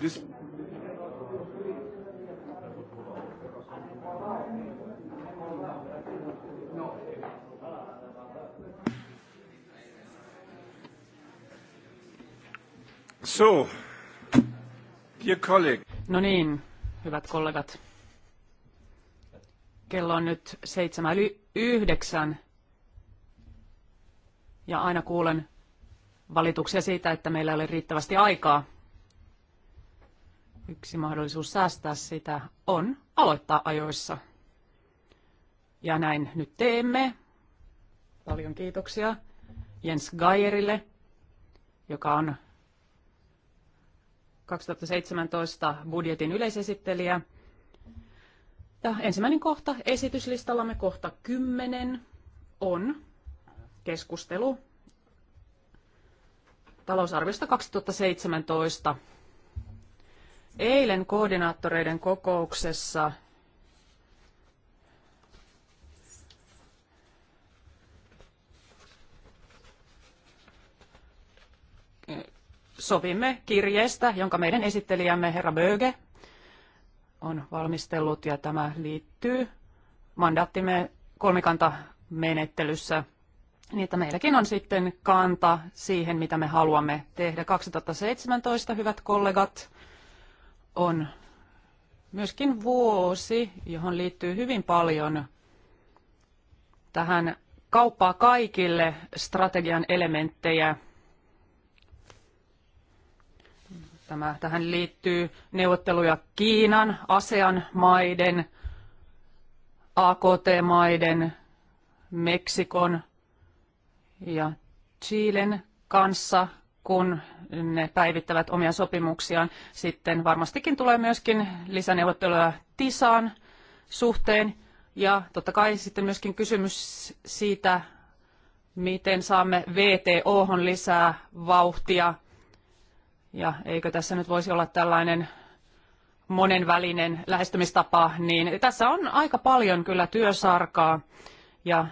this So, dear colleague. No niin, hyvät kollegat. Kello on nyt seitsemän yli yhdeksän. Ja aina kuulen valituksia siitä, että meillä ei ole riittävästi aikaa Yksi mahdollisuus säästää sitä on aloittaa ajoissa. Ja näin nyt teemme. Paljon kiitoksia Jens Gaierille, joka on 2017 budjetin yleisesittelijä. Ja ensimmäinen kohta esityslistallamme kohta 10 on keskustelu talousarviosta 2017 Eilen koordinaattoreiden kokouksessa sovimme kirjeestä, jonka meidän esittelijämme herra Böge on valmistellut ja tämä liittyy mandaattimme kolmikantamenettelyssä niin että meilläkin on sitten kanta siihen, mitä me haluamme tehdä. 2017, hyvät kollegat, on myöskin vuosi, johon liittyy hyvin paljon tähän kauppaa kaikille strategian elementtejä. Tämä, tähän liittyy neuvotteluja Kiinan, ASEAN maiden, AKT-maiden, Meksikon ja Chilen kanssa kun ne päivittävät omia sopimuksiaan. Sitten varmastikin tulee myöskin lisäneuvotteluja TISAan suhteen. Ja totta kai sitten myöskin kysymys siitä, miten saamme VTOhon lisää vauhtia. Ja eikö tässä nyt voisi olla tällainen monenvälinen lähestymistapa, niin tässä on aika paljon kyllä työsarkaa. Ja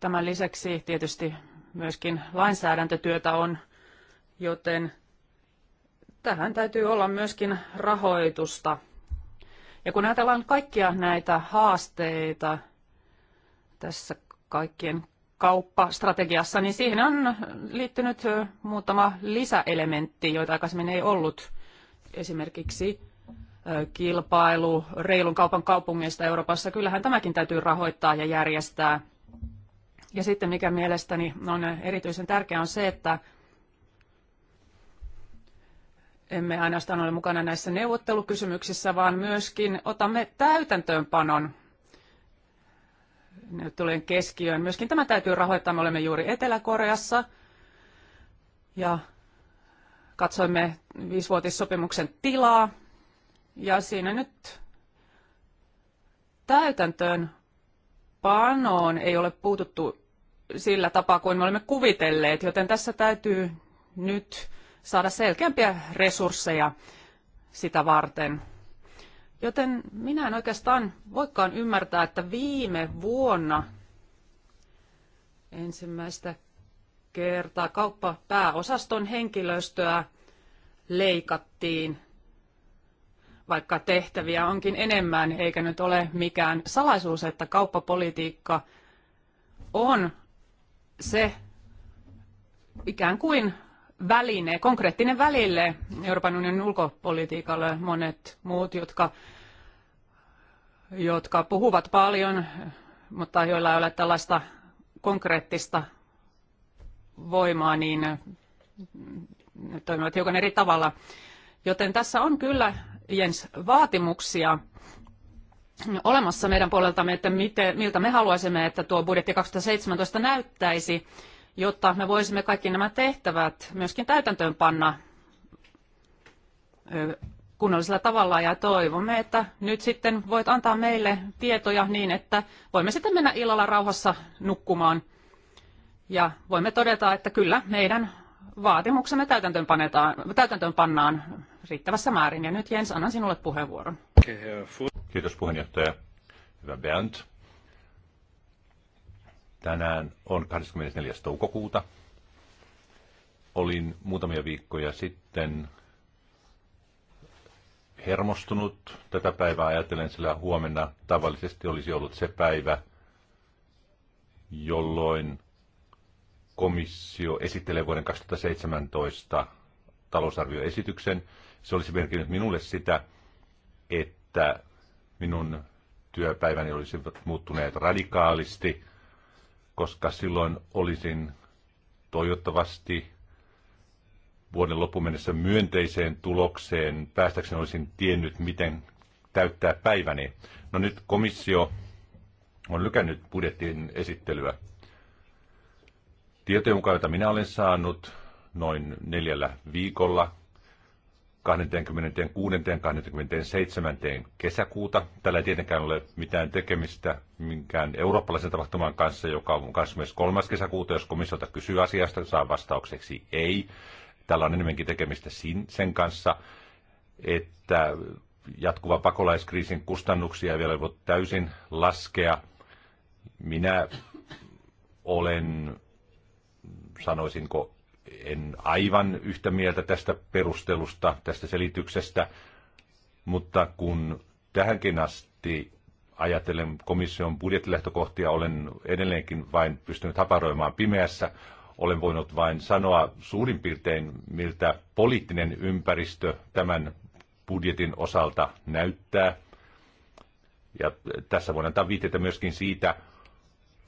tämän lisäksi tietysti myöskin lainsäädäntötyötä on joten tähän täytyy olla myöskin rahoitusta. Ja kun ajatellaan kaikkia näitä haasteita tässä kaikkien kauppastrategiassa, niin siihen on liittynyt muutama lisäelementti, joita aikaisemmin ei ollut. Esimerkiksi kilpailu reilun kaupan kaupungeista Euroopassa. Kyllähän tämäkin täytyy rahoittaa ja järjestää. Ja sitten mikä mielestäni on erityisen tärkeää on se, että emme ainoastaan ole mukana näissä neuvottelukysymyksissä, vaan myöskin otamme täytäntöönpanon neuvottelujen keskiöön. Myöskin tämä täytyy rahoittaa. Me olemme juuri Etelä-Koreassa ja katsoimme viisivuotissopimuksen tilaa. Ja siinä nyt täytäntöön panoon ei ole puututtu sillä tapaa kuin me olemme kuvitelleet, joten tässä täytyy nyt saada selkeämpiä resursseja sitä varten. Joten minä en oikeastaan voikaan ymmärtää, että viime vuonna ensimmäistä kertaa kauppapääosaston henkilöstöä leikattiin, vaikka tehtäviä onkin enemmän, eikä nyt ole mikään salaisuus, että kauppapolitiikka on se ikään kuin väline, konkreettinen väline Euroopan unionin ulkopolitiikalle. Monet muut, jotka, jotka puhuvat paljon, mutta joilla ei ole tällaista konkreettista voimaa, niin ne toimivat hiukan eri tavalla. Joten tässä on kyllä, Jens, vaatimuksia olemassa meidän puoleltamme, että miten, miltä me haluaisimme, että tuo budjetti 2017 näyttäisi jotta me voisimme kaikki nämä tehtävät myöskin täytäntöön panna kunnollisella tavalla ja toivomme, että nyt sitten voit antaa meille tietoja niin, että voimme sitten mennä illalla rauhassa nukkumaan ja voimme todeta, että kyllä meidän vaatimuksemme täytäntöön, pannaan riittävässä määrin. Ja nyt Jens, annan sinulle puheenvuoron. Kiitos puheenjohtaja. Hyvä Bernd. Tänään on 24. toukokuuta. Olin muutamia viikkoja sitten hermostunut tätä päivää ajatellen, sillä huomenna tavallisesti olisi ollut se päivä, jolloin komissio esittelee vuoden 2017 talousarvioesityksen. Se olisi merkinnyt minulle sitä, että minun työpäiväni olisivat muuttuneet radikaalisti koska silloin olisin toivottavasti vuoden loppuun mennessä myönteiseen tulokseen päästäkseni olisin tiennyt, miten täyttää päiväni. No nyt komissio on lykännyt budjetin esittelyä. Tietojen mukaan, jota minä olen saanut noin neljällä viikolla, 26.–27. kesäkuuta. Tällä ei tietenkään ole mitään tekemistä minkään eurooppalaisen tapahtuman kanssa, joka on 23. kesäkuuta. Jos komissiolta kysyy asiasta, saa vastaukseksi ei. Tällä on enemmänkin tekemistä sen kanssa, että jatkuva pakolaiskriisin kustannuksia ei vielä voi täysin laskea. Minä olen, sanoisinko, en aivan yhtä mieltä tästä perustelusta, tästä selityksestä, mutta kun tähänkin asti ajatellen komission budjettilähtökohtia, olen edelleenkin vain pystynyt haparoimaan pimeässä. Olen voinut vain sanoa suurin piirtein, miltä poliittinen ympäristö tämän budjetin osalta näyttää. Ja tässä voidaan antaa viitteitä myöskin siitä,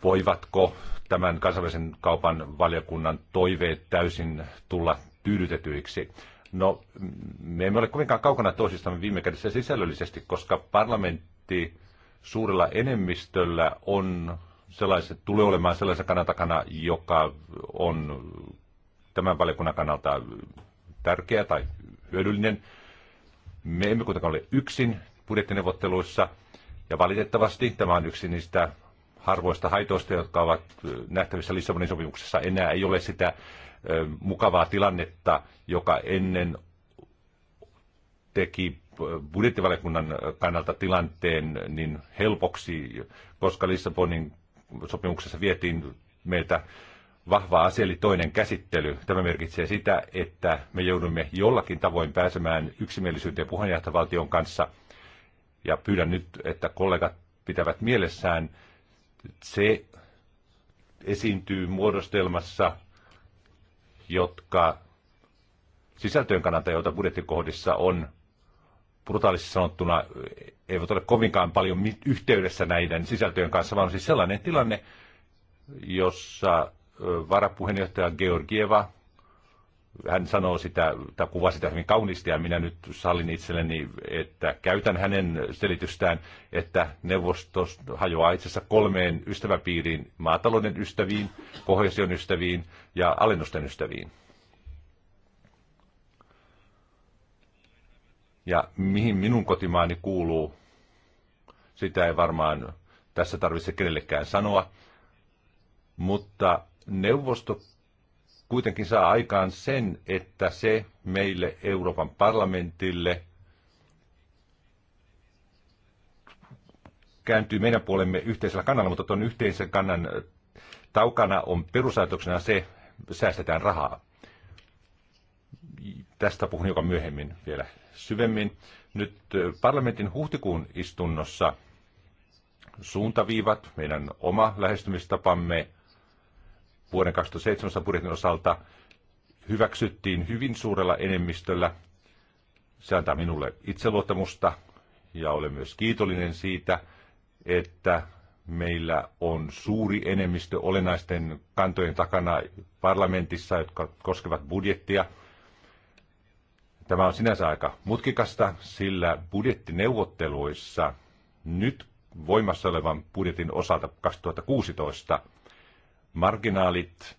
voivatko tämän kansainvälisen kaupan valiokunnan toiveet täysin tulla tyydytetyiksi. No, me emme ole kovinkaan kaukana toisistamme viime kädessä sisällöllisesti, koska parlamentti suurella enemmistöllä on sellaiset, tulee olemaan sellaisen kannan takana, joka on tämän valiokunnan kannalta tärkeä tai hyödyllinen. Me emme kuitenkaan ole yksin budjettineuvotteluissa, ja valitettavasti tämä on yksi niistä harvoista haitoista, jotka ovat nähtävissä Lissabonin sopimuksessa. Enää ei ole sitä mukavaa tilannetta, joka ennen teki budjettivaliokunnan kannalta tilanteen niin helpoksi, koska Lissabonin sopimuksessa vietiin meiltä vahva asia, eli toinen käsittely. Tämä merkitsee sitä, että me joudumme jollakin tavoin pääsemään yksimielisyyteen puheenjohtavaltion kanssa. Ja pyydän nyt, että kollegat pitävät mielessään se esiintyy muodostelmassa, jotka sisältöjen kannalta, joita budjettikohdissa on brutaalisti sanottuna, eivät ole kovinkaan paljon yhteydessä näiden sisältöjen kanssa, vaan on siis sellainen tilanne, jossa varapuheenjohtaja Georgieva hän sanoo sitä, tai kuvasi sitä hyvin kauniisti, ja minä nyt sallin itselleni, että käytän hänen selitystään, että neuvosto hajoaa itse asiassa kolmeen ystäväpiiriin, maatalouden ystäviin, kohesion ystäviin ja alennusten ystäviin. Ja mihin minun kotimaani kuuluu, sitä ei varmaan tässä tarvitse kenellekään sanoa, mutta neuvosto kuitenkin saa aikaan sen, että se meille Euroopan parlamentille kääntyy meidän puolemme yhteisellä kannalla, mutta tuon yhteisen kannan taukana on perusajatuksena se, säästetään rahaa. Tästä puhun joka myöhemmin vielä syvemmin. Nyt parlamentin huhtikuun istunnossa suuntaviivat, meidän oma lähestymistapamme vuoden 2017 budjetin osalta hyväksyttiin hyvin suurella enemmistöllä. Se antaa minulle itseluottamusta ja olen myös kiitollinen siitä, että meillä on suuri enemmistö olennaisten kantojen takana parlamentissa, jotka koskevat budjettia. Tämä on sinänsä aika mutkikasta, sillä budjettineuvotteluissa nyt voimassa olevan budjetin osalta 2016 – marginaalit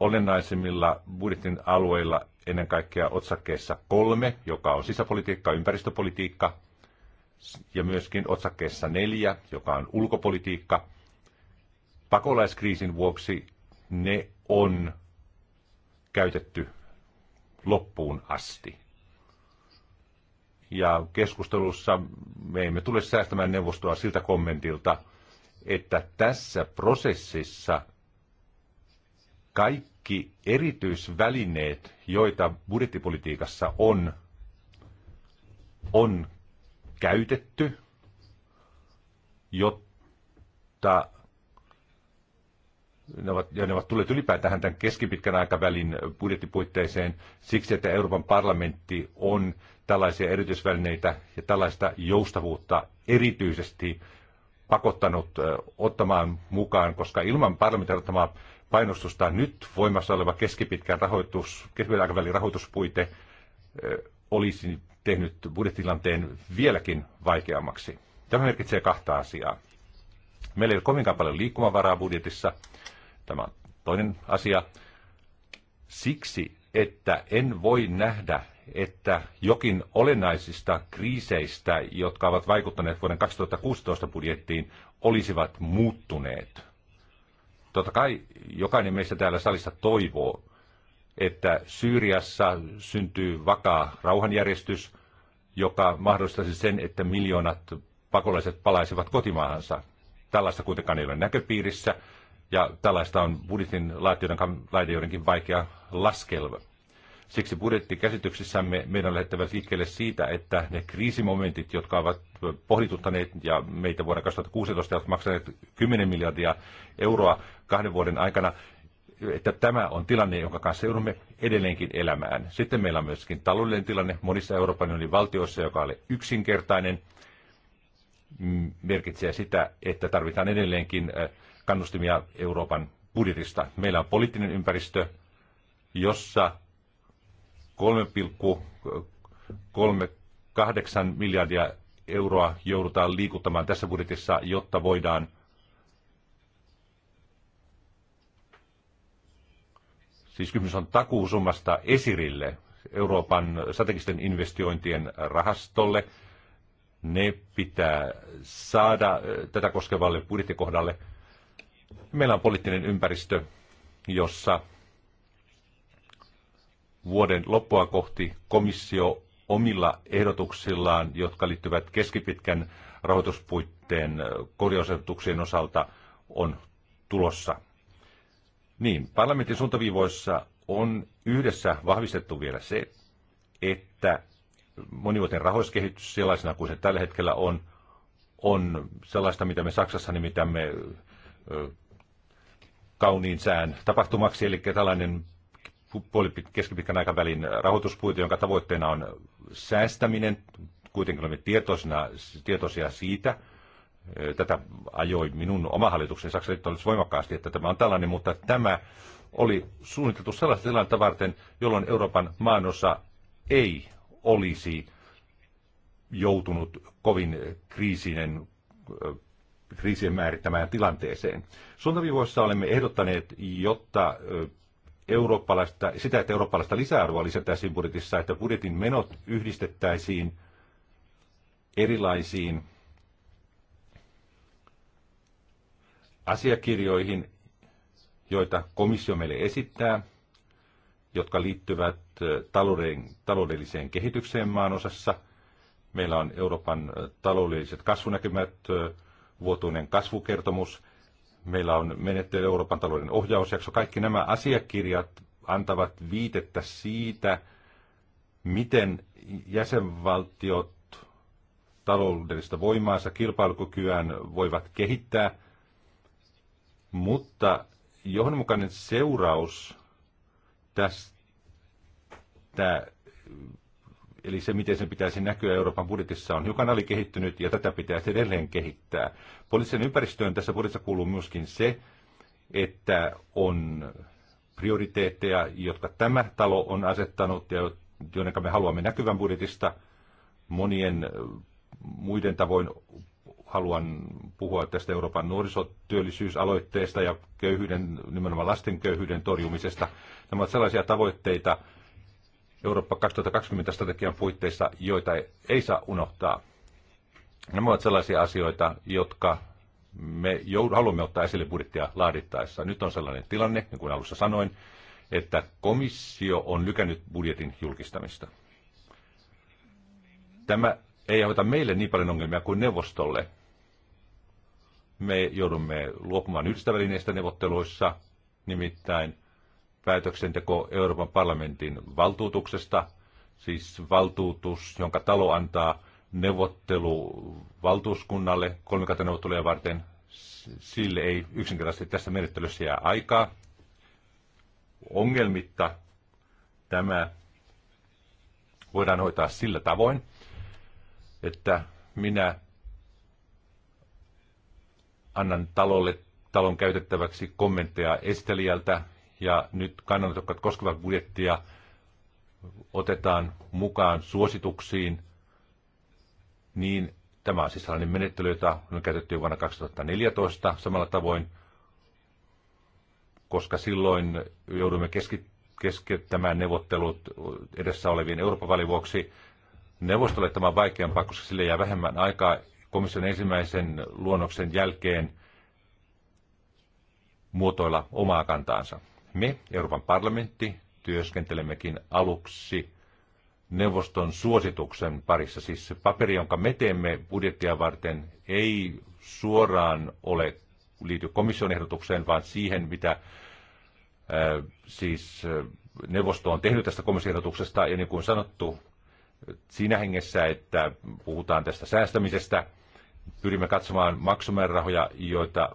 olennaisimmilla budjetin alueilla ennen kaikkea otsakkeessa kolme, joka on sisäpolitiikka, ympäristöpolitiikka, ja myöskin otsakkeessa neljä, joka on ulkopolitiikka. Pakolaiskriisin vuoksi ne on käytetty loppuun asti. Ja keskustelussa me emme tule säästämään neuvostoa siltä kommentilta – että tässä prosessissa kaikki erityisvälineet, joita budjettipolitiikassa on, on käytetty, jotta ne ovat, ja ne ovat tulleet ylipäätään tämän keskipitkän aikavälin budjettipuitteeseen siksi, että Euroopan parlamentti on tällaisia erityisvälineitä ja tällaista joustavuutta erityisesti pakottanut ottamaan mukaan, koska ilman parlamentaarittamaa painostusta nyt voimassa oleva keskipitkän rahoitus, keskipitkän aikavälin rahoituspuite olisi tehnyt budjettilanteen vieläkin vaikeammaksi. Tämä merkitsee kahta asiaa. Meillä ei ole kovinkaan paljon liikkumavaraa budjetissa. Tämä on toinen asia. Siksi että en voi nähdä, että jokin olennaisista kriiseistä, jotka ovat vaikuttaneet vuoden 2016 budjettiin, olisivat muuttuneet. Totta kai jokainen meistä täällä salissa toivoo, että Syyriassa syntyy vakaa rauhanjärjestys, joka mahdollistaisi sen, että miljoonat pakolaiset palaisivat kotimaahansa. Tällaista kuitenkaan ei ole näköpiirissä ja tällaista on budjetin laatijoidenkin vaikea laskelma. Siksi budjettikäsityksissämme meidän on lähettävä liikkeelle siitä, että ne kriisimomentit, jotka ovat pohdituttaneet ja meitä vuonna 2016 ovat maksaneet 10 miljardia euroa kahden vuoden aikana, että tämä on tilanne, jonka kanssa joudumme edelleenkin elämään. Sitten meillä on myöskin taloudellinen tilanne monissa Euroopan unionin valtioissa, joka oli yksinkertainen, merkitsee sitä, että tarvitaan edelleenkin äh, kannustimia Euroopan budjetista. Meillä on poliittinen ympäristö, jossa 3,38 miljardia euroa joudutaan liikuttamaan tässä budjetissa, jotta voidaan Siis kysymys on takuusummasta esirille, Euroopan strategisten investointien rahastolle. Ne pitää saada eh, tätä koskevalle budjettikohdalle – Meillä on poliittinen ympäristö, jossa vuoden loppua kohti komissio omilla ehdotuksillaan, jotka liittyvät keskipitkän rahoituspuitteen korjausehdotuksien osalta, on tulossa. Niin, parlamentin suuntaviivoissa on yhdessä vahvistettu vielä se, että monivuotinen rahoiskehitys sellaisena kuin se tällä hetkellä on, on sellaista, mitä me Saksassa nimitämme kauniin sään tapahtumaksi, eli tällainen puoli keskipitkän aikavälin rahoituspuite, jonka tavoitteena on säästäminen. Kuitenkin olemme tietoisina, tietoisia siitä, tätä ajoi minun oma hallitukseni liittolaisuus voimakkaasti, että tämä on tällainen, mutta tämä oli suunniteltu sellaista tilannetta varten, jolloin Euroopan maanosa ei olisi joutunut kovin kriisinen kriisien määrittämään tilanteeseen. Suuntaviivoissa olemme ehdottaneet, jotta eurooppalaista, sitä, että eurooppalaista lisäarvoa lisätäisiin budjetissa, että budjetin menot yhdistettäisiin erilaisiin asiakirjoihin, joita komissio meille esittää, jotka liittyvät taloudelliseen kehitykseen maanosassa. Meillä on Euroopan taloudelliset kasvunäkymät, vuotuinen kasvukertomus, meillä on menettely Euroopan talouden ohjausjakso. Kaikki nämä asiakirjat antavat viitettä siitä, miten jäsenvaltiot taloudellista voimaansa, kilpailukykyään voivat kehittää, mutta johdonmukainen seuraus tästä eli se, miten sen pitäisi näkyä Euroopan budjetissa, on hiukan alikehittynyt ja tätä pitäisi edelleen kehittää. Poliittisen ympäristöön tässä budjetissa kuuluu myöskin se, että on prioriteetteja, jotka tämä talo on asettanut ja joiden me haluamme näkyvän budjetista. Monien muiden tavoin haluan puhua tästä Euroopan nuorisotyöllisyysaloitteesta ja köyhyyden, nimenomaan lasten köyhyyden torjumisesta. Nämä ovat sellaisia tavoitteita, Eurooppa 2020-strategian puitteissa, joita ei saa unohtaa. Nämä ovat sellaisia asioita, jotka me haluamme ottaa esille budjettia laadittaessa. Nyt on sellainen tilanne, niin kuin alussa sanoin, että komissio on lykännyt budjetin julkistamista. Tämä ei aiheuta meille niin paljon ongelmia kuin neuvostolle. Me joudumme luopumaan yhdistävälineistä neuvotteluissa, nimittäin päätöksenteko Euroopan parlamentin valtuutuksesta, siis valtuutus, jonka talo antaa neuvotteluvaltuuskunnalle kolmikantaneuvotteluja varten. Sille ei yksinkertaisesti tässä menettelyssä jää aikaa. Ongelmitta tämä voidaan hoitaa sillä tavoin, että minä annan talolle, talon käytettäväksi kommentteja estelijältä ja nyt kannanotot, jotka koskevat budjettia, otetaan mukaan suosituksiin, niin tämä on siis sellainen menettely, jota on käytetty vuonna 2014 samalla tavoin, koska silloin joudumme keskittämään neuvottelut edessä olevien Euroopan välivuoksi. Neuvostolle tämä on vaikeampaa, koska sille jää vähemmän aikaa komission ensimmäisen luonnoksen jälkeen muotoilla omaa kantaansa. Me, Euroopan parlamentti, työskentelemmekin aluksi neuvoston suosituksen parissa. Siis se paperi, jonka me teemme budjettia varten, ei suoraan ole liity komission ehdotukseen, vaan siihen, mitä äh, siis äh, neuvosto on tehnyt tästä komission ehdotuksesta. Ja niin kuin sanottu, siinä hengessä, että puhutaan tästä säästämisestä, pyrimme katsomaan maksumäärärahoja, joita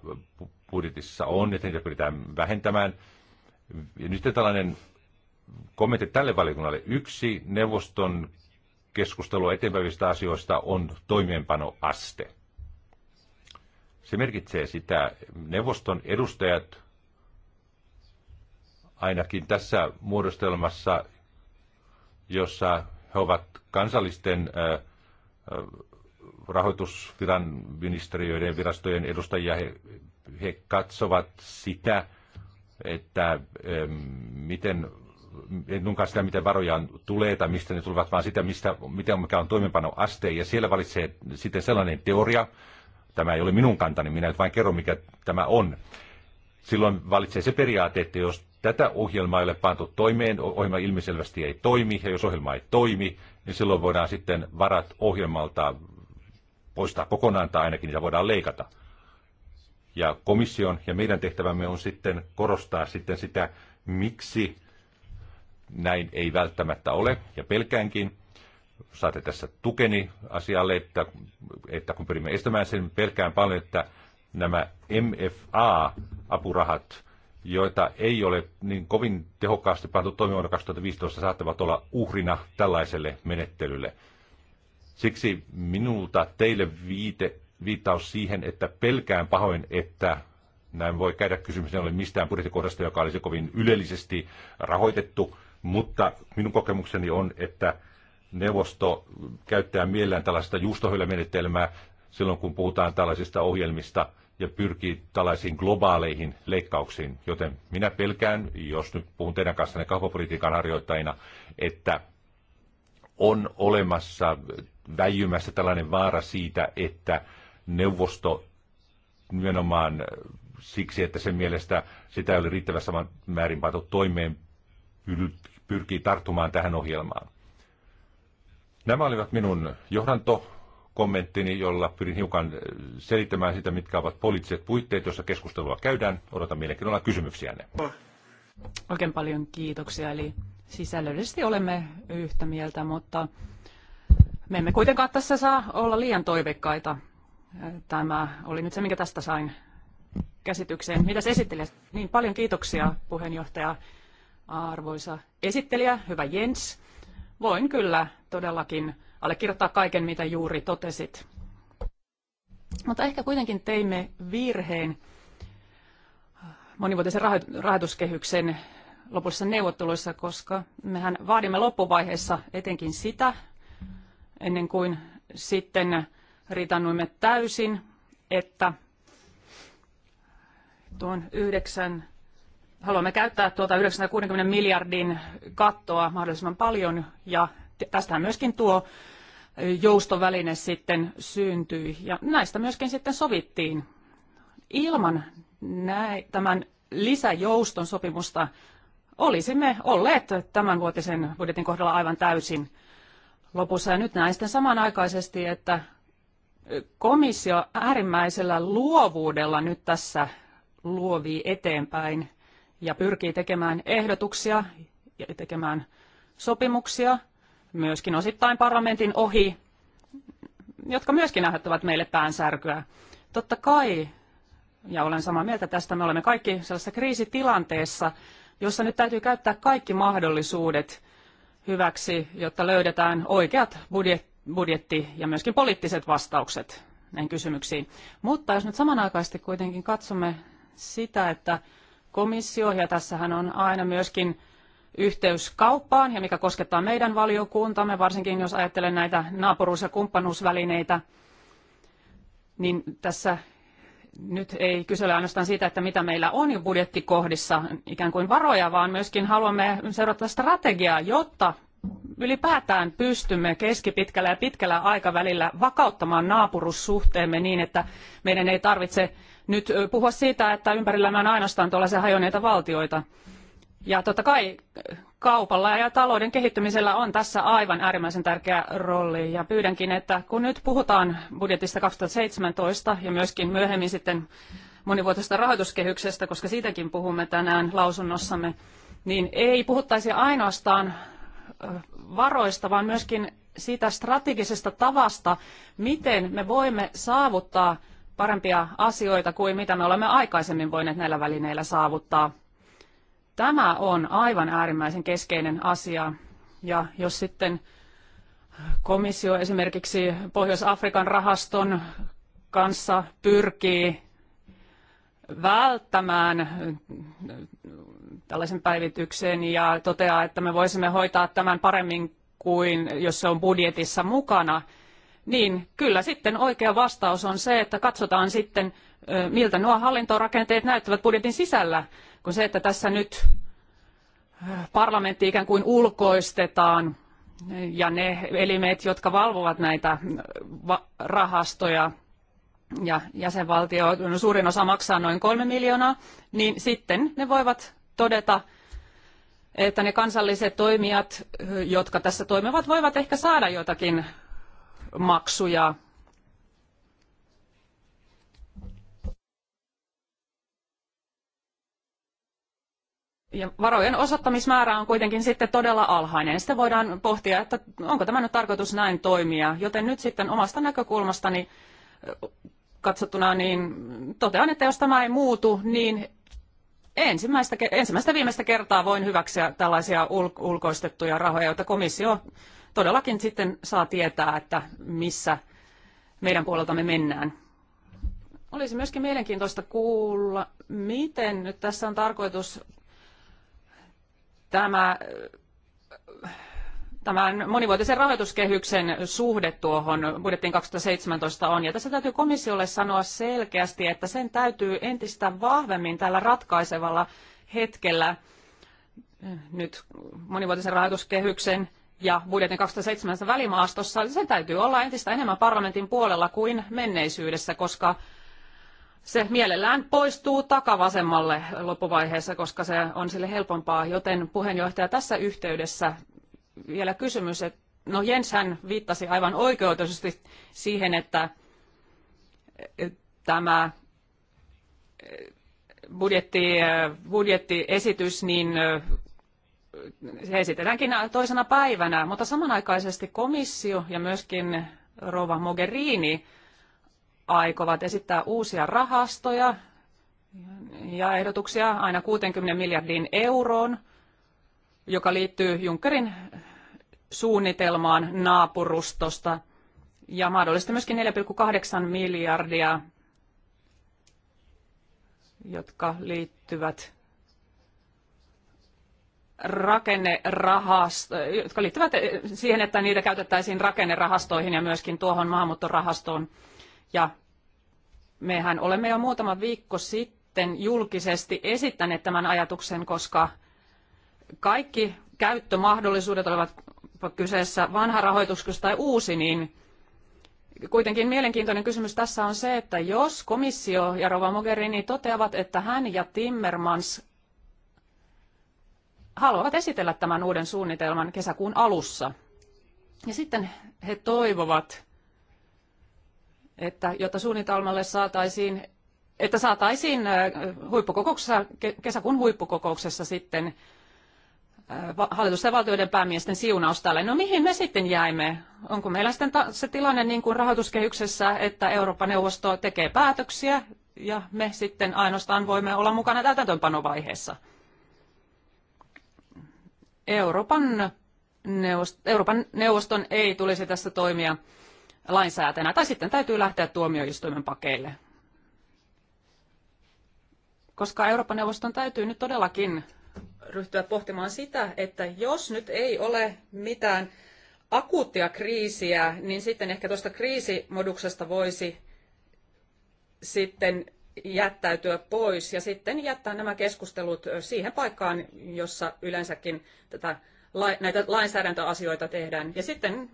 budjetissa on, että niitä pyritään vähentämään – ja nyt tällainen kommentti tälle valiokunnalle. Yksi neuvoston keskustelua eteenpäivistä asioista on toimeenpanoaste. Se merkitsee sitä, neuvoston edustajat ainakin tässä muodostelmassa, jossa he ovat kansallisten rahoitusviran ministeriöiden virastojen edustajia, he, he katsovat sitä, että miten en tunkaan sitä, miten varoja tulee tai mistä ne tulevat, vaan sitä, mistä, miten, mikä on toimenpanoaste. Ja siellä valitsee sitten sellainen teoria, tämä ei ole minun kantani, minä nyt vain kerron, mikä tämä on. Silloin valitsee se periaate, että jos tätä ohjelmaa ei ole pantu toimeen, ohjelma ilmiselvästi ei toimi, ja jos ohjelma ei toimi, niin silloin voidaan sitten varat ohjelmalta poistaa kokonaan tai ainakin niitä voidaan leikata ja komission ja meidän tehtävämme on sitten korostaa sitten sitä, miksi näin ei välttämättä ole ja pelkäänkin. Saatte tässä tukeni asialle, että, että kun pyrimme estämään sen, pelkään paljon, että nämä MFA-apurahat, joita ei ole niin kovin tehokkaasti pantu toimivuonna 2015, saattavat olla uhrina tällaiselle menettelylle. Siksi minulta teille viite viittaus siihen, että pelkään pahoin, että näin voi käydä kysymys, ei ole mistään budjettikohdasta, joka olisi kovin ylellisesti rahoitettu, mutta minun kokemukseni on, että neuvosto käyttää mielellään tällaista juustohyllämenetelmää silloin, kun puhutaan tällaisista ohjelmista ja pyrkii tällaisiin globaaleihin leikkauksiin. Joten minä pelkään, jos nyt puhun teidän kanssanne kauppapolitiikan harjoittajina, että on olemassa väijymässä tällainen vaara siitä, että neuvosto nimenomaan siksi, että sen mielestä sitä ei ole riittävässä määrin pantu toimeen, pyrkii tarttumaan tähän ohjelmaan. Nämä olivat minun johdantokommenttini, jolla pyrin hiukan eh, selittämään sitä, mitkä ovat poliittiset puitteet, joissa keskustelua käydään. Odotan mielenkiinnolla kysymyksiänne. Oikein paljon kiitoksia. Eli sisällöllisesti olemme yhtä mieltä, mutta me emme kuitenkaan tässä saa olla liian toiveikkaita. Tämä oli nyt se, minkä tästä sain käsitykseen. Mitäs esittelijä? Niin paljon kiitoksia puheenjohtaja arvoisa esittelijä, hyvä Jens. Voin kyllä todellakin allekirjoittaa kaiken, mitä juuri totesit. Mutta ehkä kuitenkin teimme virheen monivuotisen rahoituskehyksen lopullisissa neuvotteluissa, koska mehän vaadimme loppuvaiheessa etenkin sitä, ennen kuin sitten ritannuimme täysin, että tuon yhdeksän, haluamme käyttää tuota 960 miljardin kattoa mahdollisimman paljon ja tästähän myöskin tuo joustoväline sitten syntyi ja näistä myöskin sitten sovittiin. Ilman näin, tämän lisäjouston sopimusta olisimme olleet tämän vuotisen budjetin kohdalla aivan täysin lopussa. Ja nyt näin sitten samanaikaisesti, että komissio äärimmäisellä luovuudella nyt tässä luovii eteenpäin ja pyrkii tekemään ehdotuksia ja tekemään sopimuksia, myöskin osittain parlamentin ohi, jotka myöskin aiheuttavat meille päänsärkyä. Totta kai, ja olen samaa mieltä tästä, me olemme kaikki sellaisessa kriisitilanteessa, jossa nyt täytyy käyttää kaikki mahdollisuudet hyväksi, jotta löydetään oikeat budjet, budjetti ja myöskin poliittiset vastaukset näihin kysymyksiin. Mutta jos nyt samanaikaisesti kuitenkin katsomme sitä, että komissio, ja tässähän on aina myöskin yhteys kauppaan, ja mikä koskettaa meidän valiokuntamme, varsinkin jos ajattelen näitä naapuruus- ja kumppanuusvälineitä, niin tässä nyt ei kysellä ainoastaan siitä, että mitä meillä on jo budjettikohdissa ikään kuin varoja, vaan myöskin haluamme seurata strategiaa, jotta ylipäätään pystymme keskipitkällä ja pitkällä aikavälillä vakauttamaan naapurussuhteemme niin, että meidän ei tarvitse nyt puhua siitä, että ympärillämme on ainoastaan tuollaisia hajoneita valtioita. Ja totta kai kaupalla ja talouden kehittymisellä on tässä aivan äärimmäisen tärkeä rooli. Ja pyydänkin, että kun nyt puhutaan budjetista 2017 ja myöskin myöhemmin sitten monivuotisesta rahoituskehyksestä, koska siitäkin puhumme tänään lausunnossamme, niin ei puhuttaisi ainoastaan varoista, vaan myöskin siitä strategisesta tavasta, miten me voimme saavuttaa parempia asioita kuin mitä me olemme aikaisemmin voineet näillä välineillä saavuttaa. Tämä on aivan äärimmäisen keskeinen asia. Ja jos sitten komissio esimerkiksi Pohjois-Afrikan rahaston kanssa pyrkii välttämään tällaisen päivityksen ja toteaa, että me voisimme hoitaa tämän paremmin kuin jos se on budjetissa mukana, niin kyllä sitten oikea vastaus on se, että katsotaan sitten, miltä nuo hallintorakenteet näyttävät budjetin sisällä, kun se, että tässä nyt parlamentti ikään kuin ulkoistetaan ja ne elimet, jotka valvovat näitä rahastoja ja jäsenvaltio, suurin osa maksaa noin kolme miljoonaa, niin sitten ne voivat todeta, että ne kansalliset toimijat, jotka tässä toimivat, voivat ehkä saada jotakin maksuja. Ja varojen osoittamismäärä on kuitenkin sitten todella alhainen. Sitten voidaan pohtia, että onko tämä nyt tarkoitus näin toimia. Joten nyt sitten omasta näkökulmastani katsottuna, niin totean, että jos tämä ei muutu, niin ensimmäistä, ensimmäistä viimeistä kertaa voin hyväksyä tällaisia ulkoistettuja rahoja, joita komissio todellakin sitten saa tietää, että missä meidän puoleltamme mennään. Olisi myöskin mielenkiintoista kuulla, miten nyt tässä on tarkoitus tämä tämän monivuotisen rahoituskehyksen suhde tuohon budjettiin 2017 on. Ja tässä täytyy komissiolle sanoa selkeästi, että sen täytyy entistä vahvemmin tällä ratkaisevalla hetkellä nyt monivuotisen rahoituskehyksen ja budjetin 2007 välimaastossa, niin sen täytyy olla entistä enemmän parlamentin puolella kuin menneisyydessä, koska se mielellään poistuu takavasemmalle loppuvaiheessa, koska se on sille helpompaa. Joten puheenjohtaja tässä yhteydessä vielä kysymys, että no Jens hän viittasi aivan oikeutetusti siihen, että tämä eh, budjetti, eh, budjettiesitys, niin eh, se esitetäänkin toisena päivänä, mutta samanaikaisesti komissio ja myöskin Rova Mogherini aikovat esittää uusia rahastoja ja ehdotuksia aina 60 miljardin euroon, joka liittyy Junckerin suunnitelmaan naapurustosta ja mahdollisesti myöskin 4,8 miljardia, jotka liittyvät rakennerahast, jotka liittyvät eh, siihen, että niitä käytettäisiin rakennerahastoihin ja myöskin tuohon maahanmuuttorahastoon. Ja mehän olemme jo muutama viikko sitten julkisesti esittäneet tämän ajatuksen, koska kaikki käyttömahdollisuudet olivat, kyseessä vanha rahoituskus tai uusi, niin kuitenkin mielenkiintoinen kysymys tässä on se, että jos komissio ja Rova Mogherini toteavat, että hän ja Timmermans haluavat esitellä tämän uuden suunnitelman kesäkuun alussa, ja sitten he toivovat, että jotta suunnitelmalle saataisiin, että saataisiin huippukokouksessa, kesäkuun huippukokouksessa sitten Äh, hallitusten ja valtioiden päämiesten siunaus tälle. No mihin me sitten jäimme? Onko meillä sitten se tilanne niin kuin rahoituskehyksessä, että Euroopan neuvosto tekee päätöksiä ja me sitten ainoastaan voimme olla mukana täytäntöönpanovaiheessa? Euroopan, neuvost- Euroopan neuvoston ei tulisi tässä toimia lainsäätänä, tai sitten täytyy lähteä tuomioistuimen pakeille. Koska Euroopan neuvoston täytyy nyt todellakin ryhtyä pohtimaan sitä, että jos nyt ei ole mitään akuuttia kriisiä, niin sitten ehkä tuosta kriisimoduksesta voisi sitten jättäytyä pois ja sitten jättää nämä keskustelut siihen paikkaan, jossa yleensäkin tätä, näitä lainsäädäntöasioita tehdään. Ja sitten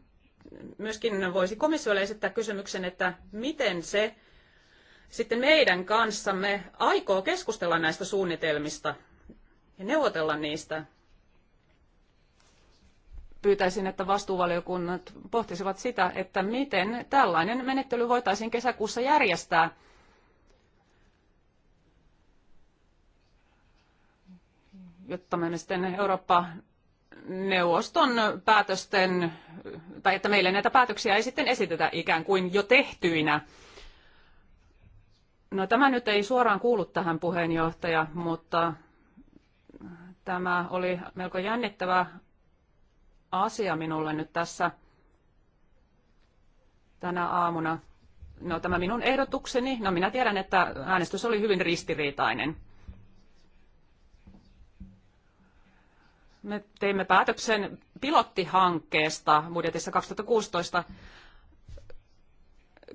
myöskin voisi komissiolle esittää kysymyksen, että miten se sitten meidän kanssamme aikoo keskustella näistä suunnitelmista ja neuvotella niistä. Pyytäisin, että vastuuvaliokunnat pohtisivat sitä, että miten tällainen menettely voitaisiin kesäkuussa järjestää. jotta me sitten Eurooppa-neuvoston päätösten, tai että meille näitä päätöksiä ei sitten esitetä ikään kuin jo tehtyinä. No tämä nyt ei suoraan kuulu tähän puheenjohtaja, mutta Tämä oli melko jännittävä asia minulle nyt tässä tänä aamuna. No tämä minun ehdotukseni, no minä tiedän, että äänestys oli hyvin ristiriitainen. Me teimme päätöksen pilottihankkeesta budjetissa 2016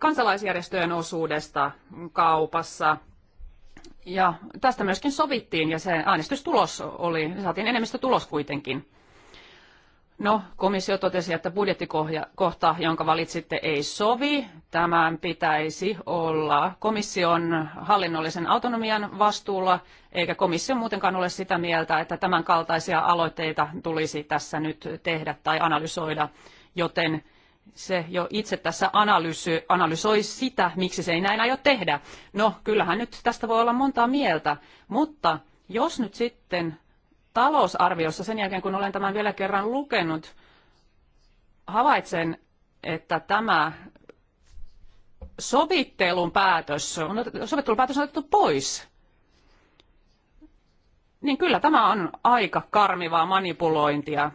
kansalaisjärjestöjen osuudesta kaupassa – ja tästä myöskin sovittiin ja se äänestystulos oli, saatiin enemmistö tulos kuitenkin. No, komissio totesi, että budjettikohta, jonka valitsitte, ei sovi. Tämän pitäisi olla komission hallinnollisen autonomian vastuulla, eikä komissio muutenkaan ole sitä mieltä, että tämän kaltaisia aloitteita tulisi tässä nyt tehdä tai analysoida, joten se jo itse tässä analysoi, analysoi sitä, miksi se ei näin aio tehdä. No, kyllähän nyt tästä voi olla montaa mieltä, mutta jos nyt sitten talousarviossa, sen jälkeen kun olen tämän vielä kerran lukenut, havaitsen, että tämä sovittelun päätös, on, päätös on otettu pois, niin kyllä tämä on aika karmivaa manipulointia.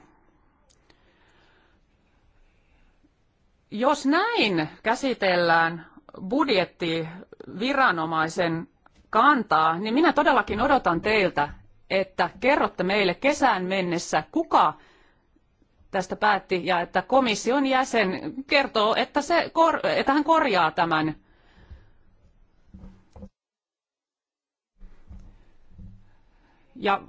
Jos näin käsitellään budjettiviranomaisen kantaa, niin minä todellakin odotan teiltä, että kerrotte meille kesään mennessä, kuka tästä päätti ja että komission jäsen kertoo, että, se, että hän korjaa tämän Ja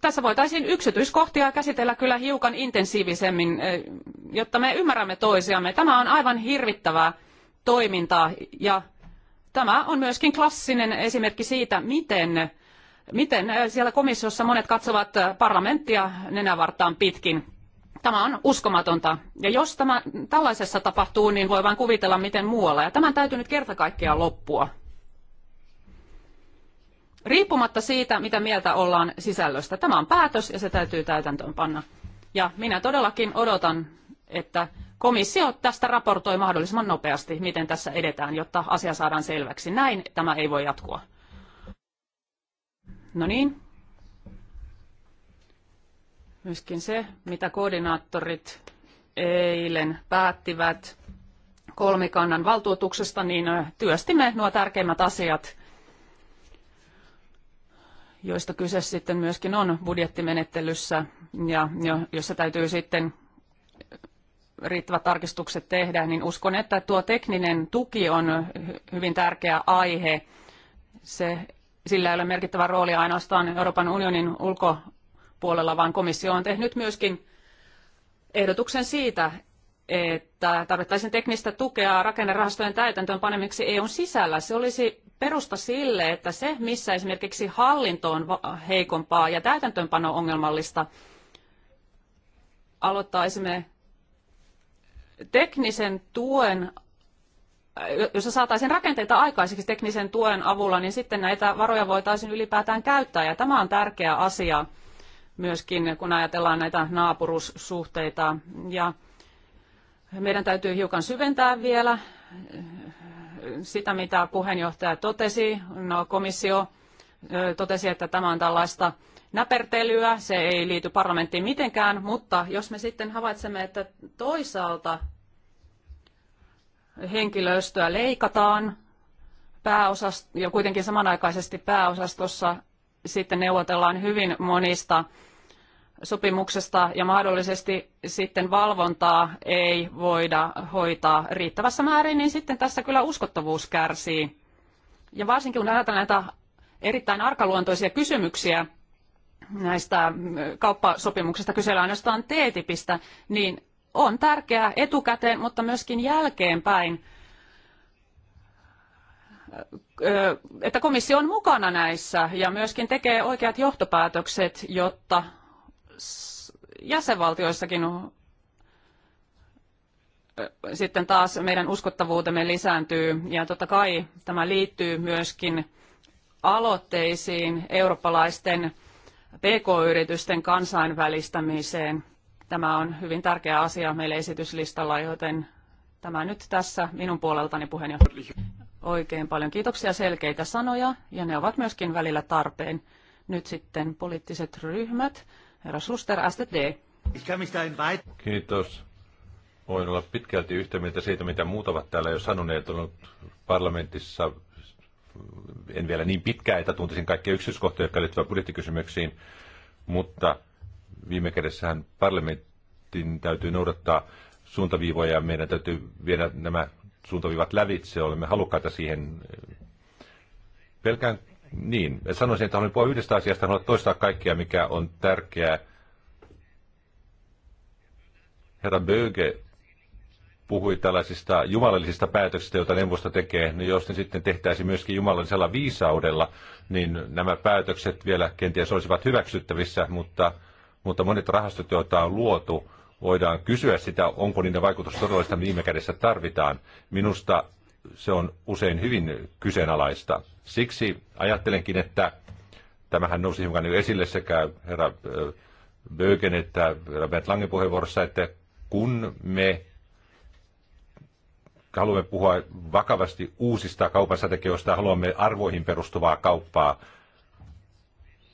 tässä voitaisiin yksityiskohtia käsitellä kyllä hiukan intensiivisemmin, eh, jotta me ymmärrämme toisiamme. Tämä on aivan hirvittävää toimintaa ja tämä on myöskin klassinen esimerkki siitä, miten, miten eh, siellä komissiossa monet katsovat eh, parlamenttia nenävartaan pitkin. Tämä on uskomatonta. Ja jos tämä tällaisessa tapahtuu, niin voi vain kuvitella, miten muualla. Ja tämän täytyy nyt kerta kaikkiaan loppua riippumatta siitä, mitä mieltä ollaan sisällöstä. Tämä on päätös ja se täytyy täytäntöön panna. Ja minä todellakin odotan, että komissio tästä raportoi mahdollisimman nopeasti, miten tässä edetään, jotta asia saadaan selväksi. Näin tämä ei voi jatkua. No niin. Myöskin se, mitä koordinaattorit eilen päättivät kolmikannan valtuutuksesta, niin työstimme nuo tärkeimmät asiat – joista kyse sitten myöskin on budjettimenettelyssä ja jossa täytyy sitten riittävät tarkistukset tehdä, niin uskon, että tuo tekninen tuki on hyvin tärkeä aihe. Se, sillä ei ole merkittävä rooli ainoastaan Euroopan unionin ulkopuolella, vaan komissio on tehnyt myöskin ehdotuksen siitä, että tarvittaisiin teknistä tukea rakennerahastojen täytäntöön panemiksi EUn sisällä. Se olisi perusta sille, että se, missä esimerkiksi hallinto on heikompaa ja täytäntöönpano ongelmallista, aloittaisimme teknisen tuen, jossa saataisiin rakenteita aikaiseksi teknisen tuen avulla, niin sitten näitä varoja voitaisiin ylipäätään käyttää. Ja tämä on tärkeä asia myöskin, kun ajatellaan näitä naapurussuhteita. Ja meidän täytyy hiukan syventää vielä eh, sitä, mitä puheenjohtaja totesi. No, komissio eh, totesi, että tämä on tällaista näpertelyä, se ei liity parlamenttiin mitenkään, mutta jos me sitten havaitsemme, että toisaalta henkilöstöä leikataan pääosast- ja kuitenkin samanaikaisesti pääosastossa sitten neuvotellaan hyvin monista sopimuksesta ja mahdollisesti sitten valvontaa ei voida hoitaa riittävässä määrin, niin sitten tässä kyllä uskottavuus kärsii. Ja varsinkin kun ajatellaan näitä erittäin arkaluontoisia kysymyksiä näistä kauppasopimuksista, kysellä ainoastaan T-tipistä, niin on tärkeää etukäteen, mutta myöskin jälkeenpäin, että komissio on mukana näissä ja myöskin tekee oikeat johtopäätökset, jotta jäsenvaltioissakin sitten taas meidän uskottavuutemme lisääntyy. Ja totta kai tämä liittyy myöskin aloitteisiin eurooppalaisten PK-yritysten kansainvälistämiseen. Tämä on hyvin tärkeä asia meille esityslistalla, joten tämä nyt tässä minun puoleltani puheenjohtaja. Oikein paljon kiitoksia, selkeitä sanoja, ja ne ovat myöskin välillä tarpeen. Nyt sitten poliittiset ryhmät. Herra Schuster, STD. Kiitos. Voin olla pitkälti yhtä mieltä siitä, mitä muut ovat täällä jo sanoneet. Olen ollut parlamentissa en vielä niin pitkään, että tuntisin kaikkia yksityiskohtia, jotka liittyvät budjettikysymyksiin, mutta viime kädessähän parlamentin täytyy noudattaa suuntaviivoja ja meidän täytyy viedä nämä suuntaviivat lävitse. Olemme halukkaita siihen. Pelkään niin, sanoisin, että haluan puhua yhdestä asiasta, haluan toistaa kaikkea, mikä on tärkeää. Herra Böge puhui tällaisista jumalallisista päätöksistä, joita neuvosto tekee, niin jos ne sitten tehtäisiin myöskin jumalallisella viisaudella, niin nämä päätökset vielä kenties olisivat hyväksyttävissä, mutta, mutta monet rahastot, joita on luotu, voidaan kysyä sitä, onko niiden vaikutus todellista, viime kädessä tarvitaan. Minusta se on usein hyvin kyseenalaista. Siksi ajattelenkin, että tämähän nousi hiukan jo esille sekä herra äh, Bögen että herra Bert Langen puheenvuorossa, että kun me haluamme puhua vakavasti uusista kaupan strategioista, haluamme arvoihin perustuvaa kauppaa,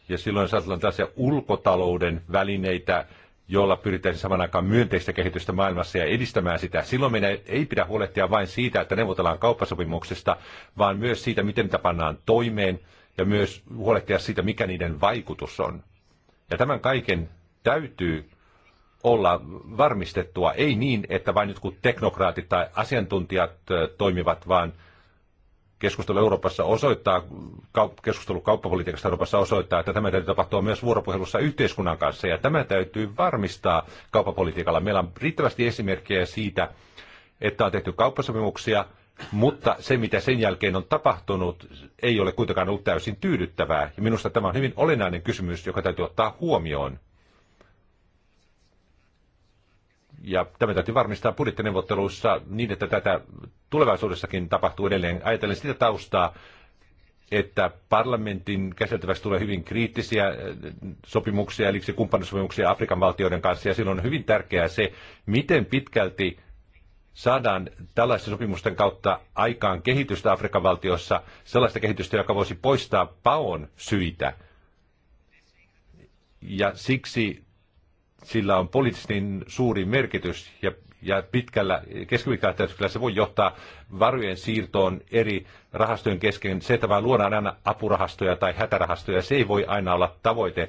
ja silloin saattaa tällaisia ulkotalouden välineitä, jolla pyritään saman aikaan myönteistä kehitystä maailmassa ja edistämään sitä. Silloin meidän ei pidä huolehtia vain siitä, että neuvotellaan kauppasopimuksesta, vaan myös siitä, miten niitä pannaan toimeen ja myös huolehtia siitä, mikä niiden vaikutus on. Ja tämän kaiken täytyy olla varmistettua, ei niin, että vain jotkut teknokraatit tai asiantuntijat toimivat, vaan – keskustelu Euroopassa osoittaa, keskustelu kauppapolitiikasta Euroopassa osoittaa, että tämä täytyy tapahtua myös vuoropuhelussa yhteiskunnan kanssa, ja tämä täytyy varmistaa kauppapolitiikalla. Meillä on riittävästi esimerkkejä siitä, että on tehty kauppasopimuksia, mutta se, mitä sen jälkeen on tapahtunut, ei ole kuitenkaan ollut täysin tyydyttävää. Ja minusta tämä on hyvin olennainen kysymys, joka täytyy ottaa huomioon. Ja tämä täytyy varmistaa budjettineuvotteluissa niin, että tätä tulevaisuudessakin tapahtuu edelleen. Ajatellen sitä taustaa, että parlamentin käsiteltäväksi tulee hyvin kriittisiä äh, sopimuksia, eli kumppanisopimuksia Afrikan valtioiden kanssa, ja silloin on hyvin tärkeää se, miten pitkälti saadaan tällaisten sopimusten kautta aikaan kehitystä Afrikan valtiossa, sellaista kehitystä, joka voisi poistaa paon syitä. Ja siksi sillä on poliittisesti niin suuri merkitys ja, ja pitkällä, keskipitkällä se voi johtaa varojen siirtoon eri rahastojen kesken. Se, että vaan luodaan aina apurahastoja tai hätärahastoja, se ei voi aina olla tavoite.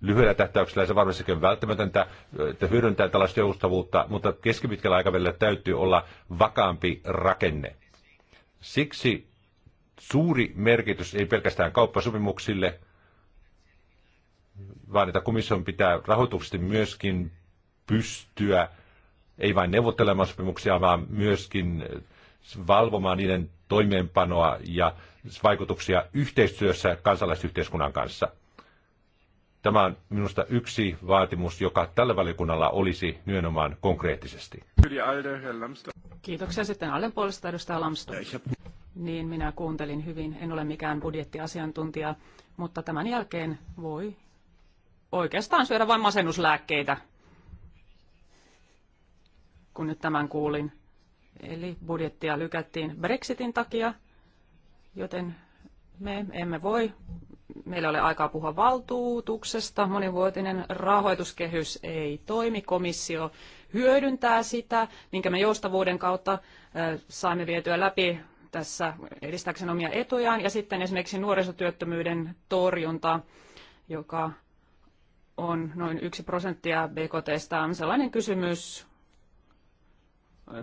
Lyhyellä tähtäyksellä se varmastikin on välttämätöntä, että hyödyntää tällaista joustavuutta, mutta keskipitkällä aikavälillä täytyy olla vakaampi rakenne. Siksi suuri merkitys ei pelkästään kauppasopimuksille, vaan että komission pitää rahoituksesti myöskin pystyä ei vain neuvottelemaan sopimuksia, vaan myöskin valvomaan niiden toimeenpanoa ja vaikutuksia yhteistyössä kansalaisyhteiskunnan kanssa. Tämä on minusta yksi vaatimus, joka tällä valiokunnalla olisi nimenomaan konkreettisesti. Kiitoksia sitten Allen puolesta edustaja Lamsto. Niin, minä kuuntelin hyvin. En ole mikään budjettiasiantuntija, mutta tämän jälkeen voi oikeastaan syödä vain masennuslääkkeitä, kun nyt tämän kuulin. Eli budjettia lykättiin Brexitin takia, joten me emme voi, meillä ei ole aikaa puhua valtuutuksesta, monivuotinen rahoituskehys ei toimi, komissio hyödyntää sitä, minkä me joustavuuden kautta saimme vietyä läpi tässä edistääkseen omia etujaan, ja sitten esimerkiksi nuorisotyöttömyyden torjunta, joka on noin yksi prosenttia BKTstä, on sellainen kysymys,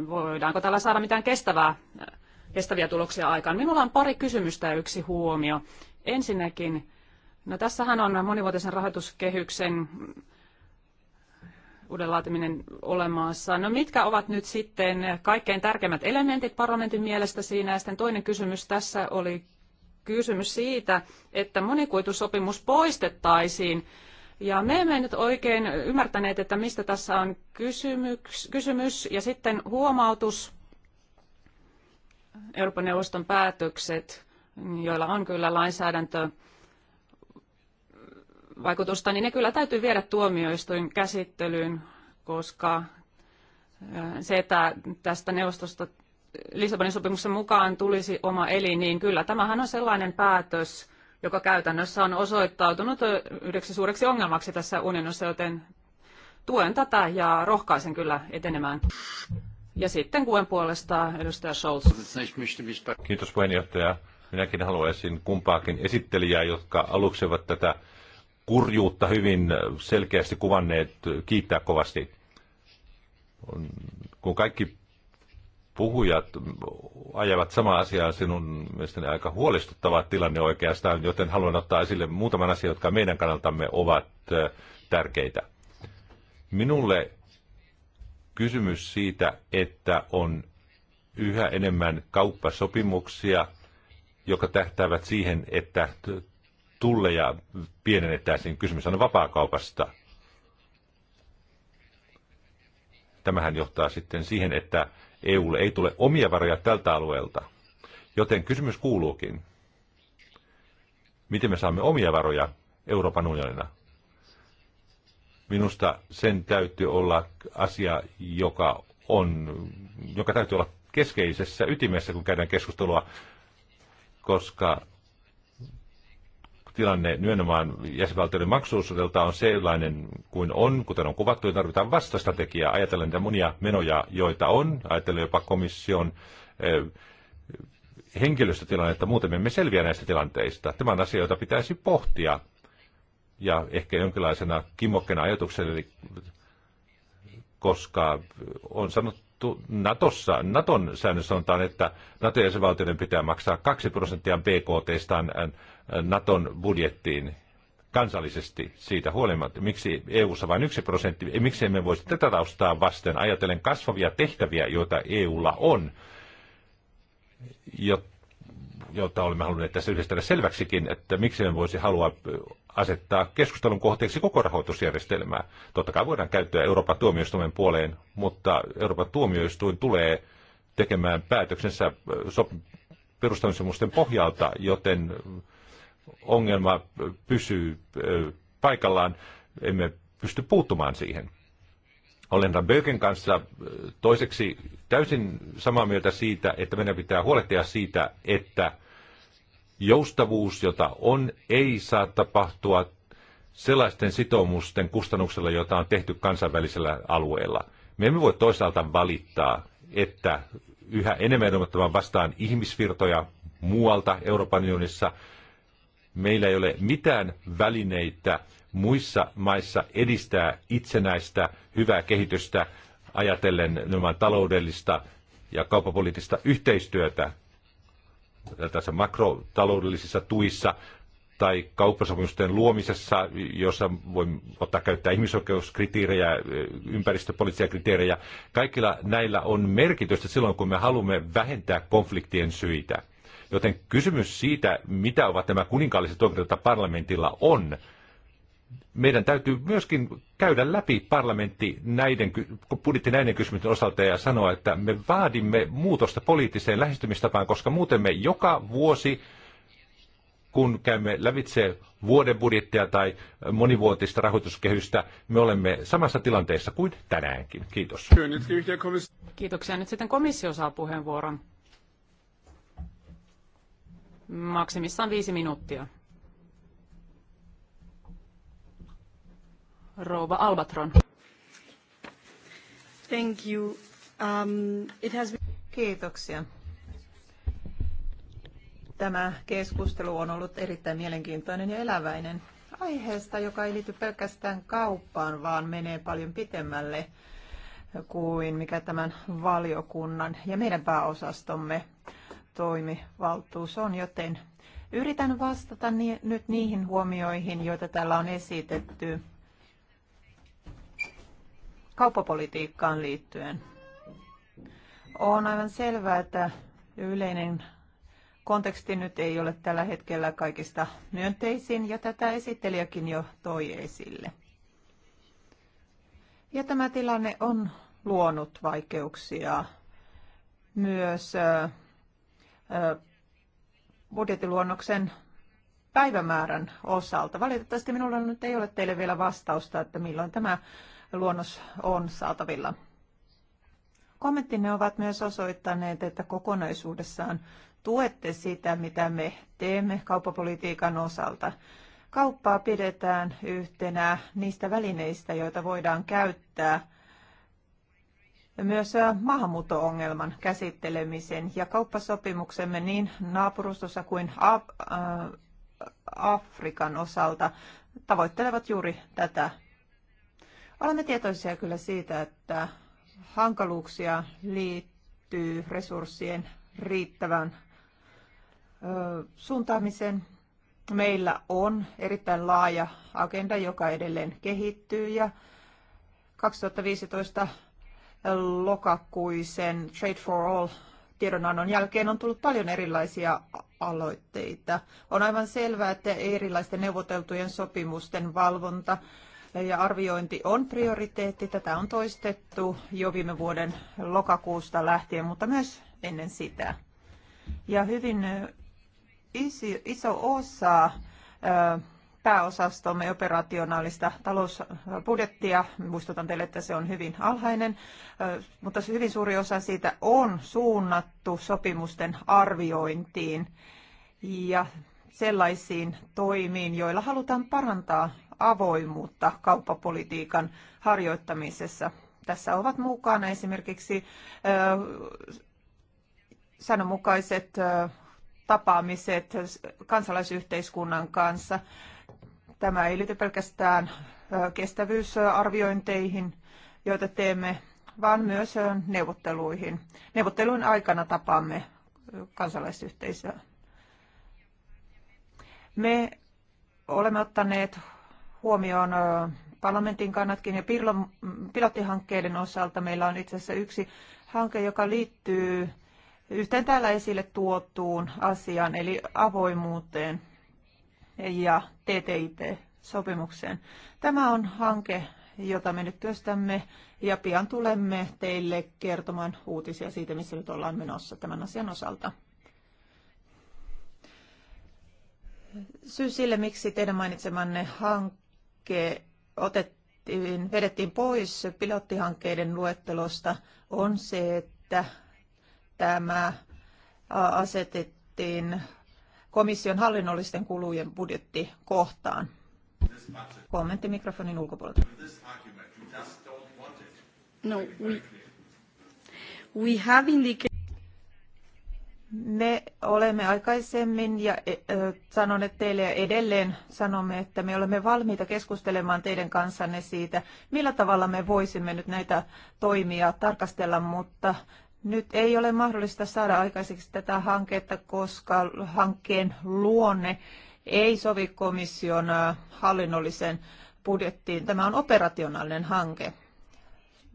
voidaanko tällä saada mitään kestävää, kestäviä tuloksia aikaan. Minulla on pari kysymystä ja yksi huomio. Ensinnäkin, no tässähän on monivuotisen rahoituskehyksen uuden laatiminen olemassa. No mitkä ovat nyt sitten kaikkein tärkeimmät elementit parlamentin mielestä siinä? Ja sitten toinen kysymys tässä oli kysymys siitä, että monikuitusopimus poistettaisiin ja me emme nyt oikein ymmärtäneet, että mistä tässä on kysymyks, kysymys. Ja sitten huomautus, Euroopan neuvoston päätökset, joilla on kyllä lainsäädäntö vaikutusta, niin ne kyllä täytyy viedä tuomioistuin käsittelyyn, koska äh, se, että tästä neuvostosta Lissabonin sopimuksen mukaan tulisi oma eli, niin kyllä tämähän on sellainen päätös, joka käytännössä on osoittautunut yhdeksi suureksi ongelmaksi tässä unionissa, joten tuen tätä ja rohkaisen kyllä etenemään. Ja sitten kuen puolesta edustaja Scholz. Kiitos puheenjohtaja. Minäkin haluaisin kumpaakin esittelijää, jotka aluksevat tätä kurjuutta hyvin selkeästi kuvanneet, kiittää kovasti. Kun kaikki puhujat ajavat samaa asiaa sinun mielestäni aika huolestuttava tilanne oikeastaan, joten haluan ottaa esille muutaman asian, jotka meidän kannaltamme ovat tärkeitä. Minulle kysymys siitä, että on yhä enemmän kauppasopimuksia, jotka tähtäävät siihen, että tulleja pienennettäisiin. Kysymys on vapaakaupasta. Tämähän johtaa sitten siihen, että EUlle ei tule omia varoja tältä alueelta. Joten kysymys kuuluukin, miten me saamme omia varoja Euroopan unionina? Minusta sen täytyy olla asia, joka, on, joka täytyy olla keskeisessä ytimessä, kun käydään keskustelua, koska tilanne nimenomaan jäsenvaltioiden maksuosuudelta on sellainen kuin on, kuten on kuvattu, ja tarvitaan vastastrategiaa. Ajatellen niitä monia menoja, joita on, ajatellen jopa komission eh, henkilöstötilannetta, muuten me emme selviä näistä tilanteista. Tämä on asia, jota pitäisi pohtia, ja ehkä jonkinlaisena kimmokkena ajatuksena, eli koska on sanottu Natossa, Naton säännös sanotaan, että Naton jäsenvaltioiden pitää maksaa 2 prosenttia BKTstaan Naton budjettiin kansallisesti siitä huolimatta, miksi EU-ssa vain yksi prosentti, miksi emme voisi tätä taustaa vasten ajatellen kasvavia tehtäviä, joita EUlla on, jotta olemme halunneet tässä yhdistellä selväksikin, että miksi emme voisi halua asettaa keskustelun kohteeksi koko rahoitusjärjestelmää. Totta kai voidaan käyttää Euroopan tuomioistuimen puoleen, mutta Euroopan tuomioistuin tulee tekemään päätöksensä sop- perustamissopimusten pohjalta, joten ongelma pysyy paikallaan, emme pysty puuttumaan siihen. Olen Böken kanssa toiseksi täysin samaa mieltä siitä, että meidän pitää huolehtia siitä, että joustavuus, jota on, ei saa tapahtua sellaisten sitoumusten kustannuksella, jota on tehty kansainvälisellä alueella. Me emme voi toisaalta valittaa, että yhä enemmän vastaan ihmisvirtoja muualta Euroopan unionissa – meillä ei ole mitään välineitä muissa maissa edistää itsenäistä hyvää kehitystä ajatellen nimenomaan taloudellista ja kauppapoliittista yhteistyötä tässä makrotaloudellisissa tuissa tai kauppasopimusten luomisessa, jossa voi ottaa käyttää ihmisoikeuskriteerejä, ympäristöpoliittisia kriteerejä. Kaikilla näillä on merkitystä silloin, kun me haluamme vähentää konfliktien syitä. Joten kysymys siitä, mitä ovat nämä kuninkaalliset oikeudet, joita parlamentilla on, meidän täytyy myöskin käydä läpi parlamentti näiden, budjetti näiden kysymysten osalta ja sanoa, että me vaadimme muutosta poliittiseen lähestymistapaan, koska muuten me joka vuosi, kun käymme lävitse vuoden budjettia tai monivuotista rahoituskehystä, me olemme samassa tilanteessa kuin tänäänkin. Kiitos. Kiitoksia. Nyt sitten komissio saa puheenvuoron maksimissaan viisi minuuttia. Rouva Albatron. Thank you. Um, it has been... Kiitoksia. Tämä keskustelu on ollut erittäin mielenkiintoinen ja eläväinen aiheesta, joka ei liity pelkästään kauppaan, vaan menee paljon pitemmälle kuin mikä tämän valiokunnan ja meidän pääosastomme toimivaltuus on, joten yritän vastata ni- nyt niihin huomioihin, joita täällä on esitetty kauppapolitiikkaan liittyen. On aivan selvää, että yleinen konteksti nyt ei ole tällä hetkellä kaikista myönteisin, ja tätä esittelijäkin jo toi esille. Ja tämä tilanne on luonut vaikeuksia myös budjettiluonnoksen päivämäärän osalta. Valitettavasti minulla nyt ei ole teille vielä vastausta, että milloin tämä luonnos on saatavilla. Kommenttinne ovat myös osoittaneet, että kokonaisuudessaan tuette sitä, mitä me teemme kauppapolitiikan osalta. Kauppaa pidetään yhtenä niistä välineistä, joita voidaan käyttää myös maahanmuutto-ongelman käsittelemisen ja kauppasopimuksemme niin naapurustossa kuin Afrikan osalta tavoittelevat juuri tätä. Olemme tietoisia kyllä siitä, että hankaluuksia liittyy resurssien riittävän suuntaamiseen. Meillä on erittäin laaja agenda, joka edelleen kehittyy ja 2015 lokakuisen Trade for All tiedonannon jälkeen on tullut paljon erilaisia aloitteita. On aivan selvää, että erilaisten neuvoteltujen sopimusten valvonta ja arviointi on prioriteetti. Tätä on toistettu jo viime vuoden lokakuusta lähtien, mutta myös ennen sitä. Ja hyvin iso osa pääosastomme operationaalista talousbudjettia. Muistutan teille, että se on hyvin alhainen, mutta hyvin suuri osa siitä on suunnattu sopimusten arviointiin ja sellaisiin toimiin, joilla halutaan parantaa avoimuutta kauppapolitiikan harjoittamisessa. Tässä ovat mukana esimerkiksi sanonmukaiset tapaamiset kansalaisyhteiskunnan kanssa, Tämä ei liity pelkästään kestävyysarviointeihin, joita teemme, vaan myös neuvotteluihin. Neuvottelun aikana tapaamme kansalaisyhteisöä. Me olemme ottaneet huomioon parlamentin kannatkin ja pilottihankkeiden osalta meillä on itse asiassa yksi hanke, joka liittyy yhteen täällä esille tuotuun asiaan, eli avoimuuteen ja TTIP-sopimukseen. Tämä on hanke, jota me nyt työstämme ja pian tulemme teille kertomaan uutisia siitä, missä nyt ollaan menossa tämän asian osalta. Syy sille, miksi teidän mainitsemanne hanke otettiin, vedettiin pois pilottihankkeiden luettelosta, on se, että tämä asetettiin komission hallinnollisten kulujen kohtaan. Kommentti mikrofonin ulkopuolelta. No, we, we have indicated me olemme aikaisemmin ja e, sanoneet teille ja edelleen sanomme, että me olemme valmiita keskustelemaan teidän kanssanne siitä, millä tavalla me voisimme nyt näitä toimia tarkastella, mutta nyt ei ole mahdollista saada aikaiseksi tätä hanketta, koska hankkeen luonne ei sovi komission äh, hallinnolliseen budjettiin. Tämä on operationaalinen hanke.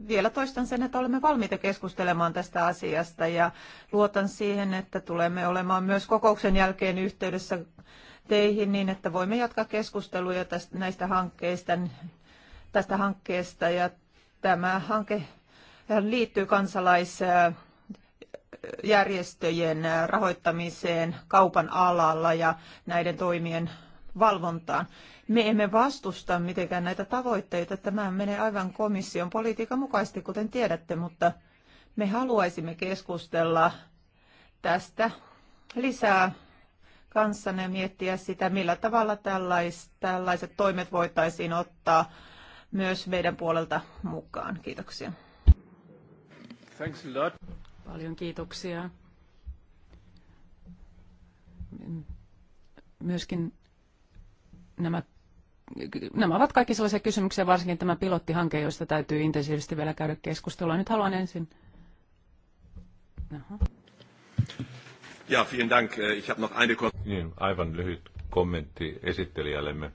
Vielä toistan sen, että olemme valmiita keskustelemaan tästä asiasta ja luotan siihen, että tulemme olemaan myös kokouksen jälkeen yhteydessä teihin niin, että voimme jatkaa keskusteluja tästä, näistä hankkeista, tästä hankkeesta ja tämä hanke liittyy kansalaisjärjestöjen rahoittamiseen kaupan alalla ja näiden toimien valvontaan. Me emme vastusta mitenkään näitä tavoitteita. Tämä menee aivan komission politiikan mukaisesti, kuten tiedätte, mutta me haluaisimme keskustella tästä lisää kanssanne ja miettiä sitä, millä tavalla tällaiset toimet voitaisiin ottaa myös meidän puolelta mukaan. Kiitoksia. Thanks a lot. Paljon kiitoksia. Myöskin nämä, nämä ovat kaikki sellaisia kysymyksiä, varsinkin tämä pilottihanke, josta täytyy intensiivisesti vielä käydä keskustelua. Nyt haluan ensin... Aha. Ja, vielen Dank. Ich habe noch eine... Niin, aivan lyhyt kommentti esittelijällemme.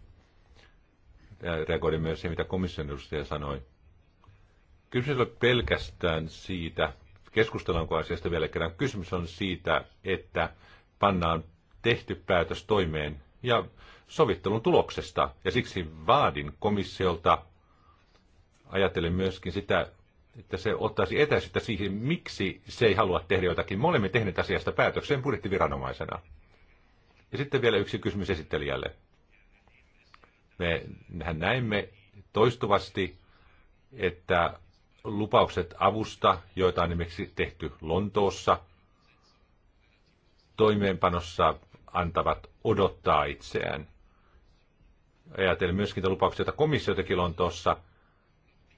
Reagoin myös siihen, mitä komission edustaja sanoi Kysymys ei pelkästään siitä, keskustellaanko asiasta vielä kerran. Kysymys on siitä, että pannaan tehty päätös toimeen ja sovittelun tuloksesta. Ja siksi vaadin komissiolta, ajatellen myöskin sitä, että se ottaisi etäisyyttä siihen, miksi se ei halua tehdä jotakin. Me olemme tehneet asiasta päätöksen budjettiviranomaisena. Ja sitten vielä yksi kysymys esittelijälle. Mehän näimme toistuvasti, että lupaukset avusta, joita on nimeksi tehty Lontoossa, toimeenpanossa antavat odottaa itseään. Ajatellen myöskin niitä lupauksia, joita komissio teki Lontoossa,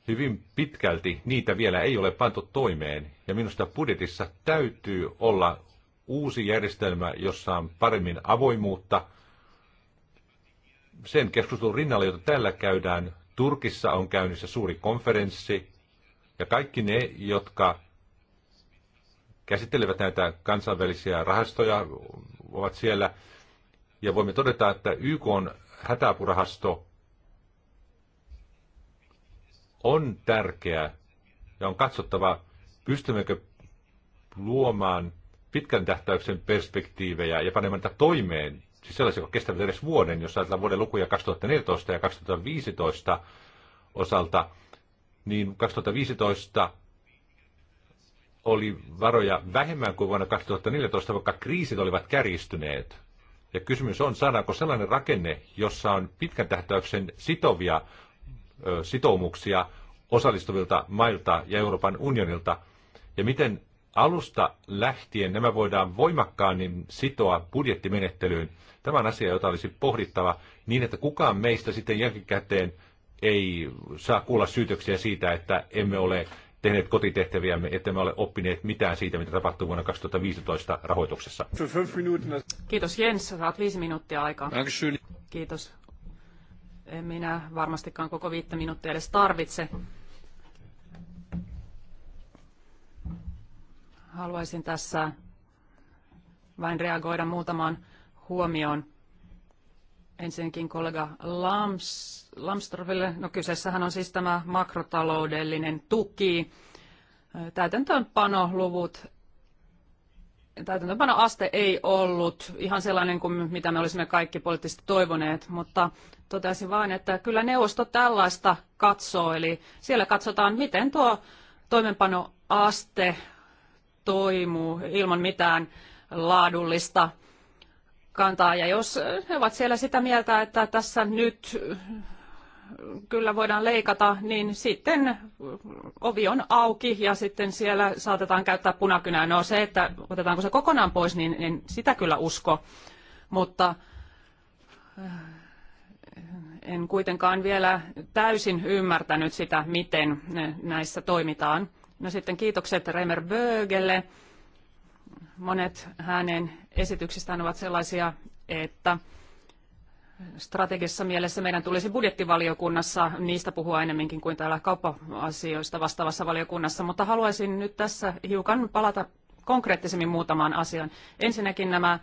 hyvin pitkälti niitä vielä ei ole pantu toimeen. Ja minusta budjetissa täytyy olla uusi järjestelmä, jossa on paremmin avoimuutta. Sen keskustelun rinnalle, jota täällä käydään, Turkissa on käynnissä suuri konferenssi, ja kaikki ne, jotka käsittelevät näitä kansainvälisiä rahastoja, ovat siellä. Ja voimme todeta, että YK on hätäapurahasto on tärkeä ja on katsottava, pystymmekö luomaan pitkän tähtäyksen perspektiivejä ja panemaan niitä toimeen, siis sellaisia, jotka kestävät edes vuoden, jos ajatellaan vuoden lukuja 2014 ja 2015 osalta, niin 2015 oli varoja vähemmän kuin vuonna 2014, vaikka kriisit olivat kärjistyneet. Ja kysymys on, saadaanko sellainen rakenne, jossa on pitkän tähtäyksen sitovia ö, sitoumuksia osallistuvilta mailta ja Euroopan unionilta, ja miten alusta lähtien nämä voidaan voimakkaammin sitoa budjettimenettelyyn. Tämä on asia, jota olisi pohdittava niin, että kukaan meistä sitten jälkikäteen ei saa kuulla syytöksiä siitä, että emme ole tehneet kotitehtäviämme, että me ole oppineet mitään siitä, mitä tapahtui vuonna 2015 rahoituksessa. Kiitos Jens, saat viisi minuuttia aikaa. Kiitos. En minä varmastikaan koko viittä minuuttia edes tarvitse. Haluaisin tässä vain reagoida muutamaan huomioon ensinnäkin kollega Lams, Lamstorville. No kyseessähän on siis tämä makrotaloudellinen tuki. Täytäntöönpanoluvut täytäntöönpanoaste ei ollut ihan sellainen kuin mitä me olisimme kaikki poliittisesti toivoneet, mutta totesin vain, että kyllä neuvosto tällaista katsoo, eli siellä katsotaan, miten tuo toimenpanoaste toimuu ilman mitään laadullista kantaa. Ja jos he ovat siellä sitä mieltä, että tässä nyt kyllä voidaan leikata, niin sitten ovi on auki ja sitten siellä saatetaan käyttää punakynää. No se, että otetaanko se kokonaan pois, niin en sitä kyllä usko, mutta eh, en kuitenkaan vielä täysin ymmärtänyt sitä, miten eh, näissä toimitaan. No sitten kiitokset Remer Bögelle Monet hänen esityksistään ovat sellaisia, että strategisessa mielessä meidän tulisi budjettivaliokunnassa niistä puhua enemmänkin kuin täällä kauppa-asioista vastaavassa valiokunnassa, mutta haluaisin nyt tässä hiukan palata konkreettisemmin muutamaan asiaan. Ensinnäkin nämä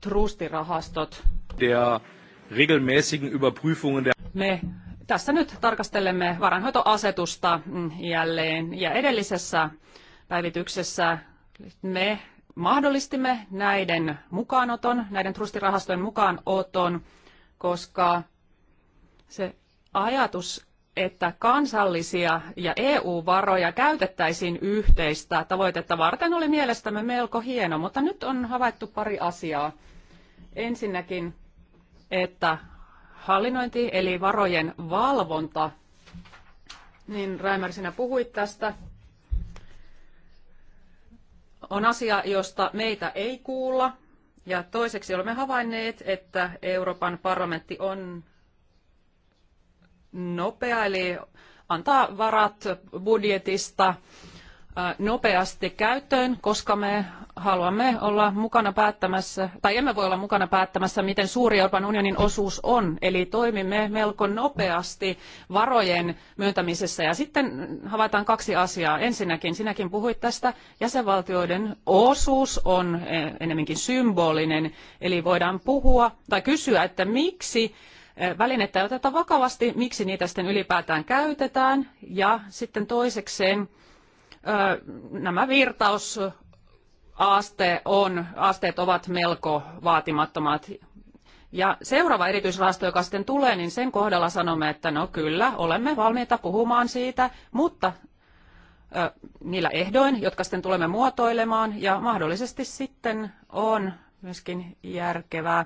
trustirahastot. Me tässä nyt tarkastelemme varainhoitoasetusta jälleen ja edellisessä päivityksessä me mahdollistimme näiden mukaanoton, näiden trustirahastojen mukaanoton, koska se ajatus, että kansallisia ja EU-varoja käytettäisiin yhteistä tavoitetta varten, oli mielestämme melko hieno, mutta nyt on havaittu pari asiaa. Ensinnäkin, että hallinnointi eli varojen valvonta, niin Raimer, sinä puhuit tästä, on asia, josta meitä ei kuulla. Ja toiseksi olemme havainneet, että Euroopan parlamentti on nopea, eli antaa varat budjetista nopeasti käyttöön, koska me haluamme olla mukana päättämässä, tai emme voi olla mukana päättämässä, miten suuri Euroopan unionin osuus on. Eli toimimme melko nopeasti varojen myöntämisessä. Ja sitten havaitaan kaksi asiaa. Ensinnäkin, sinäkin puhuit tästä, jäsenvaltioiden osuus on e, enemminkin symbolinen. Eli voidaan puhua tai kysyä, että miksi e, välinettä ei oteta vakavasti, miksi niitä sitten ylipäätään käytetään. Ja sitten toisekseen, nämä virtaus Aaste on, asteet ovat melko vaatimattomat. Ja seuraava erityisrahasto, joka sitten tulee, niin sen kohdalla sanomme, että no kyllä, olemme valmiita puhumaan siitä, mutta ö, niillä ehdoin, jotka sitten tulemme muotoilemaan, ja mahdollisesti sitten on myöskin järkevää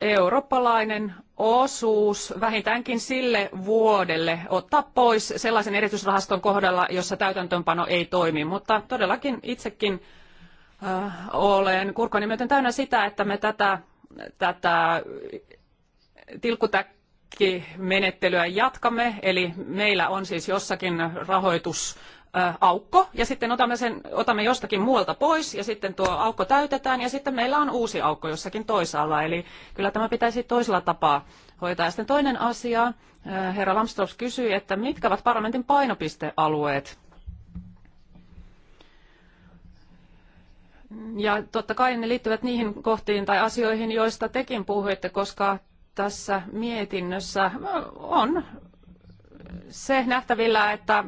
eurooppalainen osuus vähintäänkin sille vuodelle ottaa pois sellaisen erityisrahaston kohdalla, jossa täytäntöönpano ei toimi. Mutta todellakin itsekin äh, olen kurkoni myöten täynnä sitä, että me tätä, tätä tilkkutäkkimenettelyä jatkamme. Eli meillä on siis jossakin rahoitus aukko ja sitten otamme, sen, otamme jostakin muualta pois ja sitten tuo aukko täytetään ja sitten meillä on uusi aukko jossakin toisaalla. Eli kyllä tämä pitäisi toisella tapaa hoitaa. Ja sitten toinen asia, herra Lamstorps kysyi, että mitkä ovat parlamentin painopistealueet? Ja totta kai ne liittyvät niihin kohtiin tai asioihin, joista tekin puhuitte, koska tässä mietinnössä on se nähtävillä, että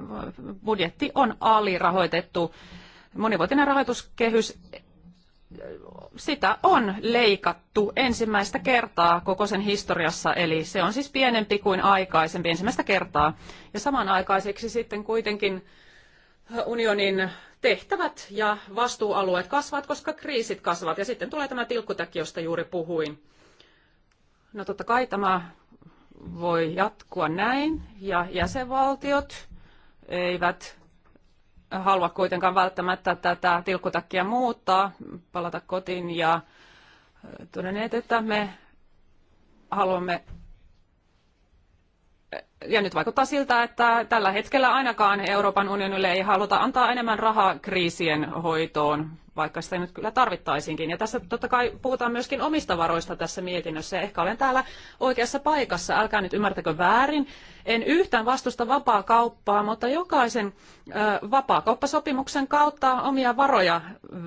budjetti on alirahoitettu. Monivuotinen rahoituskehys sitä on leikattu ensimmäistä kertaa koko sen historiassa, eli se on siis pienempi kuin aikaisempi ensimmäistä kertaa. Ja samanaikaiseksi sitten kuitenkin unionin tehtävät ja vastuualueet kasvavat, koska kriisit kasvavat. Ja sitten tulee tämä tilkkutäkki, josta juuri puhuin. No totta kai tämä voi jatkua näin ja jäsenvaltiot eivät halua kuitenkaan välttämättä tätä tilkkutakkia muuttaa, palata kotiin ja todenneet, että me haluamme ja nyt vaikuttaa siltä, että tällä hetkellä ainakaan Euroopan unionille ei haluta antaa enemmän rahaa kriisien hoitoon, vaikka sitä nyt kyllä tarvittaisiinkin. Ja tässä totta kai puhutaan myöskin omista varoista tässä mietinnössä. Ja ehkä olen täällä oikeassa paikassa, älkää nyt ymmärtäkö väärin. En yhtään vastusta vapaa kauppaa, mutta jokaisen ö, vapaakauppasopimuksen kautta omia varoja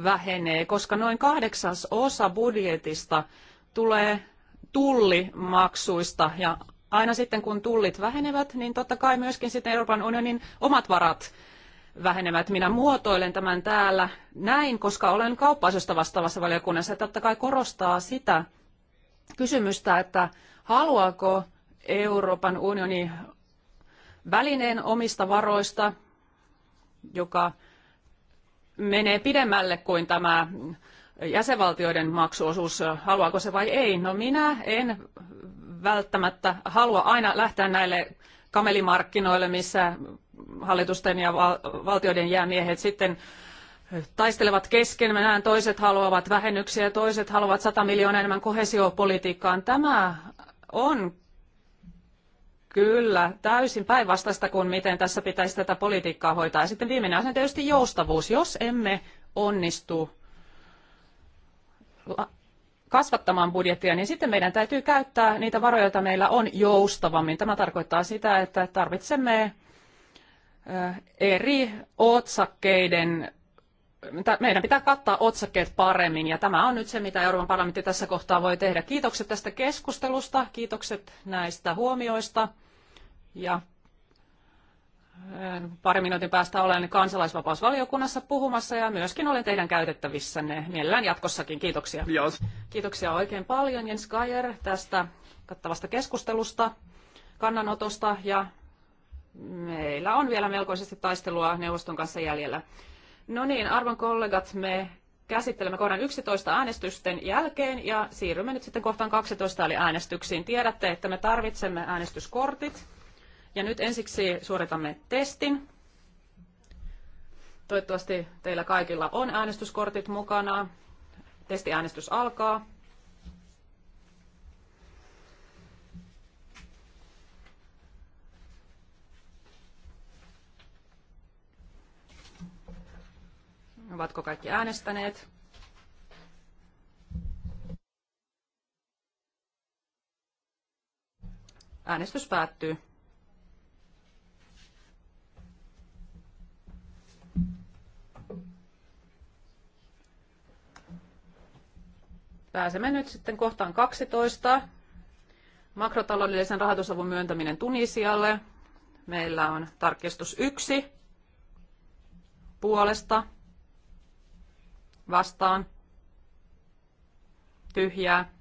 vähenee, koska noin kahdeksas osa budjetista tulee tullimaksuista ja aina sitten kun tullit vähenevät, niin totta kai myöskin sitten Euroopan unionin omat varat vähenevät. Minä muotoilen tämän täällä näin, koska olen kauppaisesta vastaavassa valiokunnassa. Ja totta kai korostaa sitä kysymystä, että haluaako Euroopan unioni välineen omista varoista, joka menee pidemmälle kuin tämä jäsenvaltioiden maksuosuus, haluaako se vai ei. No minä en välttämättä halua aina lähteä näille kamelimarkkinoille, missä hallitusten ja val- valtioiden jäämiehet sitten taistelevat keskenään, toiset haluavat vähennyksiä, toiset haluavat 100 miljoonaa enemmän kohesiopolitiikkaan. Tämä on Kyllä, täysin päinvastaista kuin miten tässä pitäisi tätä politiikkaa hoitaa. Ja sitten viimeinen asia on tietysti joustavuus. Jos emme onnistu kasvattamaan budjettia, niin sitten meidän täytyy käyttää niitä varoja, joita meillä on joustavammin. Tämä tarkoittaa sitä, että tarvitsemme eri otsakkeiden meidän pitää kattaa otsakkeet paremmin, ja tämä on nyt se, mitä Euroopan parlamentti tässä kohtaa voi tehdä. Kiitokset tästä keskustelusta, kiitokset näistä huomioista, ja pari minuutin päästä olen kansalaisvapausvaliokunnassa puhumassa ja myöskin olen teidän käytettävissänne mielellään jatkossakin. Kiitoksia. Yes. Kiitoksia oikein paljon Jens Kajer tästä kattavasta keskustelusta, kannanotosta ja meillä on vielä melkoisesti taistelua neuvoston kanssa jäljellä. No niin, arvon kollegat, me käsittelemme kohdan 11 äänestysten jälkeen ja siirrymme nyt sitten kohtaan 12 eli äänestyksiin. Tiedätte, että me tarvitsemme äänestyskortit. Ja nyt ensiksi suoritamme testin. Toivottavasti teillä kaikilla on äänestyskortit mukana. Testiäänestys alkaa. Ovatko kaikki äänestäneet? Äänestys päättyy. Pääsemme nyt sitten kohtaan 12. Makrotaloudellisen rahoitusavun myöntäminen Tunisialle. Meillä on tarkistus 1 puolesta vastaan tyhjää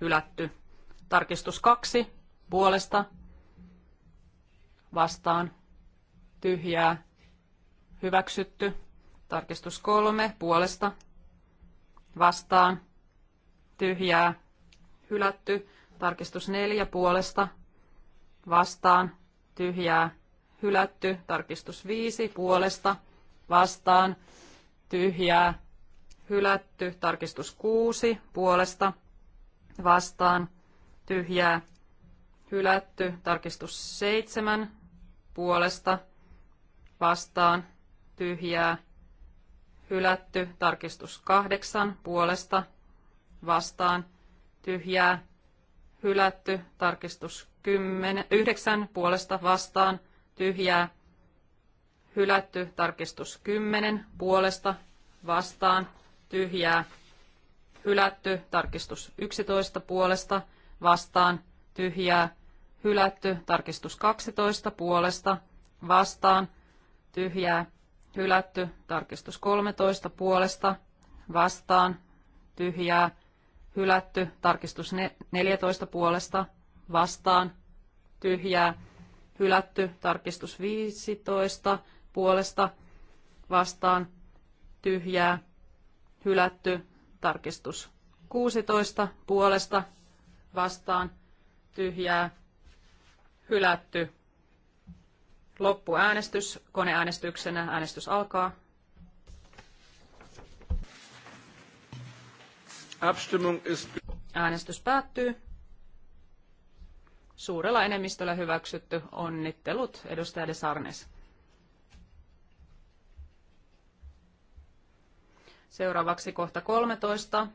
hylätty. Tarkistus 2 puolesta vastaan tyhjää hyväksytty. Tarkistus 3 puolesta vastaan, tyhjää, hylätty. Tarkistus neljä puolesta, vastaan, tyhjää, hylätty. Tarkistus viisi puolesta, vastaan, tyhjää, hylätty. Tarkistus kuusi puolesta, vastaan, tyhjää, hylätty. Tarkistus seitsemän puolesta, vastaan, tyhjää, hylätty, tarkistus kahdeksan puolesta vastaan, tyhjää, hylätty, tarkistus yhdeksän puolesta vastaan, tyhjää, hylätty, tarkistus kymmenen puolesta vastaan, tyhjää, hylätty, tarkistus yksitoista puolesta vastaan, tyhjää, hylätty, tarkistus kaksitoista, puolesta vastaan, tyhjää, hylätty, tarkistus 13 puolesta, vastaan, tyhjää, hylätty, tarkistus 14 puolesta, vastaan, tyhjää, hylätty, tarkistus 15 puolesta, vastaan, tyhjää, hylätty, tarkistus 16 puolesta, vastaan, tyhjää, hylätty, Loppuäänestys koneäänestyksenä. Äänestys alkaa. Äänestys päättyy. Suurella enemmistöllä hyväksytty. Onnittelut, edustaja De Sarnes. Seuraavaksi kohta 13.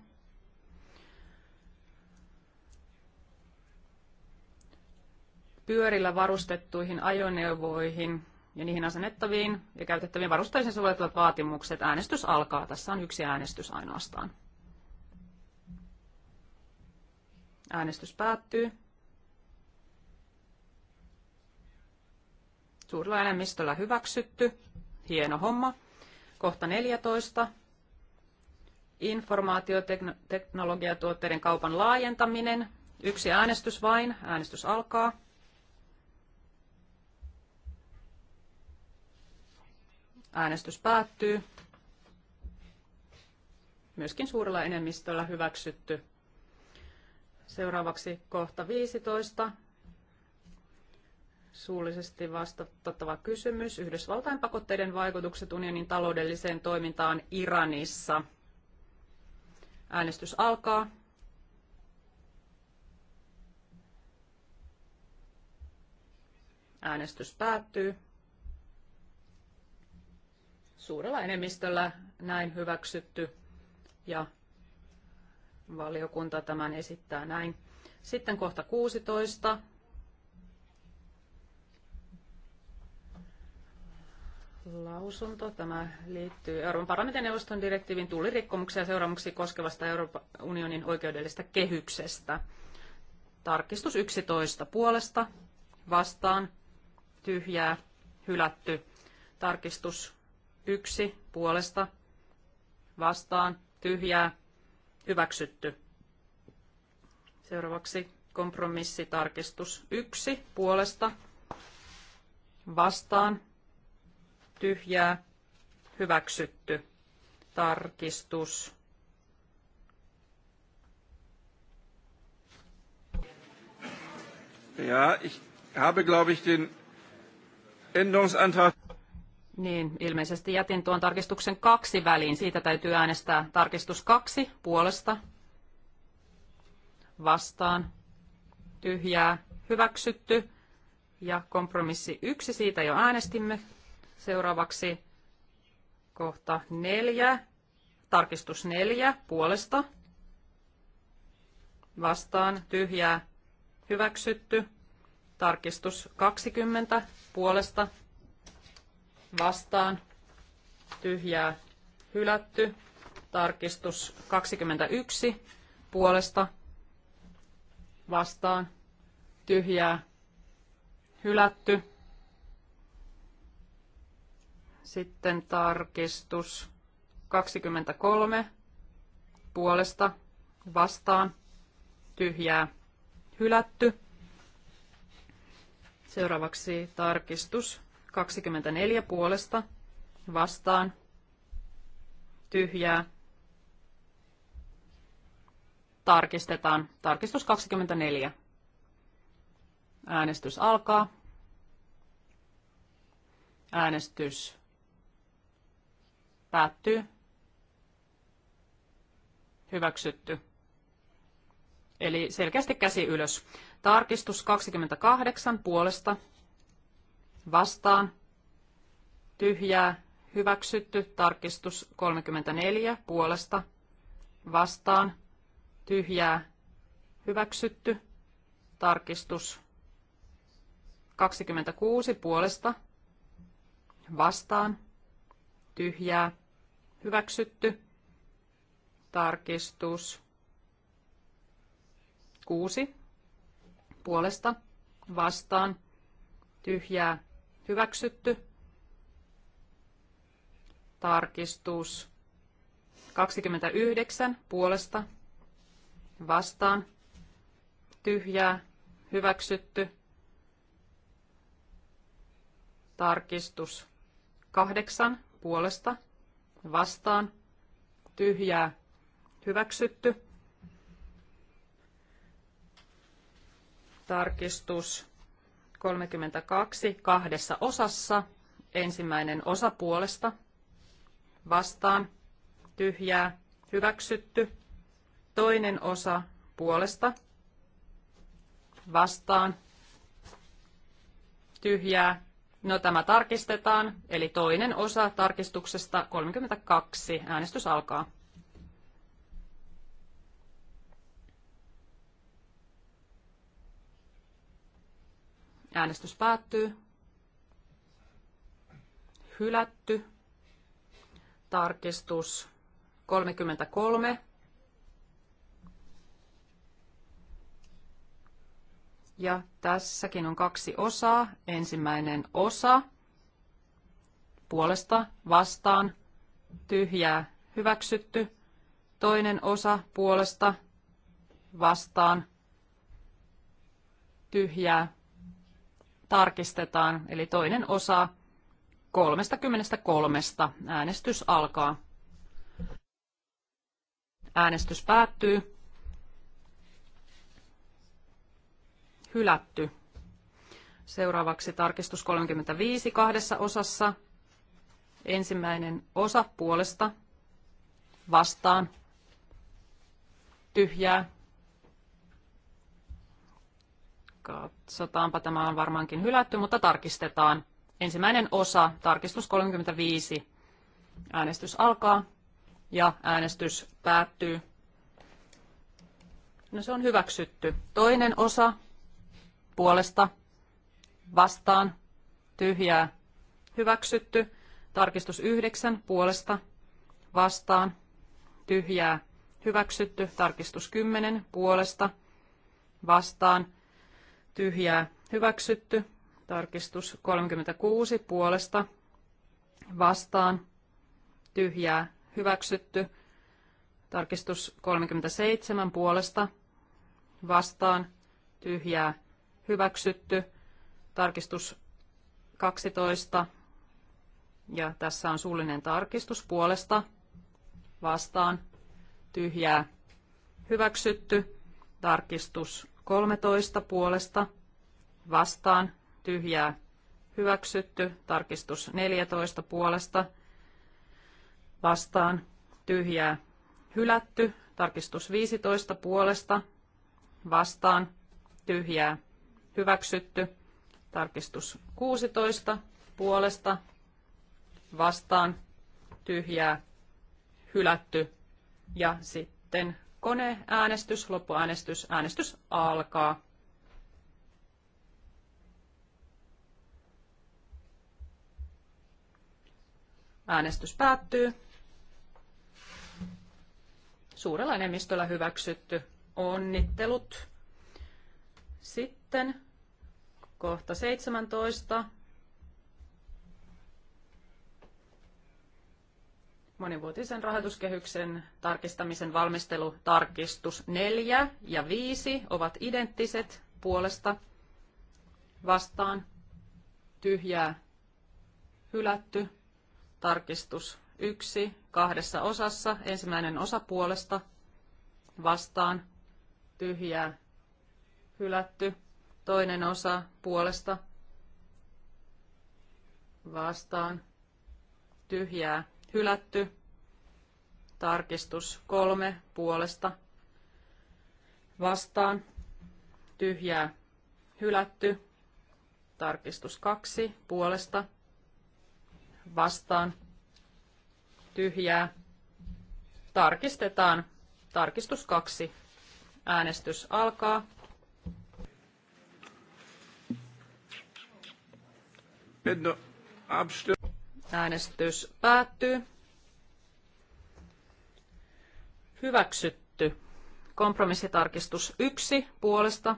pyörillä varustettuihin ajoneuvoihin ja niihin asennettaviin ja käytettäviin varusteisiin sovellettavat vaatimukset. Äänestys alkaa. Tässä on yksi äänestys ainoastaan. Äänestys päättyy. Suurella enemmistöllä hyväksytty. Hieno homma. Kohta 14. Informaatioteknologiatuotteiden kaupan laajentaminen. Yksi äänestys vain. Äänestys alkaa. Äänestys päättyy. Myöskin suurella enemmistöllä hyväksytty. Seuraavaksi kohta 15. Suullisesti vastattava kysymys. Yhdysvaltain pakotteiden vaikutukset unionin taloudelliseen toimintaan Iranissa. Äänestys alkaa. Äänestys päättyy suurella enemmistöllä näin hyväksytty ja valiokunta tämän esittää näin. Sitten kohta 16. Lausunto. Tämä liittyy Euroopan parlamentin neuvoston direktiivin tullirikkomuksia ja seuraamuksia koskevasta Euroopan unionin oikeudellisesta kehyksestä. Tarkistus 11 puolesta vastaan tyhjää hylätty. Tarkistus yksi puolesta vastaan tyhjää hyväksytty. Seuraavaksi kompromissitarkistus yksi puolesta vastaan tyhjää hyväksytty. Tarkistus Ja, ich habe, glaube ich, den Änderungsantrag. Niin, ilmeisesti jätin tuon tarkistuksen kaksi väliin. Siitä täytyy äänestää tarkistus kaksi puolesta. Vastaan. Tyhjää. Hyväksytty. Ja kompromissi yksi, siitä jo äänestimme. Seuraavaksi kohta neljä. Tarkistus neljä puolesta. Vastaan. Tyhjää. Hyväksytty. Tarkistus 20 puolesta vastaan, tyhjää, hylätty. Tarkistus 21 puolesta, vastaan, tyhjää, hylätty. Sitten tarkistus 23 puolesta, vastaan, tyhjää, hylätty. Seuraavaksi tarkistus 24 puolesta vastaan tyhjää. Tarkistetaan. Tarkistus 24. Äänestys alkaa. Äänestys päättyy. Hyväksytty. Eli selkeästi käsi ylös. Tarkistus 28 puolesta vastaan, tyhjää, hyväksytty, tarkistus 34, puolesta, vastaan, tyhjää, hyväksytty, tarkistus 26, puolesta, vastaan, tyhjää, hyväksytty, tarkistus 6, puolesta, vastaan, tyhjää, Hyväksytty. Tarkistus. 29 puolesta. Vastaan. Tyhjää. Hyväksytty. Tarkistus. 8 puolesta. Vastaan. Tyhjää. Hyväksytty. Tarkistus 32 kahdessa osassa. Ensimmäinen osa puolesta vastaan tyhjää hyväksytty. Toinen osa puolesta vastaan tyhjää. No tämä tarkistetaan, eli toinen osa tarkistuksesta 32. Äänestys alkaa. Äänestys päättyy. Hylätty. Tarkistus 33. Ja tässäkin on kaksi osaa. Ensimmäinen osa puolesta vastaan tyhjää hyväksytty. Toinen osa puolesta vastaan tyhjää tarkistetaan, eli toinen osa 33. Äänestys alkaa. Äänestys päättyy. Hylätty. Seuraavaksi tarkistus 35 kahdessa osassa. Ensimmäinen osa puolesta vastaan. Tyhjää Katsotaanpa, tämä on varmaankin hylätty, mutta tarkistetaan. Ensimmäinen osa, tarkistus 35. Äänestys alkaa ja äänestys päättyy. No se on hyväksytty. Toinen osa puolesta vastaan tyhjää hyväksytty. Tarkistus 9 puolesta vastaan tyhjää hyväksytty. Tarkistus 10 puolesta vastaan tyhjää hyväksytty. Tarkistus 36 puolesta vastaan tyhjää hyväksytty. Tarkistus 37 puolesta vastaan tyhjää hyväksytty. Tarkistus 12 ja tässä on suullinen tarkistus puolesta vastaan tyhjää hyväksytty. Tarkistus 13 puolesta vastaan tyhjää hyväksytty. Tarkistus 14 puolesta vastaan tyhjää hylätty. Tarkistus 15 puolesta vastaan tyhjää hyväksytty. Tarkistus 16 puolesta vastaan tyhjää hylätty. Ja sitten äänestys, loppuäänestys, äänestys alkaa. Äänestys päättyy. Suurella enemmistöllä hyväksytty. Onnittelut. Sitten kohta 17. monivuotisen rahoituskehyksen tarkistamisen valmistelu, tarkistus 4 ja 5 ovat identtiset puolesta vastaan tyhjää hylätty tarkistus 1 kahdessa osassa ensimmäinen osa puolesta vastaan tyhjää hylätty toinen osa puolesta vastaan tyhjää hylätty. Tarkistus kolme puolesta vastaan tyhjää hylätty. Tarkistus kaksi puolesta vastaan tyhjää. Tarkistetaan. Tarkistus kaksi. Äänestys alkaa. Äänestys päättyy. Hyväksytty. Kompromissitarkistus 1 puolesta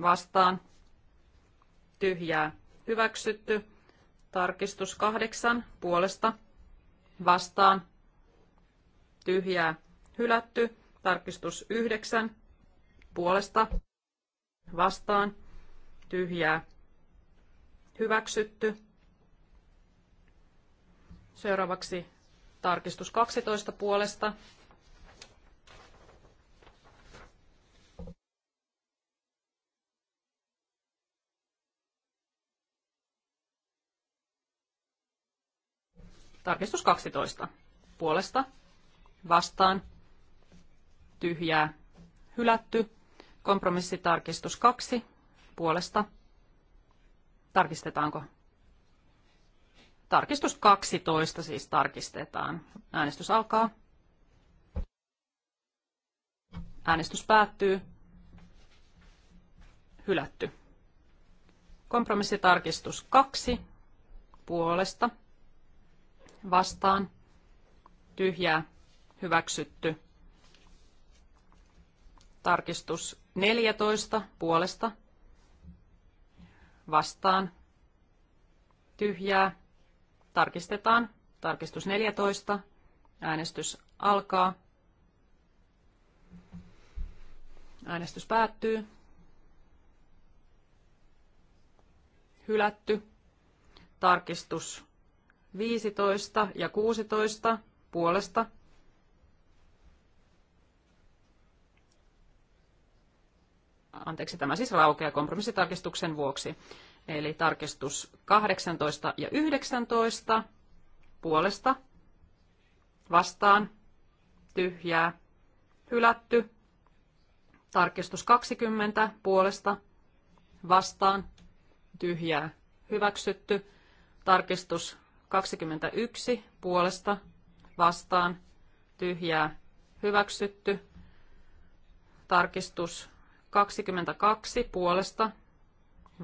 vastaan tyhjää hyväksytty. Tarkistus 8 puolesta vastaan tyhjää hylätty. Tarkistus 9 puolesta vastaan tyhjää hyväksytty Seuraavaksi tarkistus 12 puolesta. Tarkistus 12 puolesta vastaan tyhjää hylätty. Kompromissitarkistus 2 puolesta. Tarkistetaanko? Tarkistus 12 siis tarkistetaan. Äänestys alkaa. Äänestys päättyy. Hylätty. Kompromissitarkistus 2 puolesta vastaan tyhjää hyväksytty. Tarkistus 14 puolesta vastaan tyhjää Tarkistetaan. Tarkistus 14. Äänestys alkaa. Äänestys päättyy. Hylätty. Tarkistus 15 ja 16 puolesta. Anteeksi, tämä siis raukeaa kompromissitarkistuksen vuoksi. Eli tarkistus 18 ja 19 puolesta vastaan tyhjää hylätty. Tarkistus 20 puolesta vastaan tyhjää hyväksytty. Tarkistus 21 puolesta vastaan tyhjää hyväksytty. Tarkistus 22 puolesta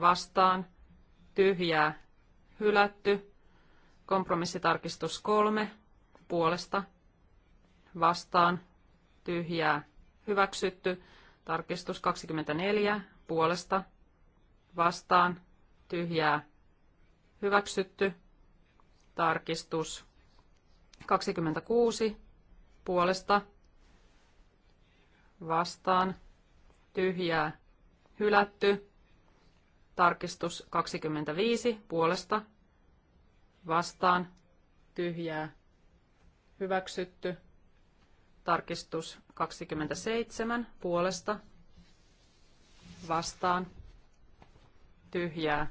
vastaan tyhjää, hylätty. Kompromissitarkistus kolme, puolesta, vastaan, tyhjää, hyväksytty. Tarkistus 24, puolesta, vastaan, tyhjää, hyväksytty. Tarkistus 26, puolesta, vastaan, tyhjää, hylätty. Tarkistus 25 puolesta vastaan tyhjää hyväksytty. Tarkistus 27 puolesta vastaan tyhjää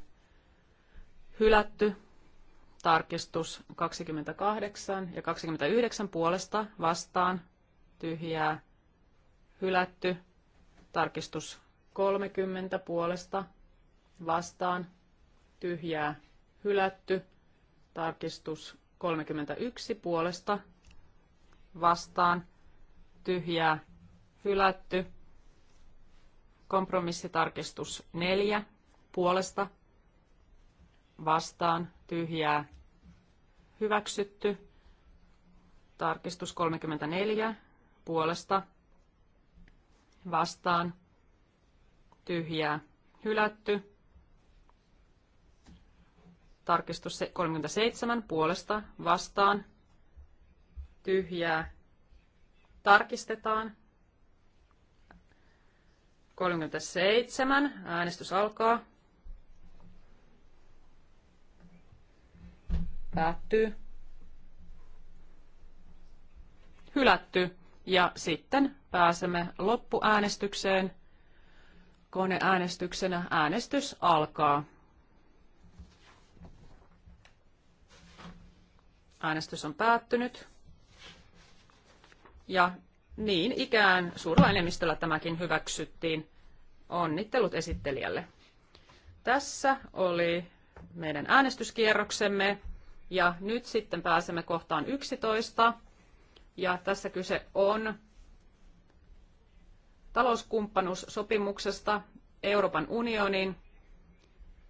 hylätty. Tarkistus 28 ja 29 puolesta vastaan tyhjää hylätty. Tarkistus 30 puolesta vastaan, tyhjää, hylätty. Tarkistus 31 puolesta, vastaan, tyhjää, hylätty. Kompromissitarkistus 4 puolesta, vastaan, tyhjää, hyväksytty. Tarkistus 34 puolesta, vastaan, tyhjää, hylätty. Tarkistus 37 puolesta vastaan. Tyhjää. Tarkistetaan. 37. Äänestys alkaa. Päättyy. Hylätty. Ja sitten pääsemme loppuäänestykseen. Koneäänestyksenä äänestys alkaa. Äänestys on päättynyt. Ja niin ikään suurella enemmistöllä tämäkin hyväksyttiin. Onnittelut esittelijälle. Tässä oli meidän äänestyskierroksemme ja nyt sitten pääsemme kohtaan 11. Ja tässä kyse on talouskumppanuussopimuksesta Euroopan unionin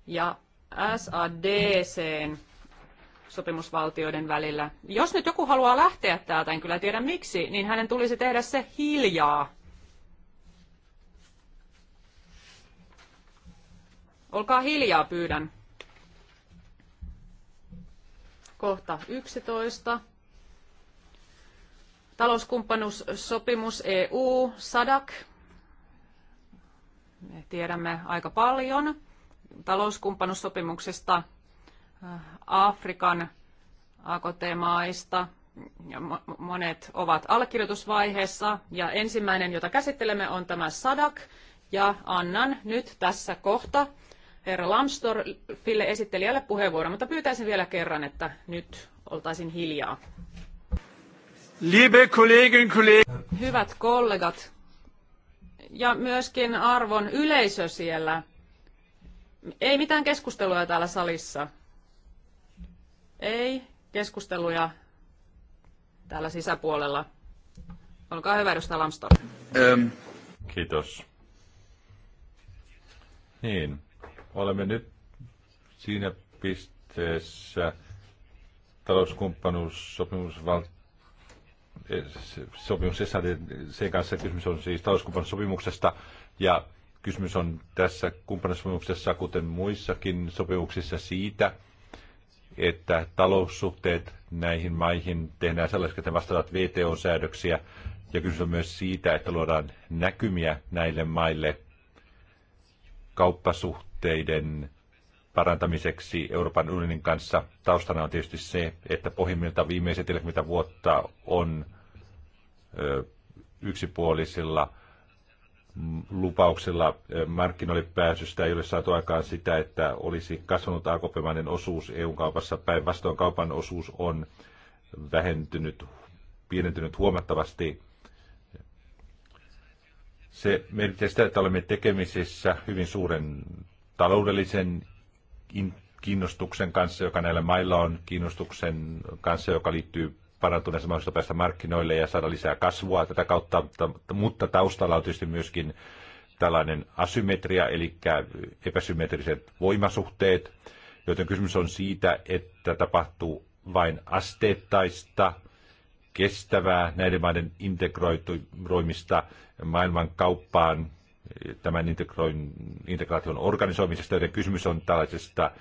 ja SADCn sopimusvaltioiden välillä. Jos nyt joku haluaa lähteä täältä, en kyllä tiedä miksi, niin hänen tulisi tehdä se hiljaa. Olkaa hiljaa, pyydän. Kohta 11. Talouskumppanuussopimus EU, sadak. Me tiedämme aika paljon talouskumppanussopimuksesta Afrikan AKT-maista. Monet ovat allekirjoitusvaiheessa ja ensimmäinen, jota käsittelemme, on tämä SADAK. Ja annan nyt tässä kohta herra Lambsdorffille esittelijälle puheenvuoron, mutta pyytäisin vielä kerran, että nyt oltaisin hiljaa. Liebe Kollegen, Kollegen. Hyvät kollegat ja myöskin arvon yleisö siellä. Ei mitään keskustelua täällä salissa. Ei, keskusteluja täällä sisäpuolella. Olkaa hyvä, edustaja Lamstor. Ähm. Kiitos. Niin, olemme nyt siinä pisteessä talouskumppanuussopimus eh, sopimus sen kanssa kysymys on siis talouskumppanuussopimuksesta ja kysymys on tässä kumppanuussopimuksessa, kuten muissakin sopimuksissa siitä, että taloussuhteet näihin maihin tehdään sellaiset, että ne vastaavat VTO-säädöksiä. Ja kysymys on myös siitä, että luodaan näkymiä näille maille kauppasuhteiden parantamiseksi Euroopan unionin kanssa. Taustana on tietysti se, että pohjimmilta viimeiset 40 vuotta on yksipuolisilla Mm, lupauksella markkinoille pääsystä ei ole saatu aikaan sitä, että olisi kasvanut akp osuus EU-kaupassa. Päinvastoin kaupan osuus on vähentynyt, pienentynyt huomattavasti. Se merkitsee sitä, että olemme tekemisissä hyvin suuren taloudellisen kiinnostuksen kanssa, joka näillä mailla on, kiinnostuksen kanssa, joka liittyy parantuneessa mahdollista päästä markkinoille ja saada lisää kasvua tätä kautta, mutta taustalla on tietysti myöskin tällainen asymmetria, eli epäsymmetriset voimasuhteet, joten kysymys on siitä, että tapahtuu vain asteettaista, kestävää näiden maiden integroimista maailman kauppaan, tämän integraation organisoimisesta, joten kysymys on tällaisesta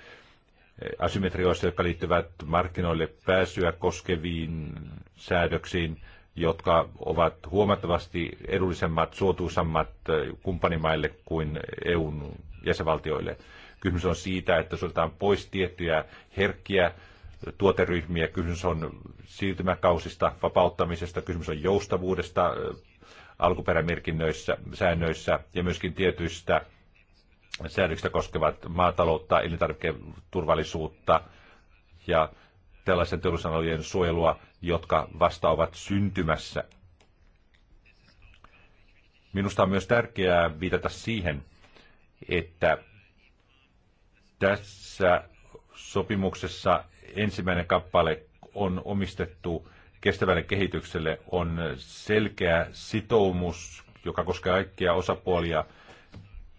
asymmetrioista, jotka liittyvät markkinoille pääsyä koskeviin säädöksiin, jotka ovat huomattavasti edullisemmat, suotuisammat eh, kumppanimaille kuin EUn jäsenvaltioille. Kysymys on siitä, että suljetaan pois tiettyjä herkkiä tuoteryhmiä. Kysymys on siirtymäkausista, vapauttamisesta, kysymys on joustavuudesta eh, alkuperämerkinnöissä, säännöissä ja myöskin tietyistä säädöksistä koskevat maataloutta, elintarviketurvallisuutta ja tällaisen teollisuusalojen suojelua, jotka vasta ovat syntymässä. Minusta on myös tärkeää viitata siihen, että tässä sopimuksessa ensimmäinen kappale on omistettu kestävälle kehitykselle, on selkeä sitoumus, joka koskee kaikkia osapuolia –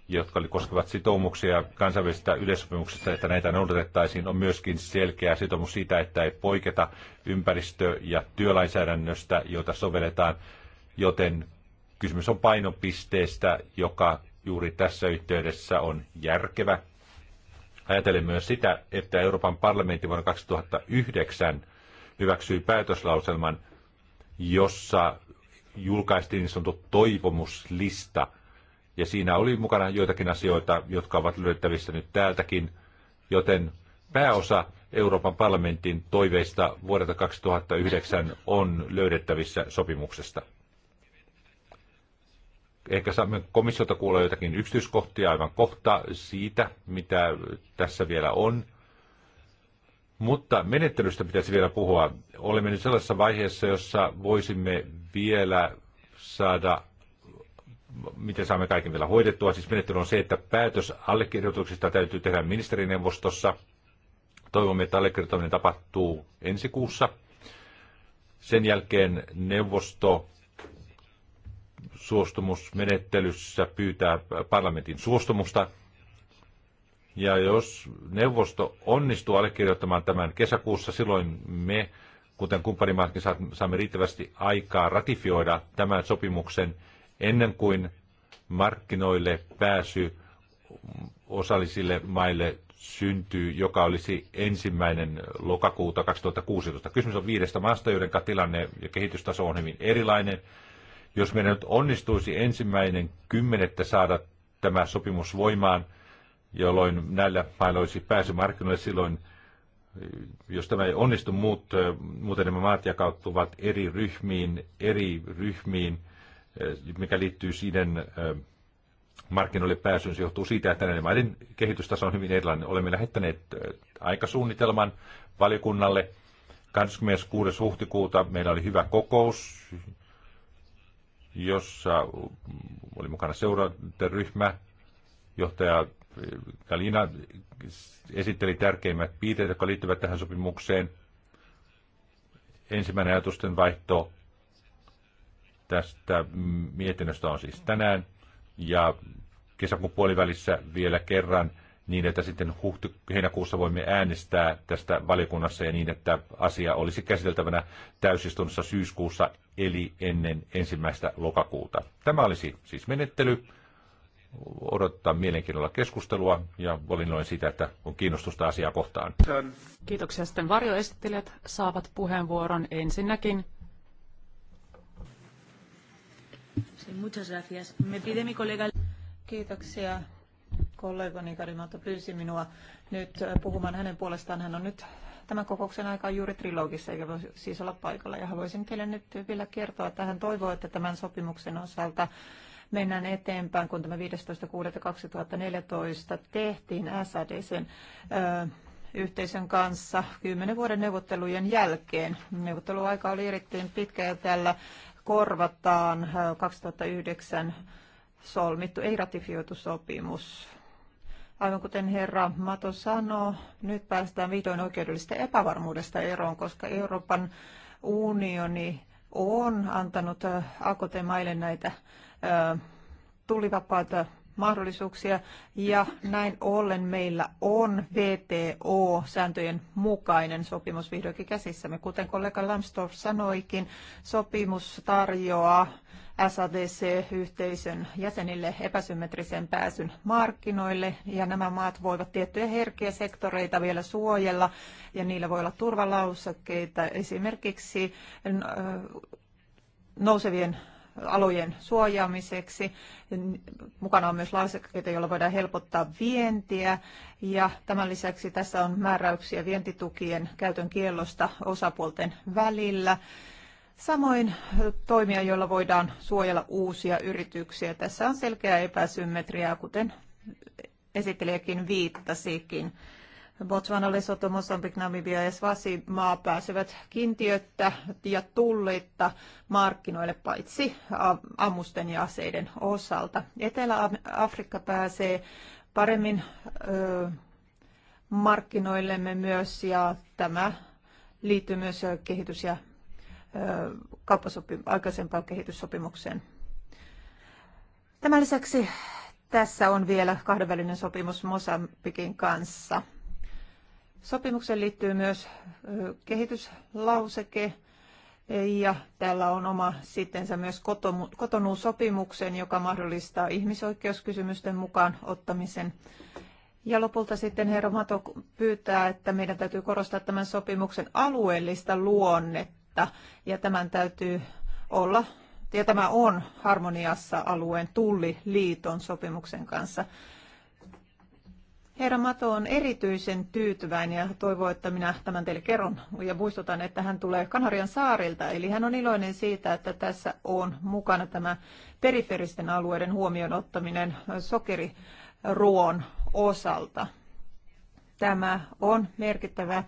jotka koskevat sitoumuksia kansainvälisistä yleissopimuksista, että näitä noudatettaisiin, on myöskin selkeä sitoumus siitä, että ei poiketa ympäristö- ja työlainsäädännöstä, jota sovelletaan, joten kysymys on painopisteestä, joka juuri tässä yhteydessä on järkevä. Ajatellen myös sitä, että Euroopan parlamentti vuonna 2009 hyväksyi päätöslauselman, jossa julkaistiin niin sanottu toivomuslista – ja siinä oli mukana joitakin asioita, jotka ovat löydettävissä nyt täältäkin, joten pääosa Euroopan parlamentin toiveista vuodelta 2009 on löydettävissä sopimuksesta. Ehkä saamme komissiota kuulla jotakin yksityiskohtia aivan kohta siitä, mitä tässä vielä on. Mutta menettelystä pitäisi vielä puhua. Olemme nyt sellaisessa vaiheessa, jossa voisimme vielä saada miten saamme kaiken vielä hoidettua. Siis menettely on se, että päätös allekirjoituksista täytyy tehdä ministerineuvostossa. Toivomme, että allekirjoittaminen tapahtuu ensi kuussa. Sen jälkeen neuvosto suostumusmenettelyssä pyytää parlamentin suostumusta. Ja jos neuvosto onnistuu allekirjoittamaan tämän kesäkuussa, silloin me, kuten kumppanimaatkin, saamme riittävästi aikaa ratifioida tämän sopimuksen – ennen kuin markkinoille pääsy osallisille maille syntyy, joka olisi ensimmäinen lokakuuta 2016. Kysymys on viidestä maasta, joiden tilanne ja kehitystaso on hyvin erilainen. Jos meidän nyt onnistuisi ensimmäinen kymmenettä saada tämä sopimus voimaan, jolloin näillä mailla olisi pääsy markkinoille silloin, jos tämä ei onnistu, muut, muuten nämä maat jakautuvat eri ryhmiin, eri ryhmiin – Eh, mikä liittyy siihen eh, markkinoille pääsyyn, se johtuu siitä, että näiden maiden kehitystaso on hyvin erilainen. Olemme lähettäneet eh, aikasuunnitelman valiokunnalle. 26. huhtikuuta meillä oli hyvä kokous, jossa oli mukana seurantaryhmä. Johtaja Kalina esitteli tärkeimmät piirteet, jotka liittyvät tähän sopimukseen. Ensimmäinen ajatusten vaihto Tästä mietinnöstä on siis tänään ja kesäkuun puolivälissä vielä kerran niin, että sitten huhti, heinäkuussa voimme äänestää tästä valiokunnassa ja niin, että asia olisi käsiteltävänä täysistunnossa syyskuussa eli ennen ensimmäistä lokakuuta. Tämä olisi siis menettely. Odottaa mielenkiinnolla keskustelua ja olin noin sitä, että on kiinnostusta asiaa kohtaan. Kiitoksia. Sitten varjoesittelijät saavat puheenvuoron ensinnäkin Muchas gracias. Me pide mi Kiitoksia. kollegani Karimato pyysi minua nyt äh, puhumaan hänen puolestaan. Hän on nyt tämän kokouksen aika juuri trilogissa, eikä voi siis olla paikalla. Ja haluaisin teille nyt vielä kertoa, että hän toivoo, että tämän sopimuksen osalta mennään eteenpäin, kun tämä 15.6.2014 tehtiin SADCn ö, äh, yhteisön kanssa kymmenen vuoden neuvottelujen jälkeen. Neuvotteluaika oli erittäin pitkä ja tällä korvataan 2009 äh, solmittu, ei ratifioitu sopimus. Aivan kuten herra Mato sanoi, nyt päästään vihdoin oikeudellisesta epävarmuudesta eroon, koska Euroopan unioni on antanut äh, AKT-maille näitä äh, tulivapaita mahdollisuuksia ja näin ollen meillä on VTO-sääntöjen mukainen sopimus vihdoinkin käsissämme. Kuten kollega Lamstorff sanoikin, sopimus tarjoaa SADC-yhteisön jäsenille epäsymmetrisen pääsyn markkinoille ja nämä maat voivat tiettyjä herkkiä sektoreita vielä suojella ja niillä voi olla turvalausakkeita esimerkiksi nousevien alojen suojaamiseksi. Mukana on myös lausekkeita, joilla voidaan helpottaa vientiä. Ja tämän lisäksi tässä on määräyksiä vientitukien käytön kiellosta osapuolten välillä. Samoin toimia, joilla voidaan suojella uusia yrityksiä. Tässä on selkeää epäsymmetriaa, kuten esittelijäkin viittasikin. Botswana, Lesotho, Mosambik, Namibia ja Svasi maa pääsevät kiintiöttä ja tulleita markkinoille paitsi ammusten ja aseiden osalta. Etelä-Afrikka pääsee paremmin ö, markkinoillemme myös ja tämä liittyy myös kehitys- ja kauppasopim- aikaisempaan kehityssopimukseen. Tämän lisäksi tässä on vielä kahdenvälinen sopimus Mosambikin kanssa – Sopimukseen liittyy myös kehityslauseke, e, ja täällä on oma sittensä myös kotonuusopimuksen, joka mahdollistaa ihmisoikeuskysymysten mukaan ottamisen. Ja lopulta sitten herra Mato pyytää, että meidän täytyy korostaa tämän sopimuksen alueellista luonnetta, ja tämän täytyy olla, ja tämä on harmoniassa alueen tulliliiton sopimuksen kanssa. Herra Mato on erityisen tyytyväinen ja toivoo, että minä tämän teille kerron ja muistutan, että hän tulee Kanarian saarilta. Eli hän on iloinen siitä, että tässä on mukana tämä periferisten alueiden huomioon ottaminen sokeriruon osalta. Tämä on merkittävä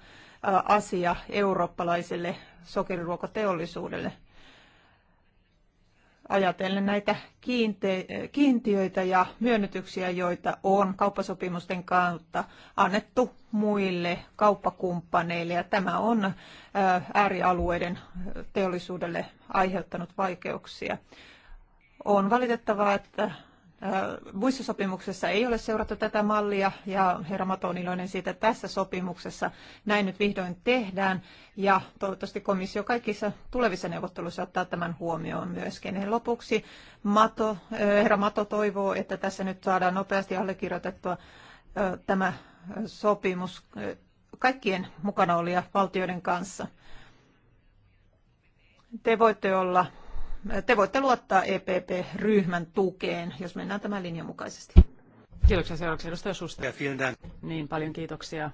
asia eurooppalaiselle sokeriruokateollisuudelle ajatellen näitä kiinte- kiintiöitä ja myönnytyksiä, joita on kauppasopimusten kautta annettu muille kauppakumppaneille. Ja tämä on äärialueiden teollisuudelle aiheuttanut vaikeuksia. On valitettavaa, että sopimuksissa ei ole seurattu tätä mallia ja herra Mato on iloinen siitä, että tässä sopimuksessa näin nyt vihdoin tehdään ja toivottavasti komissio kaikissa tulevissa neuvotteluissa ottaa tämän huomioon myöskin. lopuksi Mato, herra Mato toivoo, että tässä nyt saadaan nopeasti allekirjoitettua tämä sopimus kaikkien mukana valtioiden kanssa. Te voitte olla te voitte luottaa EPP-ryhmän tukeen, jos mennään tämän linjan mukaisesti. Kiitoksia seuraavaksi edustaja Susta. Niin, paljon kiitoksia.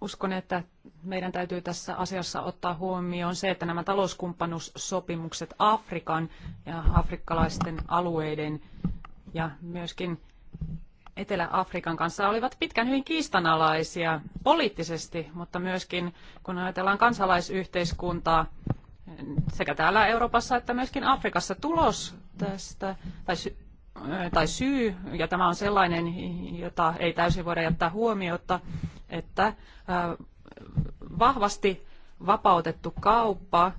Uskon, että meidän täytyy tässä asiassa ottaa huomioon se, että nämä talouskumppanuussopimukset Afrikan ja afrikkalaisten alueiden ja myöskin Etelä-Afrikan kanssa olivat pitkään hyvin kiistanalaisia poliittisesti, mutta myöskin kun ajatellaan kansalaisyhteiskuntaa, sekä täällä Euroopassa että myöskin Afrikassa tulos tästä, tai, sy, tai syy, ja tämä on sellainen, jota ei täysin voida jättää huomiota, että vahvasti vapautettu kauppa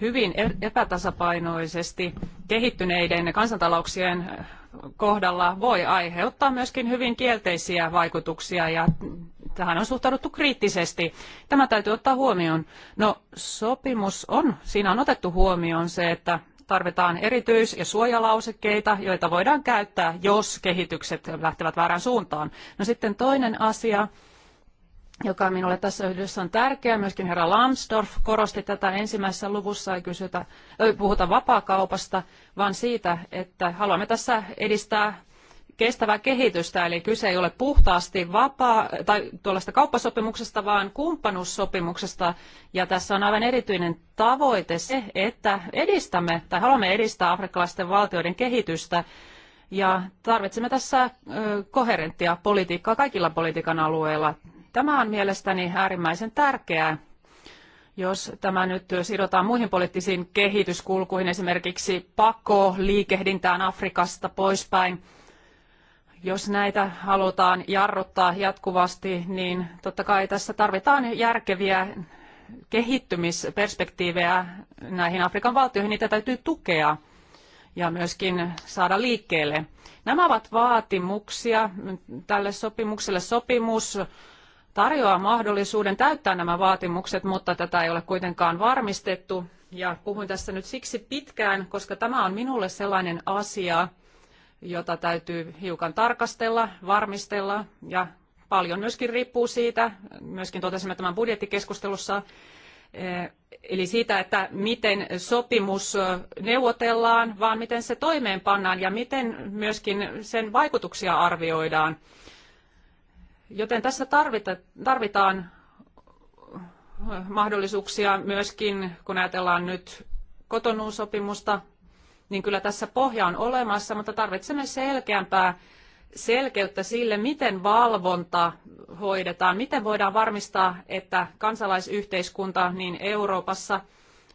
hyvin e-, epätasapainoisesti kehittyneiden kansantalouksien kohdalla voi aiheuttaa myöskin hyvin kielteisiä vaikutuksia ja tähän on suhtauduttu kriittisesti. Tämä täytyy ottaa huomioon. No sopimus on, siinä on otettu huomioon se, että tarvitaan erityis- ja suojalausekkeita, joita voidaan käyttää, jos kehitykset lähtevät väärään suuntaan. No sitten toinen asia, joka minulle tässä yhdessä on tärkeä, myöskin herra Lambsdorff korosti tätä ensimmäisessä luvussa, ei kysytä, puhuta vapaakaupasta, vaan siitä, että haluamme tässä edistää kestävää kehitystä, eli kyse ei ole puhtaasti vapaa, tai tuollaista kauppasopimuksesta, vaan kumppanuussopimuksesta. Ja tässä on aivan erityinen tavoite se, että edistämme tai haluamme edistää afrikkalaisten valtioiden kehitystä. Ja tarvitsemme tässä koherenttia politiikkaa kaikilla politiikan alueilla. Tämä on mielestäni äärimmäisen tärkeää, jos tämä nyt sidotaan muihin poliittisiin kehityskulkuihin, esimerkiksi pakko liikehdintään Afrikasta poispäin jos näitä halutaan jarruttaa jatkuvasti, niin totta kai tässä tarvitaan järkeviä kehittymisperspektiivejä näihin Afrikan valtioihin, niitä täytyy tukea ja myöskin saada liikkeelle. Nämä ovat vaatimuksia tälle sopimukselle. Sopimus tarjoaa mahdollisuuden täyttää nämä vaatimukset, mutta tätä ei ole kuitenkaan varmistettu. Ja puhun tässä nyt siksi pitkään, koska tämä on minulle sellainen asia, jota täytyy hiukan tarkastella, varmistella ja paljon myöskin riippuu siitä, myöskin totesimme tämän budjettikeskustelussa, eh, eli siitä, että miten sopimus eh, neuvotellaan, vaan miten se toimeenpannaan ja miten myöskin sen vaikutuksia arvioidaan. Joten tässä tarvitaan eh, mahdollisuuksia myöskin, kun ajatellaan nyt kotonuusopimusta, niin kyllä tässä pohja on olemassa, mutta tarvitsemme selkeämpää selkeyttä sille, miten valvonta hoidetaan, miten voidaan varmistaa, että kansalaisyhteiskunta niin Euroopassa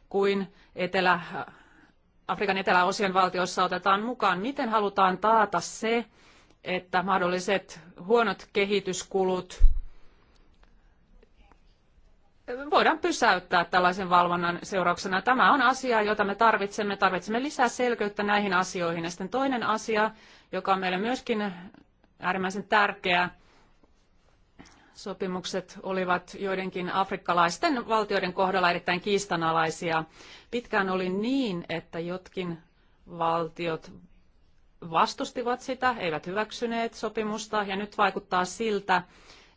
kuin Etelä, Afrikan eteläosien valtioissa otetaan mukaan. Miten halutaan taata se, että mahdolliset huonot kehityskulut voidaan pysäyttää tällaisen valvonnan seurauksena. Tämä on asia, jota me tarvitsemme. Tarvitsemme lisää selkeyttä näihin asioihin. Ja sitten toinen asia, joka on meille myöskin äärimmäisen tärkeä, sopimukset olivat joidenkin afrikkalaisten valtioiden kohdalla erittäin kiistanalaisia. Pitkään oli niin, että jotkin valtiot vastustivat sitä, eivät hyväksyneet sopimusta, ja nyt vaikuttaa siltä,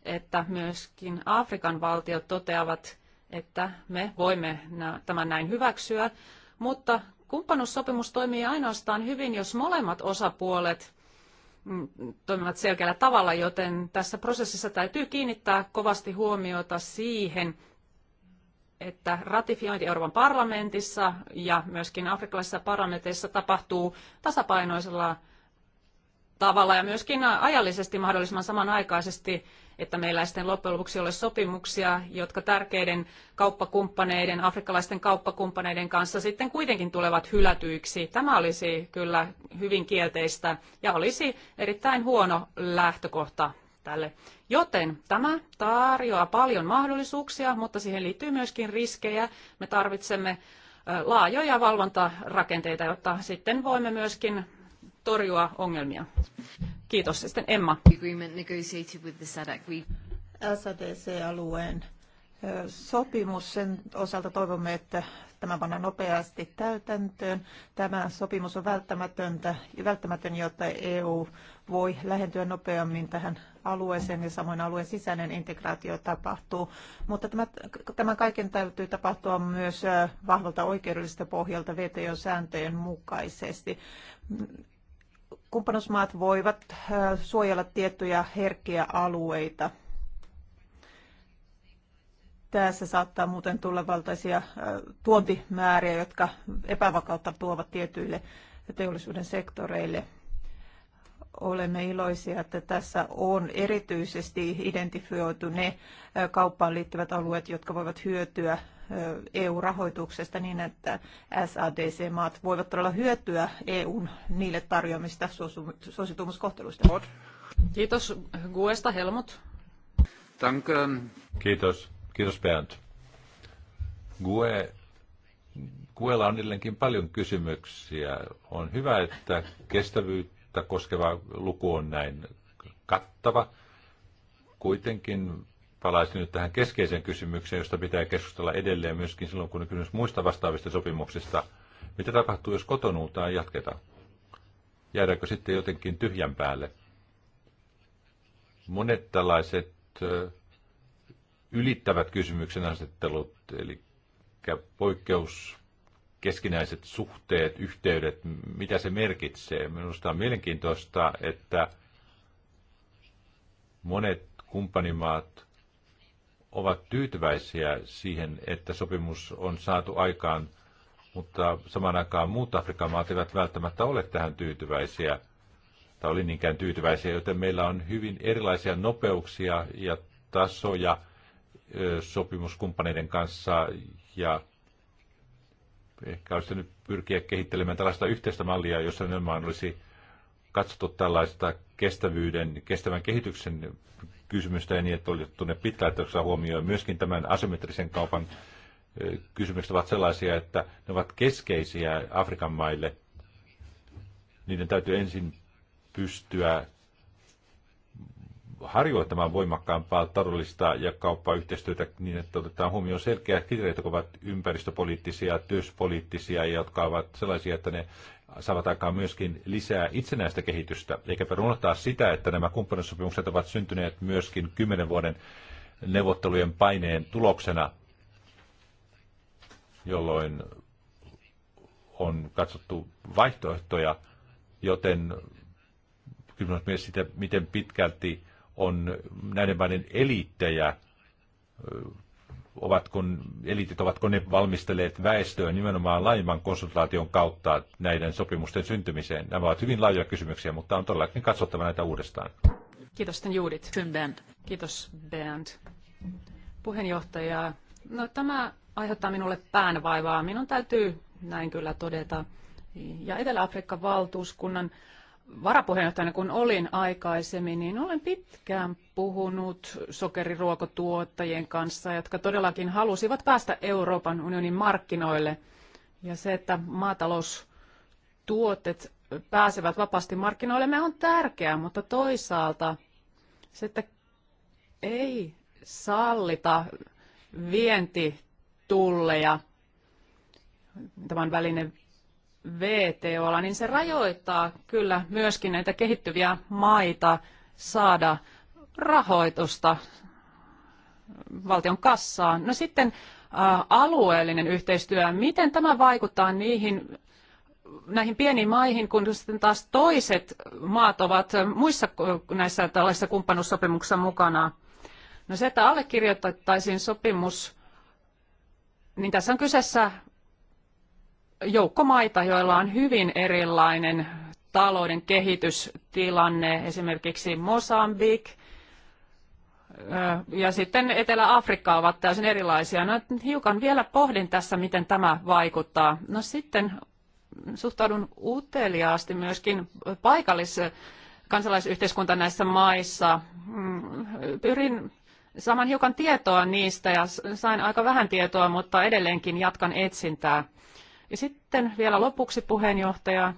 että myöskin Afrikan valtiot toteavat, että me voimme tämän näin hyväksyä, mutta kumppanuussopimus toimii ainoastaan hyvin, jos molemmat osapuolet mm, toimivat selkeällä tavalla, joten tässä prosessissa täytyy kiinnittää kovasti huomiota siihen, että ratifiointi Euroopan parlamentissa ja myöskin afrikkalaisissa parlamenteissa tapahtuu tasapainoisella tavalla ja myöskin ajallisesti mahdollisimman samanaikaisesti, että meillä ei sitten loppujen lopuksi ole sopimuksia, jotka tärkeiden kauppakumppaneiden, afrikkalaisten kauppakumppaneiden kanssa sitten kuitenkin tulevat hylätyiksi. Tämä olisi kyllä hyvin kielteistä ja olisi erittäin huono lähtökohta tälle. Joten tämä tarjoaa paljon mahdollisuuksia, mutta siihen liittyy myöskin riskejä. Me tarvitsemme laajoja valvontarakenteita, jotta sitten voimme myöskin torjua ongelmia. Kiitos. Sitten Emma. SADC-alueen sopimus. Sen osalta toivomme, että tämä pannaan nopeasti täytäntöön. Tämä sopimus on välttämätöntä, välttämätön, jotta EU voi lähentyä nopeammin tähän alueeseen ja samoin alueen sisäinen integraatio tapahtuu. Mutta tämä, tämän kaiken täytyy tapahtua myös vahvalta oikeudellisesta pohjalta VTO-sääntöjen mukaisesti kumppanuusmaat voivat suojella tiettyjä herkkiä alueita. Tässä saattaa muuten tulla valtaisia tuontimääriä, jotka epävakautta tuovat tietyille teollisuuden sektoreille – olemme iloisia, että tässä on erityisesti identifioitu ne kauppaan liittyvät alueet, jotka voivat hyötyä EU-rahoituksesta niin, että SADC-maat voivat todella hyötyä EUn niille tarjoamista suositumuskohteluista. Kiitos Guesta, Helmut. Danke. Kiitos. Kiitos Bernd. Gue, Guella on edelleenkin paljon kysymyksiä. On hyvä, että kestävyyttä tilannetta koskeva luku on näin kattava. Kuitenkin palaisin nyt tähän keskeiseen kysymykseen, josta pitää keskustella edelleen myöskin silloin, kun on kysymys muista vastaavista sopimuksista. Mitä tapahtuu, jos kotonuutaan ei jatketa? Jäädäänkö sitten jotenkin tyhjän päälle? Monet tällaiset ylittävät kysymyksen asettelut, eli poikkeus keskinäiset suhteet, yhteydet, mitä se merkitsee. Minusta on mielenkiintoista, että monet kumppanimaat ovat tyytyväisiä siihen, että sopimus on saatu aikaan, mutta samaan aikaan muut Afrikan maat eivät välttämättä ole tähän tyytyväisiä tai oli niinkään tyytyväisiä, joten meillä on hyvin erilaisia nopeuksia ja tasoja sopimuskumppaneiden kanssa ja ehkä olisi nyt pyrkiä kehittelemään tällaista yhteistä mallia, jossa nimenomaan olisi katsottu tällaista kestävyyden, kestävän kehityksen kysymystä ja niin, että oli tuonne pitkällä huomioon myöskin tämän asymmetrisen kaupan kysymykset ovat sellaisia, että ne ovat keskeisiä Afrikan maille. Niiden täytyy ensin pystyä harjoittamaan voimakkaampaa taloudellista ja kauppayhteistyötä niin, että otetaan huomioon selkeät kriteerit, jotka ovat ympäristöpoliittisia, työspoliittisia ja jotka ovat sellaisia, että ne saavat aikaan myöskin lisää itsenäistä kehitystä. Eikä unohtaa sitä, että nämä kumppanuussopimukset ovat syntyneet myöskin kymmenen vuoden neuvottelujen paineen tuloksena, jolloin on katsottu vaihtoehtoja, joten kysymys myös sitä, miten pitkälti on näiden maiden eliittejä, ovatko, eliitit, ovatko ne valmistelleet väestöä nimenomaan laajemman konsultaation kautta näiden sopimusten syntymiseen? Nämä ovat hyvin laajoja kysymyksiä, mutta on todellakin katsottava näitä uudestaan. Kiitos, Juudit. Kiitos, Bernd. Puheenjohtaja, no, tämä aiheuttaa minulle päänvaivaa. Minun täytyy näin kyllä todeta. Ja Etelä-Afrikan valtuuskunnan varapuheenjohtajana, kun olin aikaisemmin, niin olen pitkään puhunut sokeriruokotuottajien kanssa, jotka todellakin halusivat päästä Euroopan unionin markkinoille. Ja se, että maataloustuotteet pääsevät vapaasti markkinoille, on tärkeää, mutta toisaalta se, että ei sallita vientitulleja, tämän välinen VTOlla, niin se rajoittaa kyllä myöskin näitä kehittyviä maita saada rahoitusta valtion kassaan. No sitten äh, alueellinen yhteistyö, miten tämä vaikuttaa niihin näihin pieniin maihin, kun sitten taas toiset maat ovat muissa näissä tällaisissa kumppanuussopimuksissa mukana. No se, että allekirjoittaisiin sopimus, niin tässä on kyseessä joukko maita, joilla on hyvin erilainen talouden kehitystilanne, esimerkiksi Mosambik ja sitten Etelä-Afrikka ovat täysin erilaisia. No, hiukan vielä pohdin tässä, miten tämä vaikuttaa. No sitten suhtaudun uteliaasti myöskin paikallis kansalaisyhteiskunta näissä maissa. Mm, pyrin saamaan hiukan tietoa niistä ja sain aika vähän tietoa, mutta edelleenkin jatkan etsintää. Ja sitten vielä lopuksi puheenjohtaja.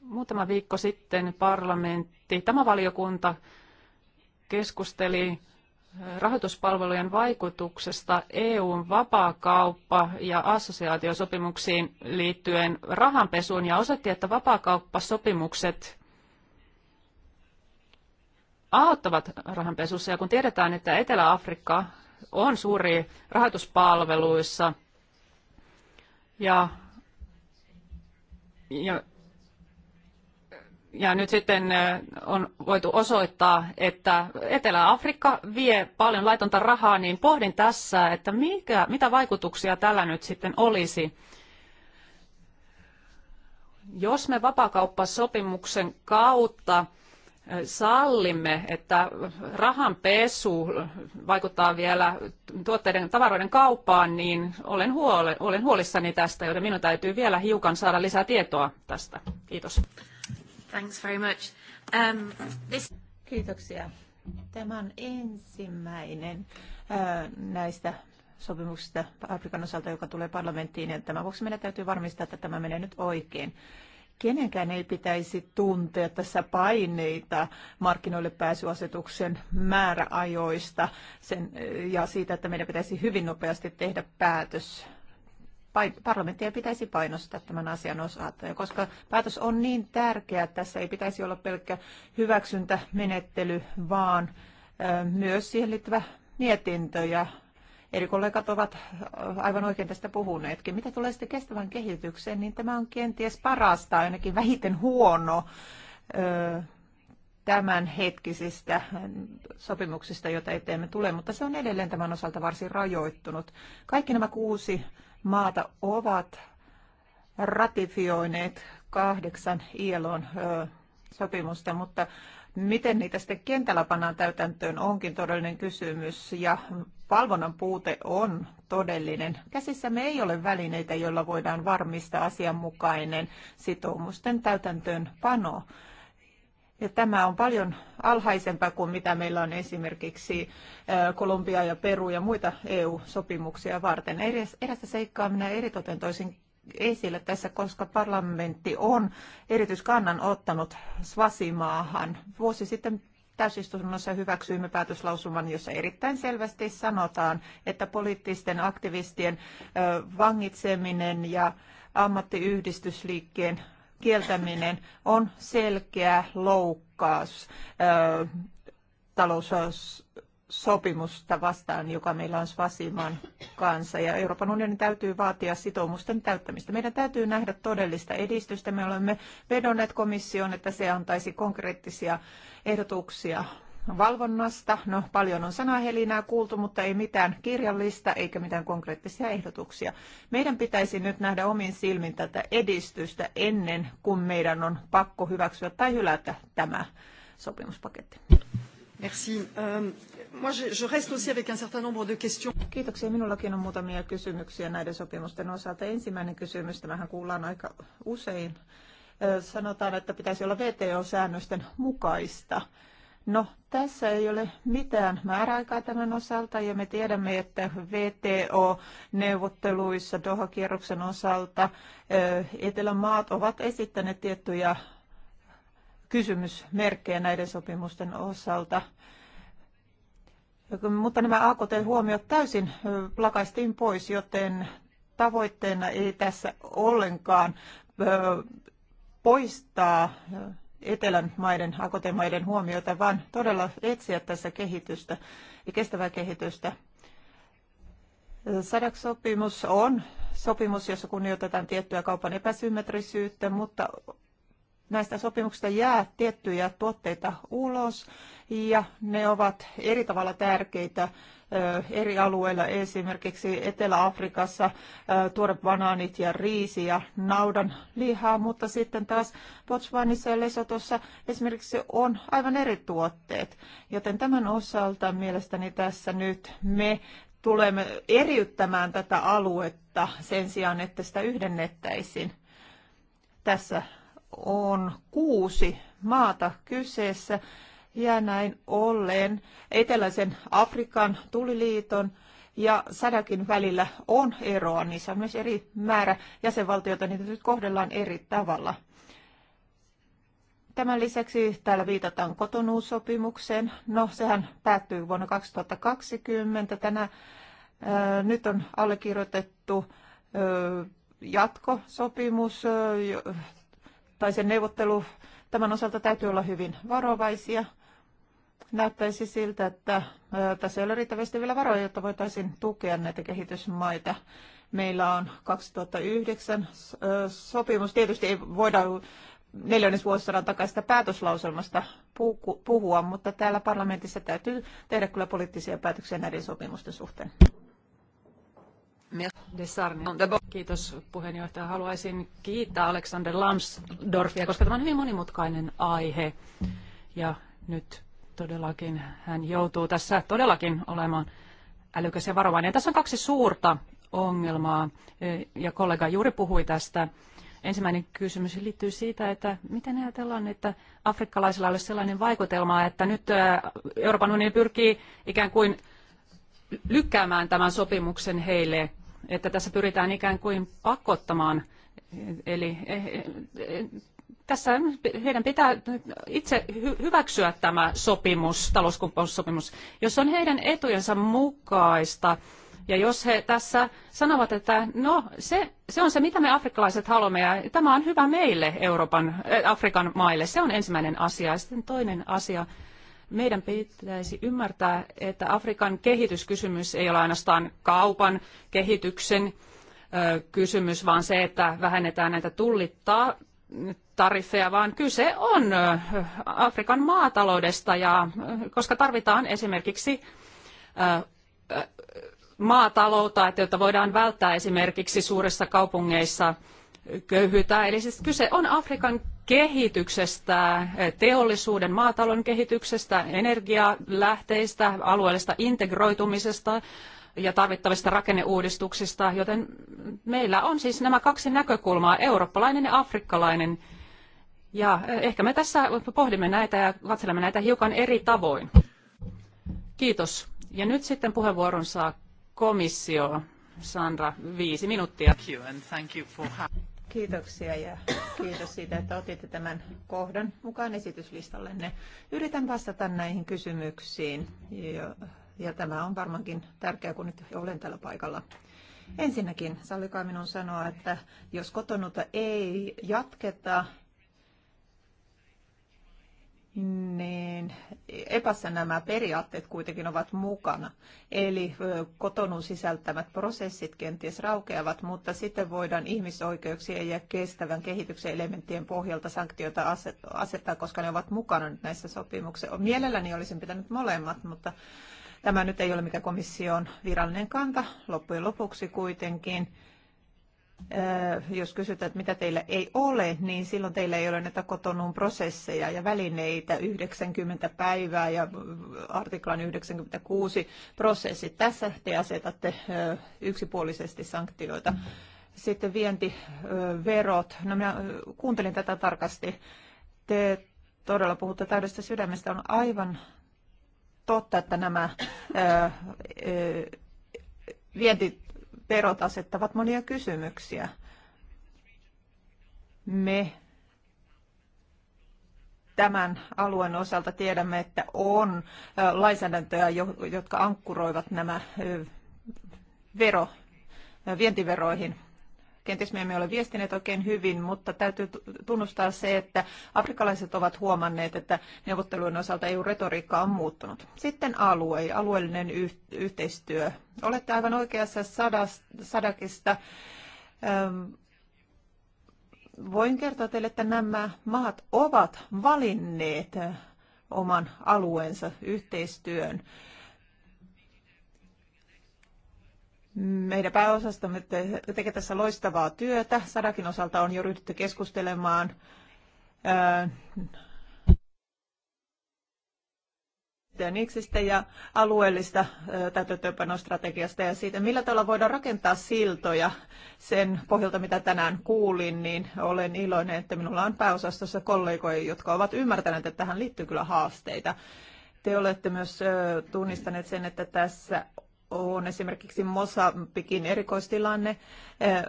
Muutama viikko sitten parlamentti, tämä valiokunta keskusteli eh, rahoituspalvelujen vaikutuksesta EUn vapaakauppa- ja assosiaatiosopimuksiin liittyen rahanpesuun ja osoitti, että vapaakauppasopimukset auttavat rahanpesussa. Ja kun tiedetään, että Etelä-Afrikka on suuri rahoituspalveluissa ja, ja, ja nyt sitten äh, on voitu osoittaa, että Etelä-Afrikka vie paljon laitonta rahaa, niin pohdin tässä, että mikä, mitä vaikutuksia tällä nyt sitten olisi. Jos me vapakauppasopimuksen kautta sallimme, että rahanpesu vaikuttaa vielä tuotteiden tavaroiden kauppaan, niin olen, huole, olen huolissani tästä, joten minun täytyy vielä hiukan saada lisää tietoa tästä. Kiitos. Thanks very much. Um, this... Kiitoksia. Tämä on ensimmäinen näistä sopimuksista Afrikan osalta, joka tulee parlamenttiin, ja tämän vuoksi meidän täytyy varmistaa, että tämä menee nyt oikein kenenkään ei pitäisi tuntea tässä paineita markkinoille pääsyasetuksen määräajoista sen, ja siitä, että meidän pitäisi hyvin nopeasti tehdä päätös. Parlamenttia pitäisi painostaa tämän asian osalta, ja koska päätös on niin tärkeä, että tässä ei pitäisi olla pelkkä hyväksyntämenettely, vaan myös siihen liittyvä mietintö ja Eri kollegat ovat aivan oikein tästä puhuneetkin. Mitä tulee sitten kestävän kehitykseen, niin tämä on kenties parasta, ainakin vähiten huono tämänhetkisistä sopimuksista, joita eteemme tulee, mutta se on edelleen tämän osalta varsin rajoittunut. Kaikki nämä kuusi maata ovat ratifioineet kahdeksan ILOn sopimusta, mutta Miten niitä sitten kentällä pannaan täytäntöön onkin todellinen kysymys ja valvonnan puute on todellinen. Käsissämme ei ole välineitä, joilla voidaan varmistaa asianmukainen sitoumusten täytäntöönpano. Ja tämä on paljon alhaisempaa kuin mitä meillä on esimerkiksi Kolumbia ja Peru ja muita EU-sopimuksia varten. Erästä seikkaa minä eritoten toisin esillä tässä, koska parlamentti on erityiskannan ottanut Svasimaahan. Vuosi sitten täysistunnossa hyväksyimme päätöslausuman, jossa erittäin selvästi sanotaan, että poliittisten aktivistien vangitseminen ja ammattiyhdistysliikkeen kieltäminen on selkeä loukkaus talous sopimusta vastaan, joka meillä on Svasiman kanssa. Ja Euroopan unionin täytyy vaatia sitoumusten täyttämistä. Meidän täytyy nähdä todellista edistystä. Me olemme vedonneet komissioon, että se antaisi konkreettisia ehdotuksia valvonnasta. No, paljon on sanahelinää kuultu, mutta ei mitään kirjallista eikä mitään konkreettisia ehdotuksia. Meidän pitäisi nyt nähdä omin silmin tätä edistystä ennen kuin meidän on pakko hyväksyä tai hylätä tämä sopimuspaketti. Merci. Ähm, moi je, je reste aussi avec un certain nombre de questions. Kiitoksia. Minullakin on muutamia kysymyksiä näiden sopimusten osalta. Ensimmäinen kysymys, tämähän kuullaan aika usein. Sanotaan, että pitäisi olla VTO-säännösten mukaista. No, tässä ei ole mitään määräaikaa tämän osalta ja me tiedämme, että VTO-neuvotteluissa Doha-kierroksen osalta Etelämaat ovat esittäneet tiettyjä kysymysmerkkejä näiden sopimusten osalta mutta nämä AKT-huomiot täysin lakaistiin pois, joten tavoitteena ei tässä ollenkaan poistaa etelän maiden, AKT-maiden huomiota, vaan todella etsiä tässä kehitystä ja kestävää kehitystä. SADAK-sopimus on sopimus, jossa kunnioitetaan tiettyä kaupan epäsymmetrisyyttä, mutta näistä sopimuksista jää tiettyjä tuotteita ulos ja ne ovat eri tavalla tärkeitä eri alueilla, esimerkiksi Etelä-Afrikassa tuore banaanit ja riisi ja naudan lihaa, mutta sitten taas Botswanissa ja Lesotossa esimerkiksi on aivan eri tuotteet. Joten tämän osalta mielestäni tässä nyt me tulemme eriyttämään tätä aluetta sen sijaan, että sitä yhdennettäisiin. Tässä on kuusi maata kyseessä ja näin ollen Eteläisen Afrikan tuliliiton ja sadakin välillä on eroa, niissä on myös eri määrä jäsenvaltioita, niitä nyt kohdellaan eri tavalla. Tämän lisäksi täällä viitataan kotonuussopimukseen. No, sehän päättyy vuonna 2020. Tänä, ää, nyt on allekirjoitettu ää, jatkosopimus ää, tai sen neuvottelu tämän osalta täytyy olla hyvin varovaisia. Näyttäisi siltä, että tässä ei ole riittävästi vielä varoja, jotta voitaisiin tukea näitä kehitysmaita. Meillä on 2009 sopimus. Tietysti ei voida neljännesvuosisadan takaisesta päätöslauselmasta puhua, mutta täällä parlamentissa täytyy tehdä kyllä poliittisia päätöksiä näiden sopimusten suhteen. Kiitos puheenjohtaja. Haluaisin kiittää Alexander Lambsdorffia, koska tämä on hyvin monimutkainen aihe. Ja nyt todellakin hän joutuu tässä todellakin olemaan älykäs ja varovainen. Ja tässä on kaksi suurta ongelmaa, e, ja kollega juuri puhui tästä. Ensimmäinen kysymys liittyy siitä, että miten ajatellaan, että afrikkalaisilla olisi sellainen vaikutelma, että nyt e, Euroopan unioni pyrkii ikään kuin lykkäämään tämän sopimuksen heille että tässä pyritään ikään kuin pakottamaan. Eli e, e, tässä heidän pitää itse hyväksyä tämä sopimus, talouskumppanuussopimus, jos on heidän etujensa mukaista. Ja jos he tässä sanovat, että no se, se on se, mitä me afrikkalaiset haluamme ja tämä on hyvä meille Euroopan, e, Afrikan maille, se on ensimmäinen asia. Ja sitten toinen asia, meidän pitäisi ymmärtää, että Afrikan kehityskysymys ei ole ainoastaan kaupan, kehityksen kysymys, vaan se, että vähennetään näitä tullitariffeja, tariffeja, vaan kyse on Afrikan maataloudesta, ja, koska tarvitaan esimerkiksi maataloutta, että jotta voidaan välttää esimerkiksi suurissa kaupungeissa köyhyyttä. Eli siis kyse on Afrikan kehityksestä, teollisuuden, maatalon kehityksestä, energialähteistä, alueellisesta integroitumisesta ja tarvittavista rakenneuudistuksista, joten meillä on siis nämä kaksi näkökulmaa, eurooppalainen ja afrikkalainen. Ja eh, ehkä me tässä pohdimme näitä ja katselemme näitä hiukan eri tavoin. Kiitos. Ja nyt sitten puheenvuoron saa komissio. Sandra, viisi minuuttia. Kiitoksia ja kiitos siitä, että otitte tämän kohdan mukaan esityslistallenne. Yritän vastata näihin kysymyksiin ja, ja tämä on varmaankin tärkeää, kun nyt olen tällä paikalla. Ensinnäkin sallikaa minun sanoa, että jos kotonuta ei jatketa, niin epässä nämä periaatteet kuitenkin ovat mukana. Eli kotonun sisältämät prosessit kenties raukeavat, mutta sitten voidaan ihmisoikeuksien ja kestävän kehityksen elementtien pohjalta sanktioita asettaa, koska ne ovat mukana nyt näissä sopimuksissa. Mielelläni olisin pitänyt molemmat, mutta tämä nyt ei ole mikä komission virallinen kanta. Loppujen lopuksi kuitenkin jos kysytään, että mitä teillä ei ole, niin silloin teillä ei ole näitä kotonun prosesseja ja välineitä, 90 päivää ja artiklan 96 prosessi. Tässä te asetatte yksipuolisesti sanktioita. Sitten vientiverot. No minä kuuntelin tätä tarkasti. Te todella puhutte täydestä sydämestä. On aivan totta, että nämä vientit verot asettavat monia kysymyksiä. Me tämän alueen osalta tiedämme, että on lainsäädäntöä, jotka ankkuroivat nämä vero, vientiveroihin Kenties me emme ole viestineet oikein hyvin, mutta täytyy tunnustaa se, että afrikkalaiset ovat huomanneet, että neuvottelujen osalta EU-retoriikka on muuttunut. Sitten alue alueellinen yh- yhteistyö. Olette aivan oikeassa sadas, sadakista. Öm, voin kertoa teille, että nämä maat ovat valinneet oman alueensa yhteistyön. Meidän pääosastamme tekee tässä loistavaa työtä. Sadakin osalta on jo ryhdytty keskustelemaan Niksistä ja alueellista täytäntöönpanostrategiasta ja siitä, millä tavalla voidaan rakentaa siltoja sen pohjalta, mitä tänään kuulin, niin olen iloinen, että minulla on pääosastossa kollegoja, jotka ovat ymmärtäneet, että tähän liittyy kyllä haasteita. Te olette myös tunnistaneet sen, että tässä on esimerkiksi Mosambikin erikoistilanne. Eh,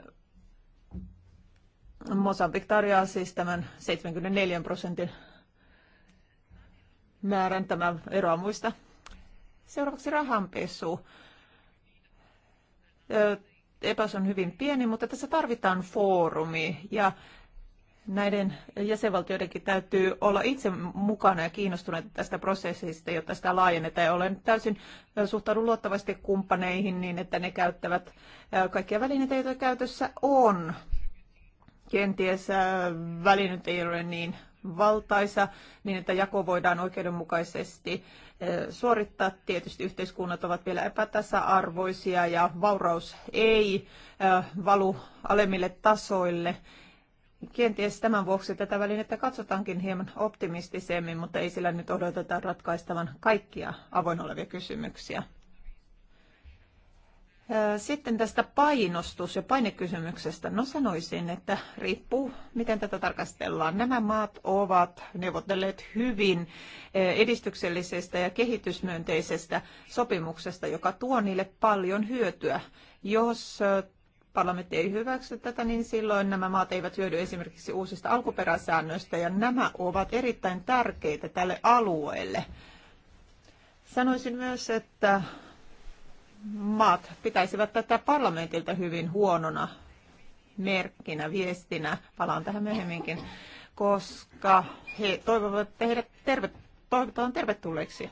Mosambik tarjoaa siis tämän 74 prosentin määrän tämä eroa muista. Seuraavaksi rahanpesu. Eh, epäs on hyvin pieni, mutta tässä tarvitaan foorumi ja näiden jäsenvaltioidenkin täytyy olla itse mukana ja kiinnostuneita tästä prosessista, jotta sitä laajennetaan. Ja olen täysin suhtaudun luottavasti kumppaneihin niin, että ne käyttävät kaikkia välineitä, joita käytössä on. Kenties välineet ei ole niin valtaisa, niin että jako voidaan oikeudenmukaisesti suorittaa. Tietysti yhteiskunnat ovat vielä epätasa-arvoisia ja vauraus ei valu alemmille tasoille kenties tämän vuoksi tätä välinettä katsotaankin hieman optimistisemmin, mutta ei sillä nyt odoteta ratkaistavan kaikkia avoin olevia kysymyksiä. Sitten tästä painostus- ja painekysymyksestä. No sanoisin, että riippuu, miten tätä tarkastellaan. Nämä maat ovat neuvotelleet hyvin edistyksellisestä ja kehitysmyönteisestä sopimuksesta, joka tuo niille paljon hyötyä. Jos parlamentti ei hyväksy tätä, niin silloin nämä maat eivät hyödy esimerkiksi uusista alkuperäsäännöistä, ja nämä ovat erittäin tärkeitä tälle alueelle. Sanoisin myös, että maat pitäisivät tätä parlamentilta hyvin huonona merkkinä, viestinä, palaan tähän myöhemminkin, koska he toivovat, tehdä heidät toivotaan tervetulleeksi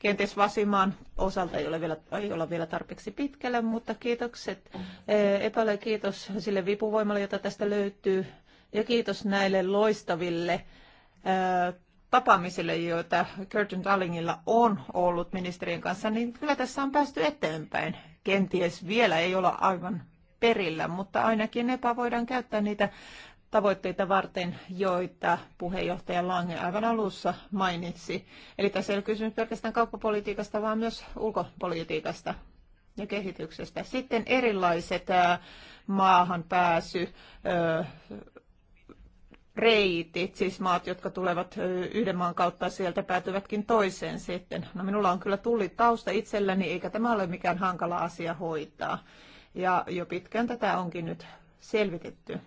Kenties Vasimaan osalta ei, ole vielä, ei olla vielä tarpeeksi pitkällä, mutta kiitokset e, Epäle kiitos sille vipuvoimalle, jota tästä löytyy. Ja kiitos näille loistaville e, tapaamisille, joita Curtin Tallingilla on ollut ministerien kanssa, niin kyllä tässä on päästy eteenpäin. Kenties vielä ei olla aivan perillä, mutta ainakin epä voidaan käyttää niitä tavoitteita varten, joita puheenjohtaja Lange aivan alussa mainitsi. Eli tässä ei ole kysymys pelkästään kauppapolitiikasta, vaan myös ulkopolitiikasta ja kehityksestä. Sitten erilaiset äh, maahanpääsy, äh, reitit, siis maat, jotka tulevat äh, yhden maan kautta sieltä päätyvätkin toiseen sitten. No minulla on kyllä tausta itselläni, eikä tämä ole mikään hankala asia hoitaa. Ja jo pitkään tätä onkin nyt selvitetty.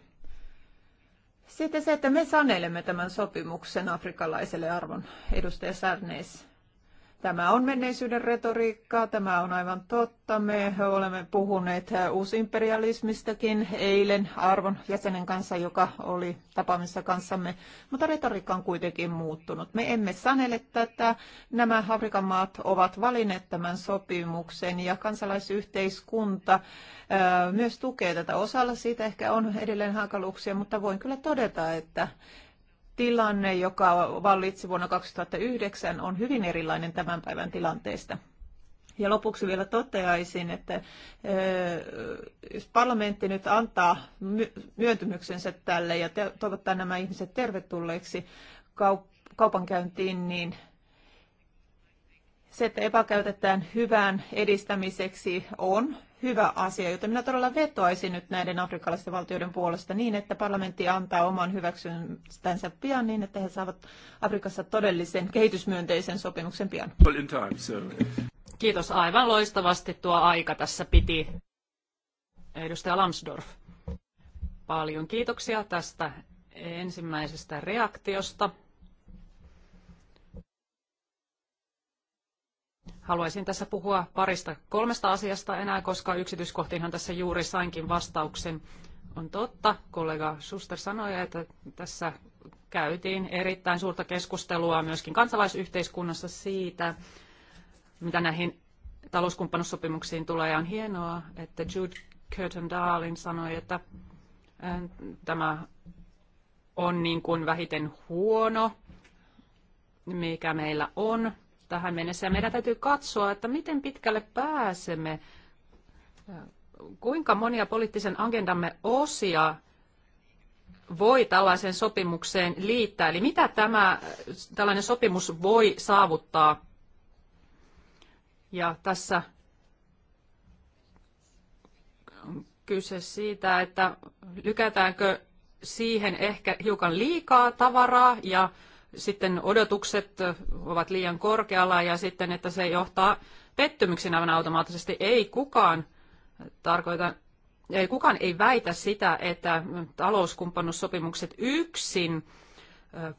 Sitten se, että me sanelemme tämän sopimuksen afrikkalaiselle arvon edustaja Särneis Tämä on menneisyyden retoriikkaa, tämä on aivan totta. Me olemme puhuneet uusimperialismistakin eilen arvon jäsenen kanssa, joka oli tapaamissa kanssamme, mutta retoriikka on kuitenkin muuttunut. Me emme sanele tätä. Nämä Afrikan maat ovat valinneet tämän sopimuksen ja kansalaisyhteiskunta myös tukee tätä. Osalla siitä ehkä on edelleen hankaluuksia, mutta voin kyllä todeta, että tilanne, joka vallitsi vuonna 2009, on hyvin erilainen tämän päivän tilanteesta. Ja lopuksi vielä toteaisin, että jos parlamentti nyt antaa myöntymyksensä tälle ja toivottaa nämä ihmiset tervetulleiksi kaupankäyntiin, niin se, että epäkäytetään hyvään edistämiseksi, on hyvä asia, joten minä todella vetoaisin nyt näiden afrikkalaisten valtioiden puolesta niin, että parlamentti antaa oman hyväksyntänsä pian niin, että he saavat Afrikassa todellisen kehitysmyönteisen sopimuksen pian. Kiitos aivan loistavasti. Tuo aika tässä piti. Edustaja Lamsdorf, paljon kiitoksia tästä ensimmäisestä reaktiosta. Haluaisin tässä puhua parista kolmesta asiasta enää, koska yksityiskohtiinhan tässä juuri sainkin vastauksen. On totta, kollega Suster sanoi, että tässä käytiin erittäin suurta keskustelua myöskin kansalaisyhteiskunnassa siitä, mitä näihin talouskumppanussopimuksiin tulee. Ja on hienoa, että Jude Curtin Darlin sanoi, että äh, tämä on niin kuin vähiten huono, mikä meillä on tähän mennessä. Ja meidän täytyy katsoa, että miten pitkälle pääsemme, kuinka monia poliittisen agendamme osia voi tällaiseen sopimukseen liittää. Eli mitä tämä tällainen sopimus voi saavuttaa? Ja tässä on kyse siitä, että lykätäänkö siihen ehkä hiukan liikaa tavaraa ja sitten odotukset ovat liian korkealla ja sitten, että se johtaa pettymyksiin aivan automaattisesti. Ei kukaan tarkoita, ei kukaan ei väitä sitä, että talouskumppanuussopimukset yksin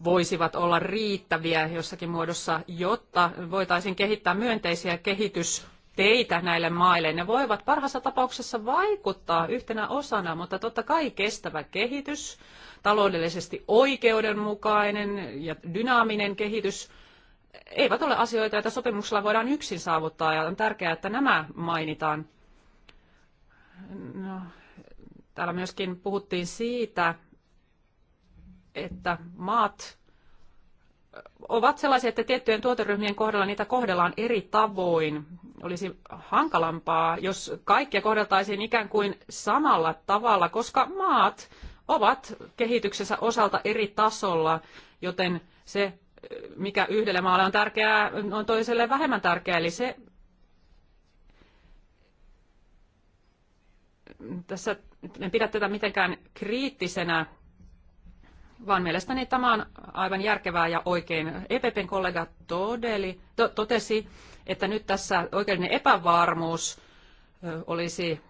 voisivat olla riittäviä jossakin muodossa, jotta voitaisiin kehittää myönteisiä kehitys teitä näille maille. Ne voivat parhaassa tapauksessa vaikuttaa yhtenä osana, mutta totta kai kestävä kehitys, taloudellisesti oikeudenmukainen ja dynaaminen kehitys eivät ole asioita, joita sopimuksella voidaan yksin saavuttaa, ja on tärkeää, että nämä mainitaan. No, täällä myöskin puhuttiin siitä, että maat ovat sellaisia, että tiettyjen tuoteryhmien kohdalla niitä kohdellaan eri tavoin. Olisi hankalampaa, jos kaikkia kohdeltaisiin ikään kuin samalla tavalla, koska maat ovat kehityksessä osalta eri tasolla, joten se, mikä yhdelle maalle on tärkeää, on toiselle vähemmän tärkeää. Eli se, tässä en pidä tätä mitenkään kriittisenä vaan mielestäni tämä on aivan järkevää ja oikein. EPPn kollega todeli, to, totesi, että nyt tässä oikeudellinen epävarmuus olisi,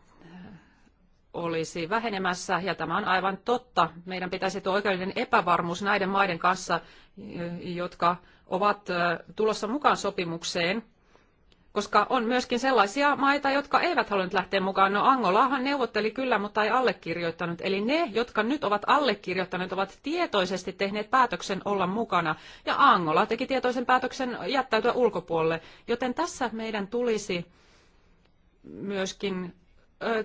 olisi vähenemässä, ja tämä on aivan totta. Meidän pitäisi tuo oikeudellinen epävarmuus näiden maiden kanssa, jotka ovat tulossa mukaan sopimukseen, koska on myöskin sellaisia maita, jotka eivät halunnut lähteä mukaan. No Angolahan neuvotteli kyllä, mutta ei allekirjoittanut. Eli ne, jotka nyt ovat allekirjoittaneet, ovat tietoisesti tehneet päätöksen olla mukana. Ja Angola teki tietoisen päätöksen jättäytyä ulkopuolelle. Joten tässä meidän tulisi myöskin ö,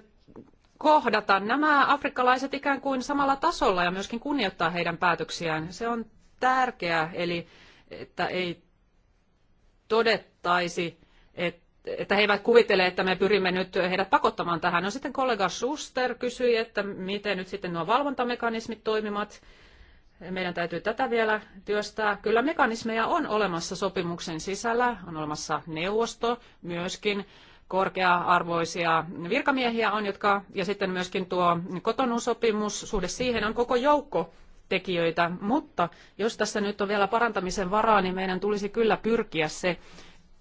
kohdata nämä afrikkalaiset ikään kuin samalla tasolla ja myöskin kunnioittaa heidän päätöksiään. Se on tärkeää, eli että ei todettaisi, että he eivät kuvittele, että me pyrimme nyt heidät pakottamaan tähän. No sitten kollega Schuster kysyi, että miten nyt sitten nuo valvontamekanismit toimivat. Meidän täytyy tätä vielä työstää. Kyllä mekanismeja on olemassa sopimuksen sisällä, on olemassa neuvosto myöskin, korkea-arvoisia virkamiehiä on, jotka, ja sitten myöskin tuo kotonuusopimus, suhde siihen on koko joukko tekijöitä, mutta jos tässä nyt on vielä parantamisen varaa, niin meidän tulisi kyllä pyrkiä se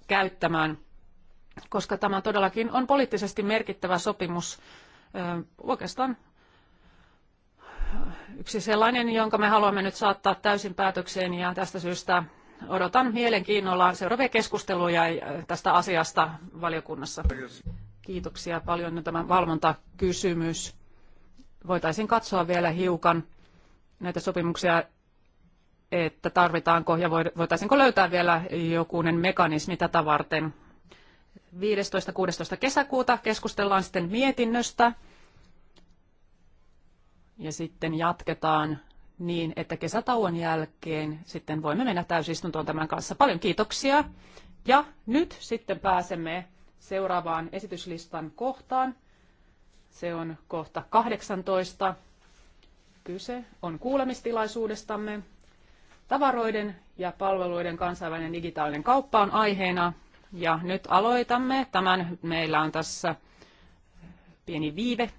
käyttämään koska tämä todellakin on poliittisesti merkittävä sopimus oikeastaan yksi sellainen, jonka me haluamme nyt saattaa täysin päätökseen ja tästä syystä odotan mielenkiinnolla seuraavia keskusteluja tästä asiasta valiokunnassa. Kiitoksia paljon. nyt no, tämä valvontakysymys. Voitaisiin katsoa vielä hiukan näitä sopimuksia, että tarvitaanko ja voitaisiinko löytää vielä jokunen mekanismi tätä varten 15.16. kesäkuuta keskustellaan sitten mietinnöstä ja sitten jatketaan niin, että kesätauon jälkeen sitten voimme mennä täysistuntoon tämän kanssa. Paljon kiitoksia. Ja nyt sitten pääsemme seuraavaan esityslistan kohtaan. Se on kohta 18. Kyse on kuulemistilaisuudestamme. Tavaroiden ja palveluiden kansainvälinen digitaalinen kauppa on aiheena ja nyt aloitamme tämän. Meillä on tässä pieni viive,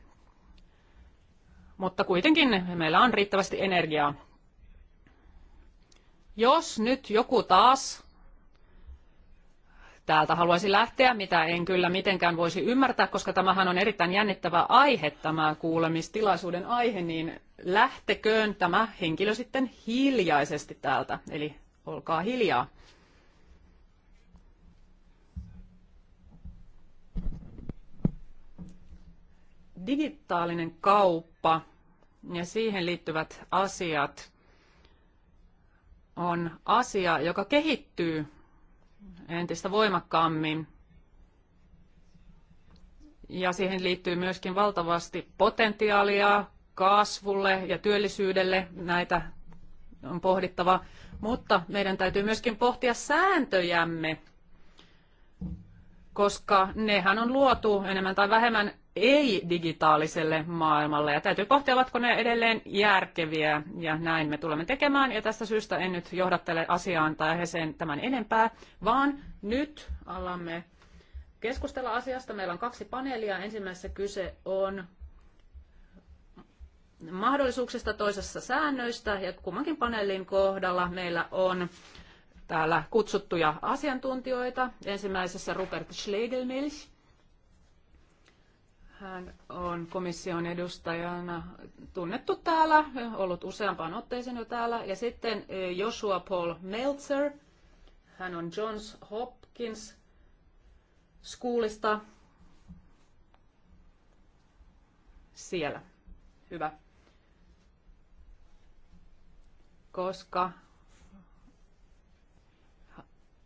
mutta kuitenkin meillä on riittävästi energiaa. Jos nyt joku taas täältä haluaisi lähteä, mitä en kyllä mitenkään voisi ymmärtää, koska tämähän on erittäin jännittävä aihe, tämä kuulemistilaisuuden aihe, niin lähteköön tämä henkilö sitten hiljaisesti täältä, eli olkaa hiljaa. Digitaalinen kauppa ja siihen liittyvät asiat on asia, joka kehittyy entistä voimakkaammin. Ja siihen liittyy myöskin valtavasti potentiaalia kasvulle ja työllisyydelle. Näitä on pohdittava, mutta meidän täytyy myöskin pohtia sääntöjämme, koska nehän on luotu enemmän tai vähemmän ei-digitaaliselle maailmalle. Ja täytyy pohtia, ovatko ne edelleen järkeviä, ja näin me tulemme tekemään. Ja tästä syystä en nyt johdattele asiaan tai aiheeseen tämän enempää, vaan nyt alamme keskustella asiasta. Meillä on kaksi paneelia. Ensimmäisessä kyse on mahdollisuuksista, toisessa säännöistä, ja kummankin paneelin kohdalla meillä on täällä kutsuttuja asiantuntijoita. Ensimmäisessä Rupert Schlegelmilch, hän on komission edustajana tunnettu täällä, ollut useampaan otteeseen jo täällä. Ja sitten eh, Joshua Paul Meltzer, hän on Johns Hopkins Schoolista siellä. Hyvä. Koska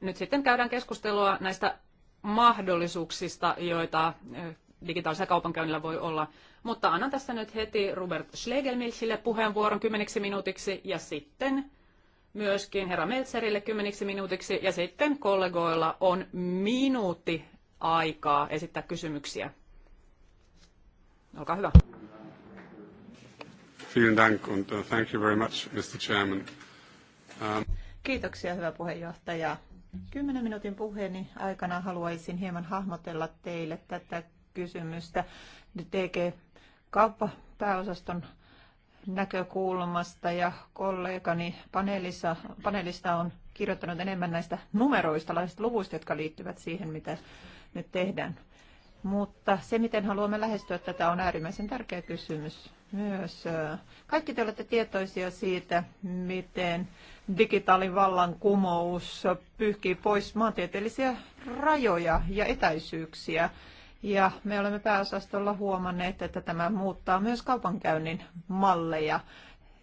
nyt sitten käydään keskustelua näistä mahdollisuuksista, joita eh, digitaalisella kaupankäynnillä voi olla. Mutta annan tässä nyt heti Robert Schlegelmilchille puheenvuoron kymmeneksi minuutiksi ja sitten myöskin herra Meltzerille kymmeniksi minuutiksi ja sitten kollegoilla on minuutti aikaa esittää kysymyksiä. Olkaa hyvä. Äh, ähm, Kiitoksia, hyvä puheenjohtaja. Kymmenen minuutin puheeni aikana haluaisin hieman hahmotella teille tätä kysymystä DG kauppapääosaston näkökulmasta ja kollegani paneelissa, paneelista on kirjoittanut enemmän näistä numeroista, näistä luvuista, jotka liittyvät siihen, mitä nyt tehdään. Mutta se, miten haluamme lähestyä tätä, on äärimmäisen tärkeä kysymys myös. Kaikki te olette tietoisia siitä, miten vallankumous pyyhkii pois maantieteellisiä rajoja ja etäisyyksiä ja me olemme pääosastolla huomanneet, että tämä muuttaa myös kaupankäynnin malleja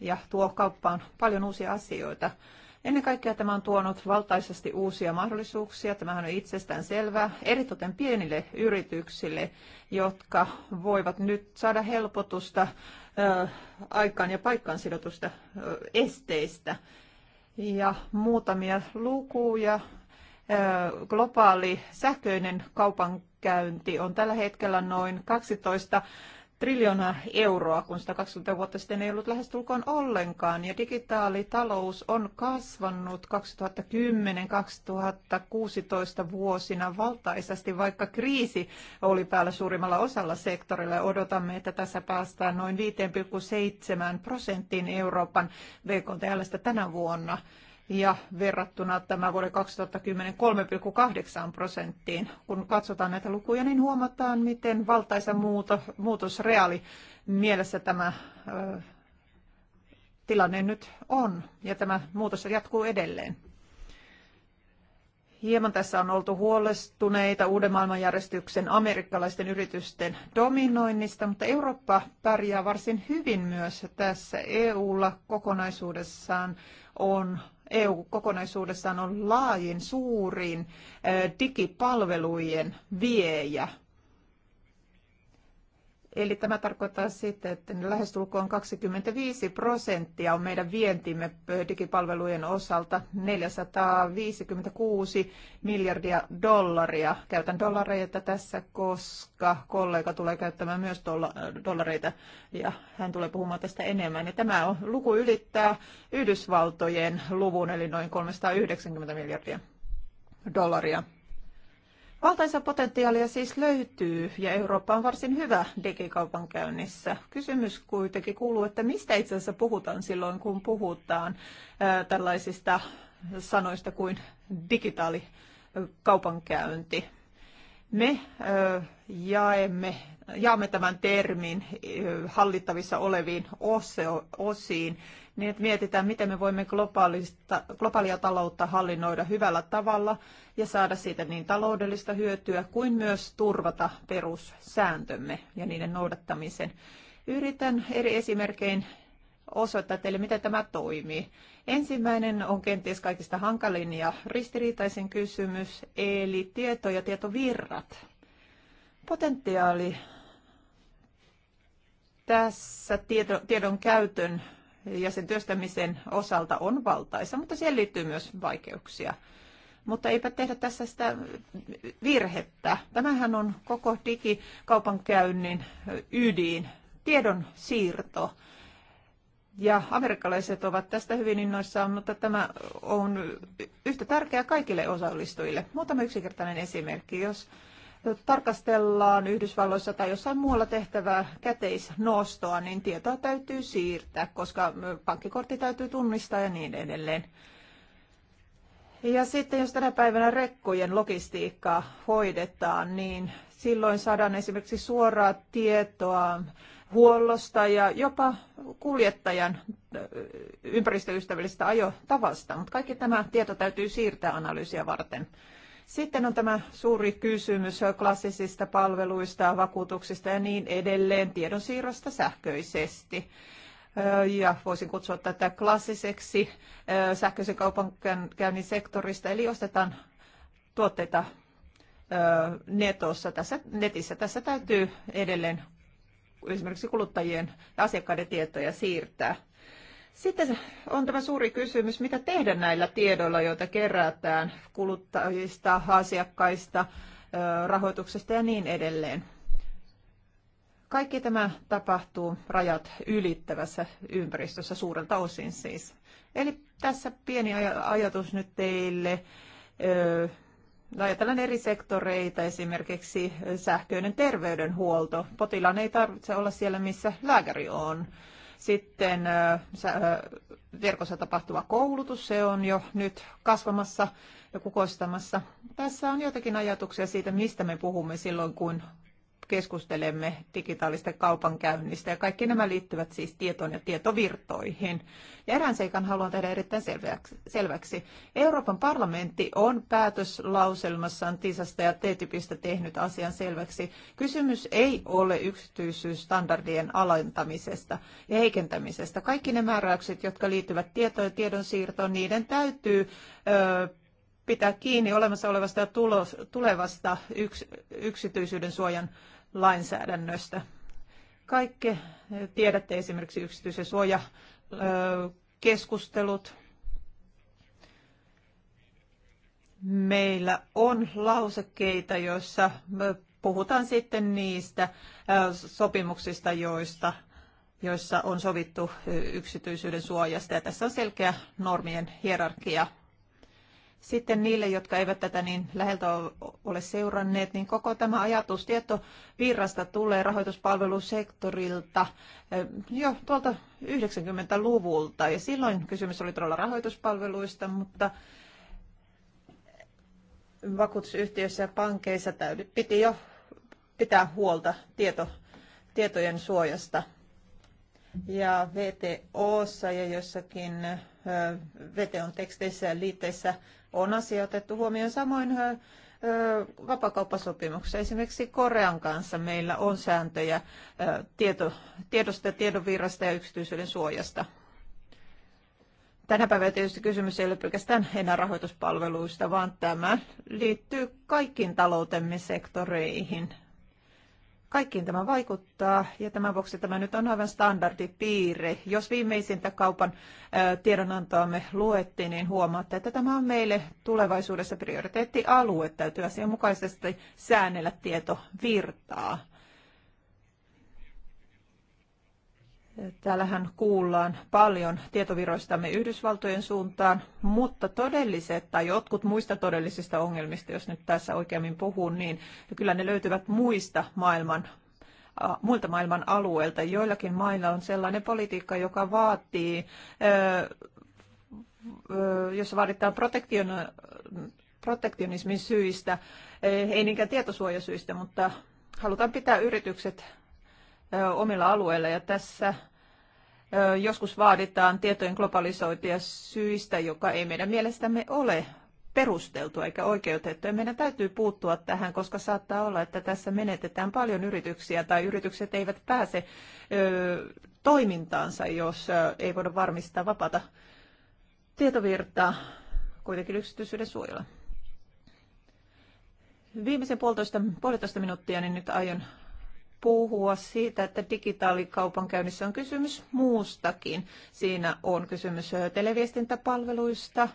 ja tuo kauppaan paljon uusia asioita. Ennen kaikkea tämä on tuonut valtaisesti uusia mahdollisuuksia. Tämähän on itsestään selvää, eritoten pienille yrityksille, jotka voivat nyt saada helpotusta ö, aikaan ja paikkaan sidotusta ö, esteistä. Ja muutamia lukuja. Ö, globaali sähköinen kaupan Käynti on tällä hetkellä noin 12 triljoonaa euroa, kun 20 vuotta sitten ei ollut lähestulkoon ollenkaan. Ja digitaalitalous on kasvanut 2010-2016 vuosina valtaisasti, vaikka kriisi oli päällä suurimmalla osalla sektorilla. Odotamme, että tässä päästään noin 5,7 prosenttiin Euroopan VKTLstä tänä vuonna ja verrattuna tämä vuoden 2010 3,8 prosenttiin. Kun katsotaan näitä lukuja, niin huomataan, miten valtaisa muutos, muutos reaali mielessä tämä ö, tilanne nyt on, ja tämä muutos jatkuu edelleen. Hieman tässä on oltu huolestuneita uuden maailmanjärjestyksen amerikkalaisten yritysten dominoinnista, mutta Eurooppa pärjää varsin hyvin myös tässä. EUlla kokonaisuudessaan on EU kokonaisuudessaan on laajin, suurin digipalvelujen viejä Eli tämä tarkoittaa sitä, että lähestulkoon 25 prosenttia on meidän vientimme digipalvelujen osalta 456 miljardia dollaria. Käytän dollareita tässä, koska kollega tulee käyttämään myös dollareita ja hän tulee puhumaan tästä enemmän. Ja tämä on, luku ylittää Yhdysvaltojen luvun eli noin 390 miljardia dollaria. Valtaisa potentiaalia siis löytyy ja Eurooppa on varsin hyvä digikaupankäynnissä. Kysymys kuitenkin kuuluu, että mistä itse asiassa puhutaan silloin, kun puhutaan tällaisista sanoista kuin digitaalikaupankäynti. Me jaemme, jaamme tämän termin hallittavissa oleviin osio, osiin niin että mietitään, miten me voimme globaalia taloutta hallinnoida hyvällä tavalla ja saada siitä niin taloudellista hyötyä kuin myös turvata perussääntömme ja niiden noudattamisen. Yritän eri esimerkein osoittaa teille, miten tämä toimii. Ensimmäinen on kenties kaikista hankalin ja ristiriitaisin kysymys, eli tieto ja tietovirrat. Potentiaali tässä tiedon käytön ja sen työstämisen osalta on valtaisa, mutta siihen liittyy myös vaikeuksia. Mutta eipä tehdä tässä sitä virhettä. Tämähän on koko digikaupankäynnin ydin, tiedon siirto. Ja amerikkalaiset ovat tästä hyvin innoissaan, mutta tämä on yhtä tärkeää kaikille osallistujille. Muutama yksinkertainen esimerkki. Jos tarkastellaan Yhdysvalloissa tai jossain muualla tehtävää käteisnostoa, niin tietoa täytyy siirtää, koska pankkikortti täytyy tunnistaa ja niin edelleen. Ja sitten jos tänä päivänä rekkojen logistiikkaa hoidetaan, niin silloin saadaan esimerkiksi suoraa tietoa huollosta ja jopa kuljettajan ympäristöystävällisestä ajotavasta, mutta kaikki tämä tieto täytyy siirtää analyysiä varten. Sitten on tämä suuri kysymys klassisista palveluista, vakuutuksista ja niin edelleen, tiedonsiirrosta sähköisesti. Ja voisin kutsua tätä klassiseksi sähköisen kaupankäynnin sektorista, eli ostetaan tuotteita netossa, tässä, netissä. Tässä täytyy edelleen esimerkiksi kuluttajien ja asiakkaiden tietoja siirtää. Sitten on tämä suuri kysymys, mitä tehdä näillä tiedoilla, joita kerätään kuluttajista, asiakkaista, rahoituksesta ja niin edelleen. Kaikki tämä tapahtuu rajat ylittävässä ympäristössä suurelta osin siis. Eli tässä pieni ajatus nyt teille. Ajatellaan eri sektoreita, esimerkiksi sähköinen terveydenhuolto. Potilaan ei tarvitse olla siellä, missä lääkäri on. Sitten verkossa tapahtuva koulutus, se on jo nyt kasvamassa ja kukoistamassa. Tässä on jotakin ajatuksia siitä, mistä me puhumme silloin, kun keskustelemme digitaalisten kaupankäynnistä ja kaikki nämä liittyvät siis tietoon ja tietovirtoihin. Ja erään seikan haluan tehdä erittäin selväksi. Euroopan parlamentti on päätöslauselmassaan TISasta ja TTIPistä tehnyt asian selväksi. Kysymys ei ole yksityisyysstandardien alentamisesta ja heikentämisestä. Kaikki ne määräykset, jotka liittyvät tietoon ja tiedonsiirtoon, niiden täytyy pitää kiinni olemassa olevasta ja tulevasta yksityisyyden suojan lainsäädännöstä. Kaikki tiedätte esimerkiksi yksityisen suojakeskustelut. Meillä on lausekkeita, joissa puhutaan sitten niistä sopimuksista, joista joissa on sovittu yksityisyyden suojasta. Ja tässä on selkeä normien hierarkia. Sitten niille, jotka eivät tätä niin läheltä ole seuranneet, niin koko tämä ajatus tietovirrasta tulee rahoituspalvelusektorilta eh, jo tuolta 90-luvulta. Ja silloin kysymys oli todella rahoituspalveluista, mutta vakuutusyhtiöissä ja pankeissa piti jo pitää huolta tieto, tietojen suojasta. Ja VTOssa ja jossakin eh, VTOn teksteissä ja liitteissä on asia otettu huomioon. Samoin vapakauppasopimuksessa. Esimerkiksi Korean kanssa meillä on sääntöjä tieto, tiedosta, tiedonvirrasta ja yksityisyyden suojasta. Tänä päivänä tietysti kysymys ei ole pelkästään enää rahoituspalveluista, vaan tämä liittyy kaikkiin taloutemme sektoreihin. Kaikkiin tämä vaikuttaa ja tämän vuoksi tämä nyt on aivan standardipiirre. Jos viimeisintä kaupan tiedonantoamme luettiin, niin huomaatte, että tämä on meille tulevaisuudessa prioriteettialue. Täytyy asianmukaisesti säännellä tietovirtaa. Täällähän kuullaan paljon tietoviroistamme Yhdysvaltojen suuntaan, mutta todelliset tai jotkut muista todellisista ongelmista, jos nyt tässä oikeammin puhun, niin kyllä ne löytyvät muista maailman muilta maailman alueilta. Joillakin mailla on sellainen politiikka, joka vaatii, jossa vaaditaan protektion, protektionismin syistä, e, ei niinkään tietosuojasyistä, mutta halutaan pitää yritykset omilla alueilla ja tässä joskus vaaditaan tietojen globalisointia syistä, joka ei meidän mielestämme ole perusteltua eikä oikeutettua. Meidän täytyy puuttua tähän, koska saattaa olla, että tässä menetetään paljon yrityksiä tai yritykset eivät pääse ö, toimintaansa, jos ei voida varmistaa vapaata tietovirtaa kuitenkin yksityisyyden suojella. Viimeisen puolitoista, puolitoista minuuttia, niin nyt aion puhua siitä, että digitaalikaupankäynnissä on kysymys muustakin. Siinä on kysymys televiestintäpalveluista.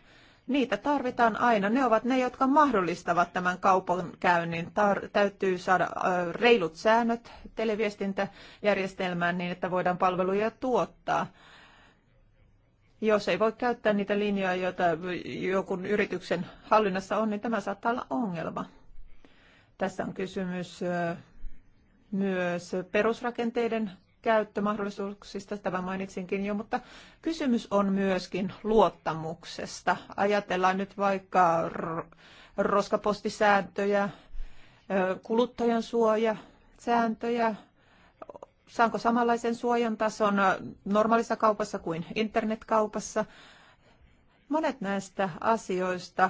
Niitä tarvitaan aina. Ne ovat ne, jotka mahdollistavat tämän kaupankäynnin. Tar- täytyy saada reilut säännöt televiestintäjärjestelmään niin, että voidaan palveluja tuottaa jos ei voi käyttää niitä linjoja, joita jokun yrityksen hallinnassa on, niin tämä saattaa olla ongelma. Tässä on kysymys myös perusrakenteiden käyttömahdollisuuksista, tämä mainitsinkin jo, mutta kysymys on myöskin luottamuksesta. Ajatellaan nyt vaikka roskapostisääntöjä, kuluttajan suoja, sääntöjä, saanko samanlaisen suojan tason normaalissa kaupassa kuin internetkaupassa. Monet näistä asioista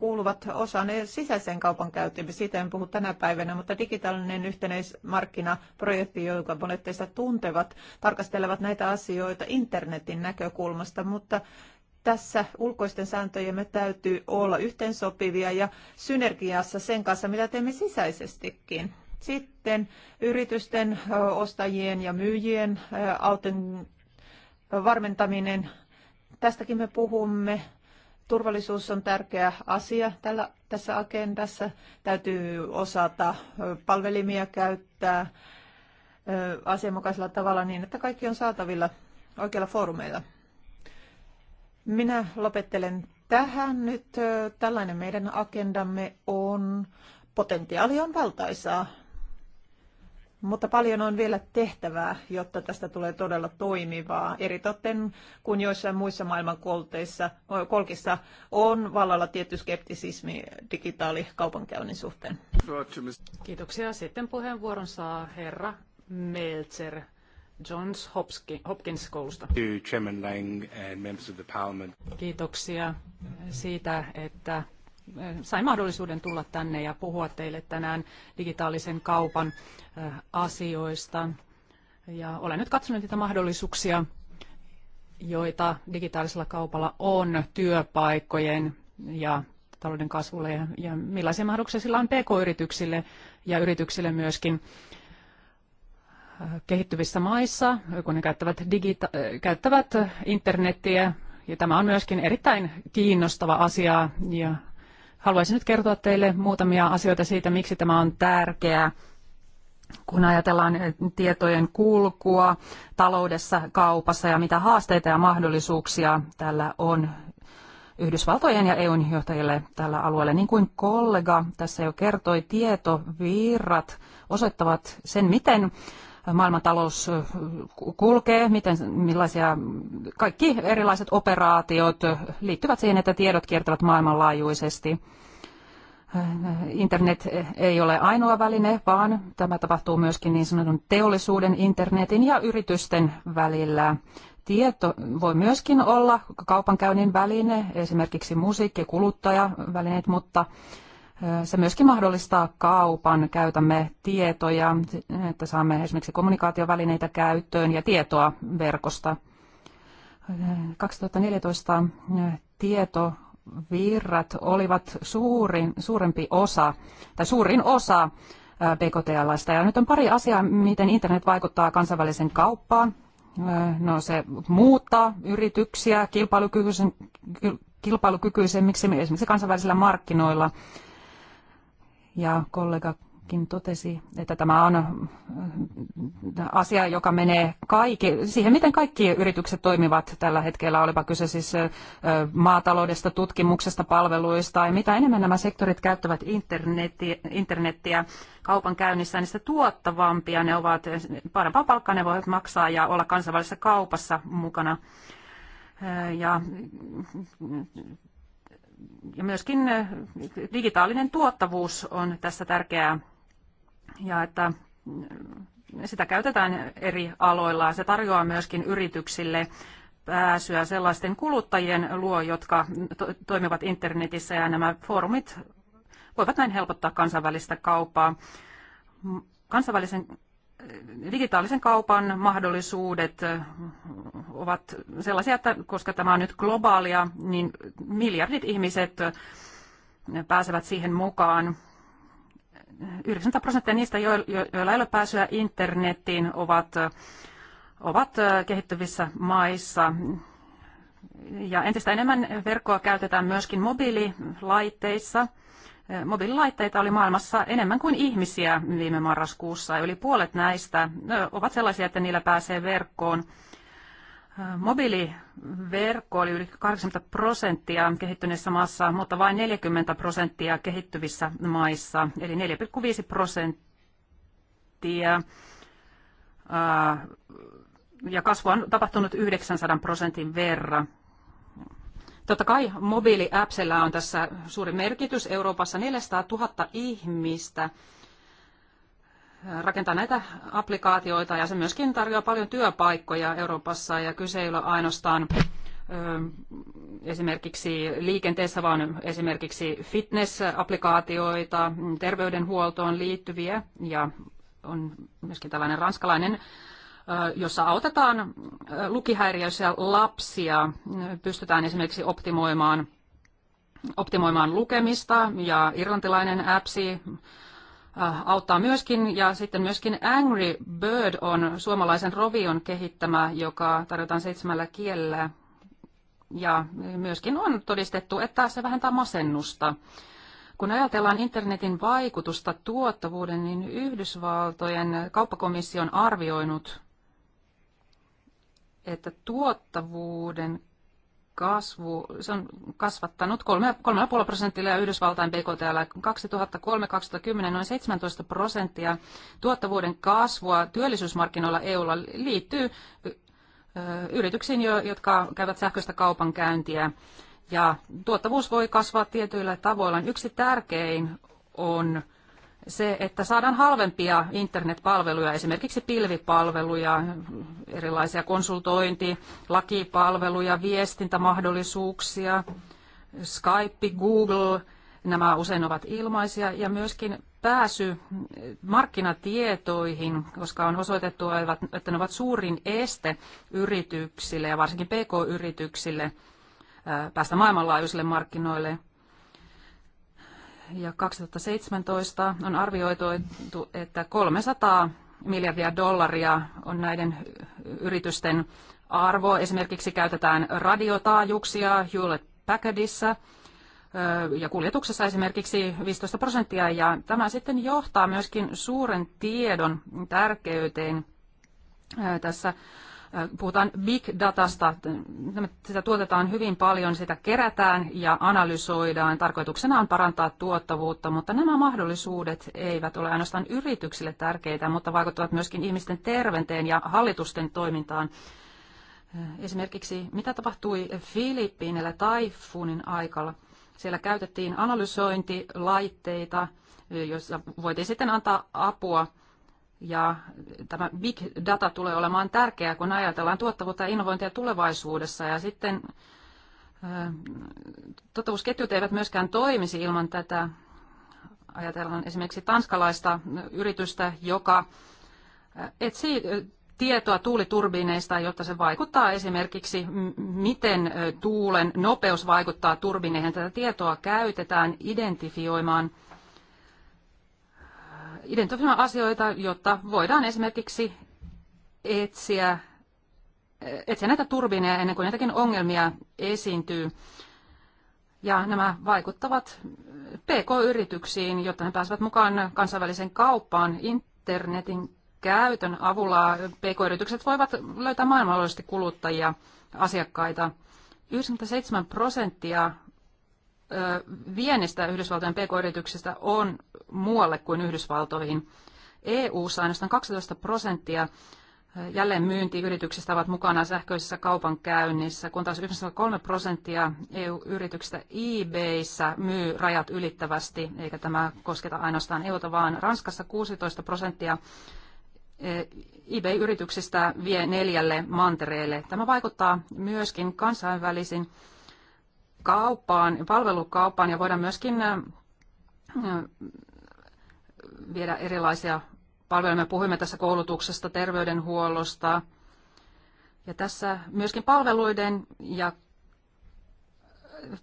kuuluvat osaan sisäisen kaupankäyntiin. Siitä en puhu tänä päivänä, mutta digitaalinen yhtenäismarkkinaprojekti, jonka monet teistä tuntevat, tarkastelevat näitä asioita internetin näkökulmasta, mutta tässä ulkoisten sääntöjemme täytyy olla yhteensopivia ja synergiassa sen kanssa, mitä teemme sisäisestikin. Sitten yritysten, ostajien ja myyjien auton varmentaminen. Tästäkin me puhumme Turvallisuus on tärkeä asia tällä, tässä agendassa. Täytyy osata palvelimia käyttää asianmukaisella tavalla niin, että kaikki on saatavilla oikeilla foorumeilla. Minä lopettelen tähän nyt. Tällainen meidän agendamme on. Potentiaali on valtaisaa. Mutta paljon on vielä tehtävää, jotta tästä tulee todella toimivaa. Eritoten kun joissain muissa maailman kolkissa on vallalla tietty skeptisismi digitaalikaupankäynnin suhteen. Kiitoksia. Sitten puheenvuoron saa herra Meltzer. Johns Hopkins-koulusta. Kiitoksia siitä, että sain mahdollisuuden tulla tänne ja puhua teille tänään digitaalisen kaupan asioista. Ja olen nyt katsonut niitä mahdollisuuksia, joita digitaalisella kaupalla on työpaikkojen ja talouden kasvulle ja, ja millaisia mahdollisuuksia sillä on pk-yrityksille ja yrityksille myöskin kehittyvissä maissa, kun ne käyttävät, digita- käyttävät internettiä. Ja tämä on myöskin erittäin kiinnostava asia ja Haluaisin nyt kertoa teille muutamia asioita siitä, miksi tämä on tärkeää, kun ajatellaan eh, tietojen kulkua taloudessa, kaupassa ja mitä haasteita ja mahdollisuuksia tällä on Yhdysvaltojen ja EUn johtajille tällä alueella. Niin kuin kollega tässä jo kertoi, tietovirrat osoittavat sen, miten maailmantalous kulkee, miten, millaisia kaikki erilaiset operaatiot liittyvät siihen, että tiedot kiertävät maailmanlaajuisesti. Internet ei ole ainoa väline, vaan tämä tapahtuu myöskin niin sanotun teollisuuden, internetin ja yritysten välillä. Tieto voi myöskin olla kaupankäynnin väline, esimerkiksi musiikki- ja kuluttajavälineet, mutta se myöskin mahdollistaa kaupan. Käytämme tietoja, että saamme esimerkiksi kommunikaatiovälineitä käyttöön ja tietoa verkosta. 2014 tietovirrat olivat suurin, suurempi osa, tai suurin osa BKT-alaista. Ja nyt on pari asiaa, miten internet vaikuttaa kansainväliseen kauppaan. No se muuttaa yrityksiä kilpailukykyisen, kilpailukykyisemmiksi esimerkiksi kansainvälisillä markkinoilla – ja kollegakin totesi, että tämä on äh, asia, joka menee kaikki, siihen, miten kaikki yritykset toimivat tällä hetkellä, olipa kyse siis äh, maataloudesta, tutkimuksesta, palveluista, ja mitä enemmän nämä sektorit käyttävät internetiä, internettiä kaupan käynnissä, niin sitä tuottavampia ne ovat, parempaa palkkaa ne voivat maksaa ja olla kansainvälisessä kaupassa mukana. Äh, ja ja myöskin eh, digitaalinen tuottavuus on tässä tärkeää ja että mm, sitä käytetään eri aloilla. ja Se tarjoaa myöskin yrityksille pääsyä sellaisten kuluttajien luo, jotka to- toimivat internetissä ja nämä foorumit voivat näin helpottaa kansainvälistä kauppaa. Kansainvälisen digitaalisen kaupan mahdollisuudet ovat sellaisia, että koska tämä on nyt globaalia, niin miljardit ihmiset pääsevät siihen mukaan. 90 prosenttia niistä, joilla ei ole pääsyä internettiin, ovat, ovat kehittyvissä maissa. Ja entistä enemmän verkkoa käytetään myöskin mobiililaitteissa – Mobiililaitteita oli maailmassa enemmän kuin ihmisiä viime marraskuussa. Yli puolet näistä ovat sellaisia, että niillä pääsee verkkoon. Mobiiliverkko oli yli 80 prosenttia kehittyneessä maassa, mutta vain 40 prosenttia kehittyvissä maissa, eli 4,5 prosenttia. Ja kasvu on tapahtunut 900 prosentin verran. Totta kai mobiiliäpsellä on tässä suuri merkitys. Euroopassa 400 000 ihmistä rakentaa näitä applikaatioita ja se myöskin tarjoaa paljon työpaikkoja Euroopassa ja kyse ei ole ainoastaan esimerkiksi liikenteessä, vaan esimerkiksi fitness-applikaatioita, terveydenhuoltoon liittyviä ja on myöskin tällainen ranskalainen jossa autetaan lukihäiriöisiä lapsia. Pystytään esimerkiksi optimoimaan, optimoimaan lukemista ja irlantilainen appsi auttaa myöskin. Ja sitten myöskin Angry Bird on suomalaisen Rovion kehittämä, joka tarjotaan seitsemällä kielellä. Ja myöskin on todistettu, että se vähentää masennusta. Kun ajatellaan internetin vaikutusta tuottavuuden, niin Yhdysvaltojen kauppakomissio on arvioinut, että tuottavuuden kasvu, se on kasvattanut 3,5 prosentilla ja Yhdysvaltain BKT 2003-2010 noin 17 prosenttia. Tuottavuuden kasvua työllisyysmarkkinoilla EUlla liittyy yrityksiin, jotka käyvät sähköistä kaupankäyntiä. Ja tuottavuus voi kasvaa tietyillä tavoilla. Yksi tärkein on se, että saadaan halvempia internetpalveluja, esimerkiksi pilvipalveluja, erilaisia konsultointi, lakipalveluja, viestintämahdollisuuksia, Skype, Google, nämä usein ovat ilmaisia ja myöskin pääsy markkinatietoihin, koska on osoitettu, että ne ovat suurin este yrityksille ja varsinkin pk-yrityksille päästä maailmanlaajuisille markkinoille – ja 2017 on arvioitu, että 300 miljardia dollaria on näiden yritysten arvo. Esimerkiksi käytetään radiotaajuuksia Hewlett Packardissa ja kuljetuksessa esimerkiksi 15 prosenttia. Ja tämä sitten johtaa myöskin suuren tiedon tärkeyteen tässä Äh, puhutaan big datasta, sitä tuotetaan hyvin paljon, sitä kerätään ja analysoidaan. Tarkoituksena on parantaa tuottavuutta, mutta nämä mahdollisuudet eivät ole ainoastaan yrityksille tärkeitä, mutta vaikuttavat myöskin ihmisten terveyteen ja hallitusten toimintaan. Äh, esimerkiksi mitä tapahtui Filippiinillä taifuunin aikalla? Siellä käytettiin analysointilaitteita, joissa voitiin sitten antaa apua ja tämä big data tulee olemaan tärkeää, kun ajatellaan tuottavuutta ja innovointia tulevaisuudessa. Ja sitten ähm, tuottavuusketjut eivät myöskään toimisi ilman tätä. Ajatellaan esimerkiksi tanskalaista yritystä, joka äh, etsii äh, tietoa tuuliturbiineista, jotta se vaikuttaa esimerkiksi, miten äh, tuulen nopeus vaikuttaa turbiineihin. Tätä tietoa käytetään identifioimaan – identifioimaan asioita, jotta voidaan esimerkiksi etsiä, etsiä näitä turbiineja ennen kuin jotakin ongelmia esiintyy. Ja nämä vaikuttavat PK-yrityksiin, jotta ne pääsevät mukaan kansainväliseen kauppaan internetin käytön avulla. PK-yritykset voivat löytää maailmanlaajuisesti kuluttajia, asiakkaita. 97 prosenttia viennistä Yhdysvaltojen pk-yrityksistä on muualle kuin Yhdysvaltoihin. EU-ssa ainoastaan 12 prosenttia jälleen myyntiyrityksistä ovat mukana sähköisessä kaupankäynnissä, kun taas 93 prosenttia EU-yrityksistä eBayssä myy rajat ylittävästi, eikä tämä kosketa ainoastaan EUta, vaan Ranskassa 16 prosenttia eBay-yrityksistä vie neljälle mantereelle. Tämä vaikuttaa myöskin kansainvälisiin kauppaan, palvelukauppaan ja voidaan myöskin äh, äh, viedä erilaisia palveluja. Me puhuimme tässä koulutuksesta, terveydenhuollosta ja tässä myöskin palveluiden ja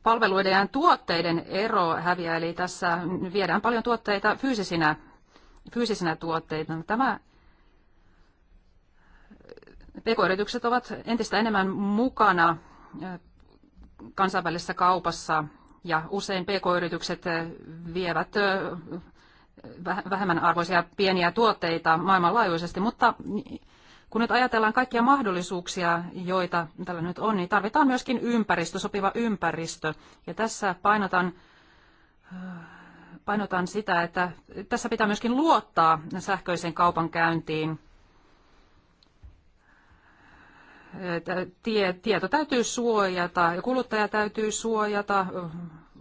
palveluiden ja tuotteiden ero häviää, eli tässä viedään paljon tuotteita fyysisinä, fyysisinä tuotteita. Tämä äh, pk-yritykset ovat entistä enemmän mukana kansainvälisessä kaupassa ja usein pk-yritykset vievät vähemmän arvoisia pieniä tuotteita maailmanlaajuisesti, mutta kun nyt ajatellaan kaikkia mahdollisuuksia, joita tällä nyt on, niin tarvitaan myöskin ympäristö, sopiva ympäristö. Ja tässä painotan, painotan sitä, että tässä pitää myöskin luottaa sähköisen kaupan käyntiin tie, tieto täytyy suojata ja kuluttaja täytyy suojata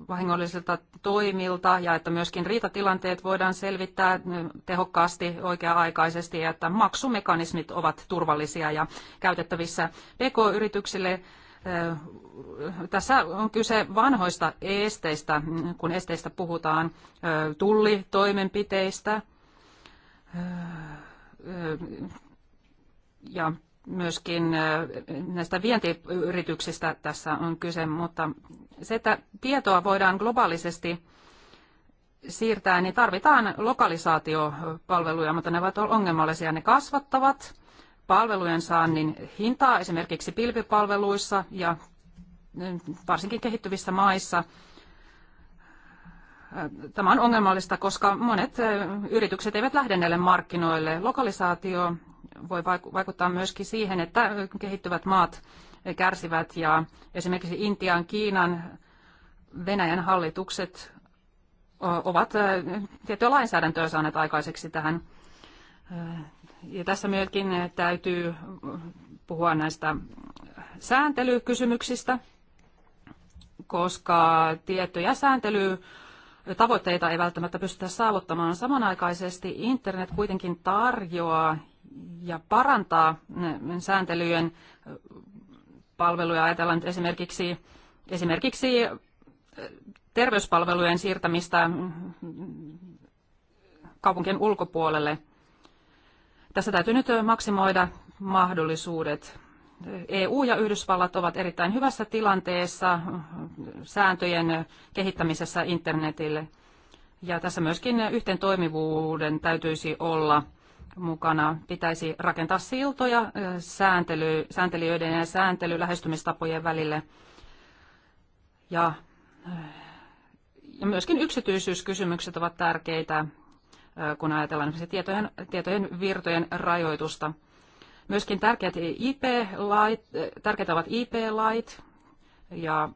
vahingollisilta toimilta ja että myöskin riitatilanteet voidaan selvittää tehokkaasti oikea-aikaisesti ja että maksumekanismit ovat turvallisia ja käytettävissä PK-yrityksille. Tässä on kyse vanhoista esteistä, kun esteistä puhutaan, tullitoimenpiteistä ja myöskin näistä vientiyrityksistä tässä on kyse, mutta se, että tietoa voidaan globaalisesti siirtää, niin tarvitaan lokalisaatiopalveluja, mutta ne ovat ongelmallisia. Ne kasvattavat palvelujen saannin hintaa esimerkiksi pilvipalveluissa ja varsinkin kehittyvissä maissa. Tämä on ongelmallista, koska monet yritykset eivät lähde näille markkinoille. Lokalisaatio voi vaikuttaa myöskin siihen, että kehittyvät maat kärsivät ja esimerkiksi Intian, Kiinan, Venäjän hallitukset ovat tiettyä lainsäädäntöä saaneet aikaiseksi tähän. Ja tässä myöskin täytyy puhua näistä sääntelykysymyksistä, koska tiettyjä sääntely tavoitteita ei välttämättä pystytä saavuttamaan. Samanaikaisesti internet kuitenkin tarjoaa ja parantaa mm, sääntelyjen mm, palveluja. Ajatellaan nyt esimerkiksi, esimerkiksi mm, terveyspalvelujen siirtämistä kaupunkien ulkopuolelle. Tässä täytyy nyt maksimoida mahdollisuudet. EU ja Yhdysvallat ovat erittäin hyvässä tilanteessa sääntöjen kehittämisessä internetille. Ja tässä myöskin yhteen toimivuuden täytyisi olla – mukana. Pitäisi rakentaa siltoja sääntely, sääntelijöiden ja sääntelylähestymistapojen välille. Ja, ja myöskin yksityisyyskysymykset ovat tärkeitä, kun ajatellaan tietojen, tietojen virtojen rajoitusta. Myöskin tärkeät IP-lait, tärkeitä ovat IP-lait ja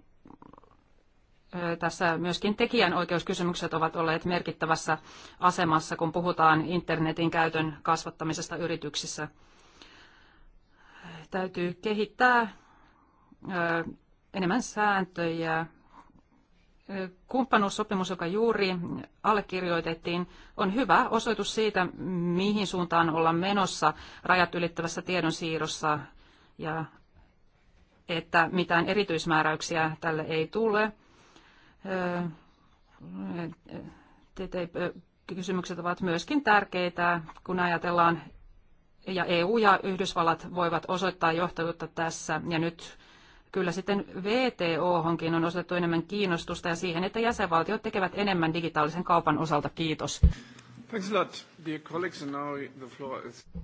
tässä myöskin tekijänoikeuskysymykset ovat olleet merkittävässä asemassa, kun puhutaan internetin käytön kasvattamisesta yrityksissä. Täytyy kehittää enemmän sääntöjä. Kumppanuussopimus, joka juuri allekirjoitettiin, on hyvä osoitus siitä, mihin suuntaan ollaan menossa rajat ylittävässä tiedonsiirrossa ja että mitään erityismääräyksiä tälle ei tule – TTIP-kysymykset ovat myöskin tärkeitä, kun ajatellaan, ja EU ja Yhdysvallat voivat osoittaa johtajuutta tässä, ja nyt kyllä sitten VTO-honkin on osoitettu enemmän kiinnostusta ja siihen, että jäsenvaltiot tekevät enemmän digitaalisen kaupan osalta. Kiitos.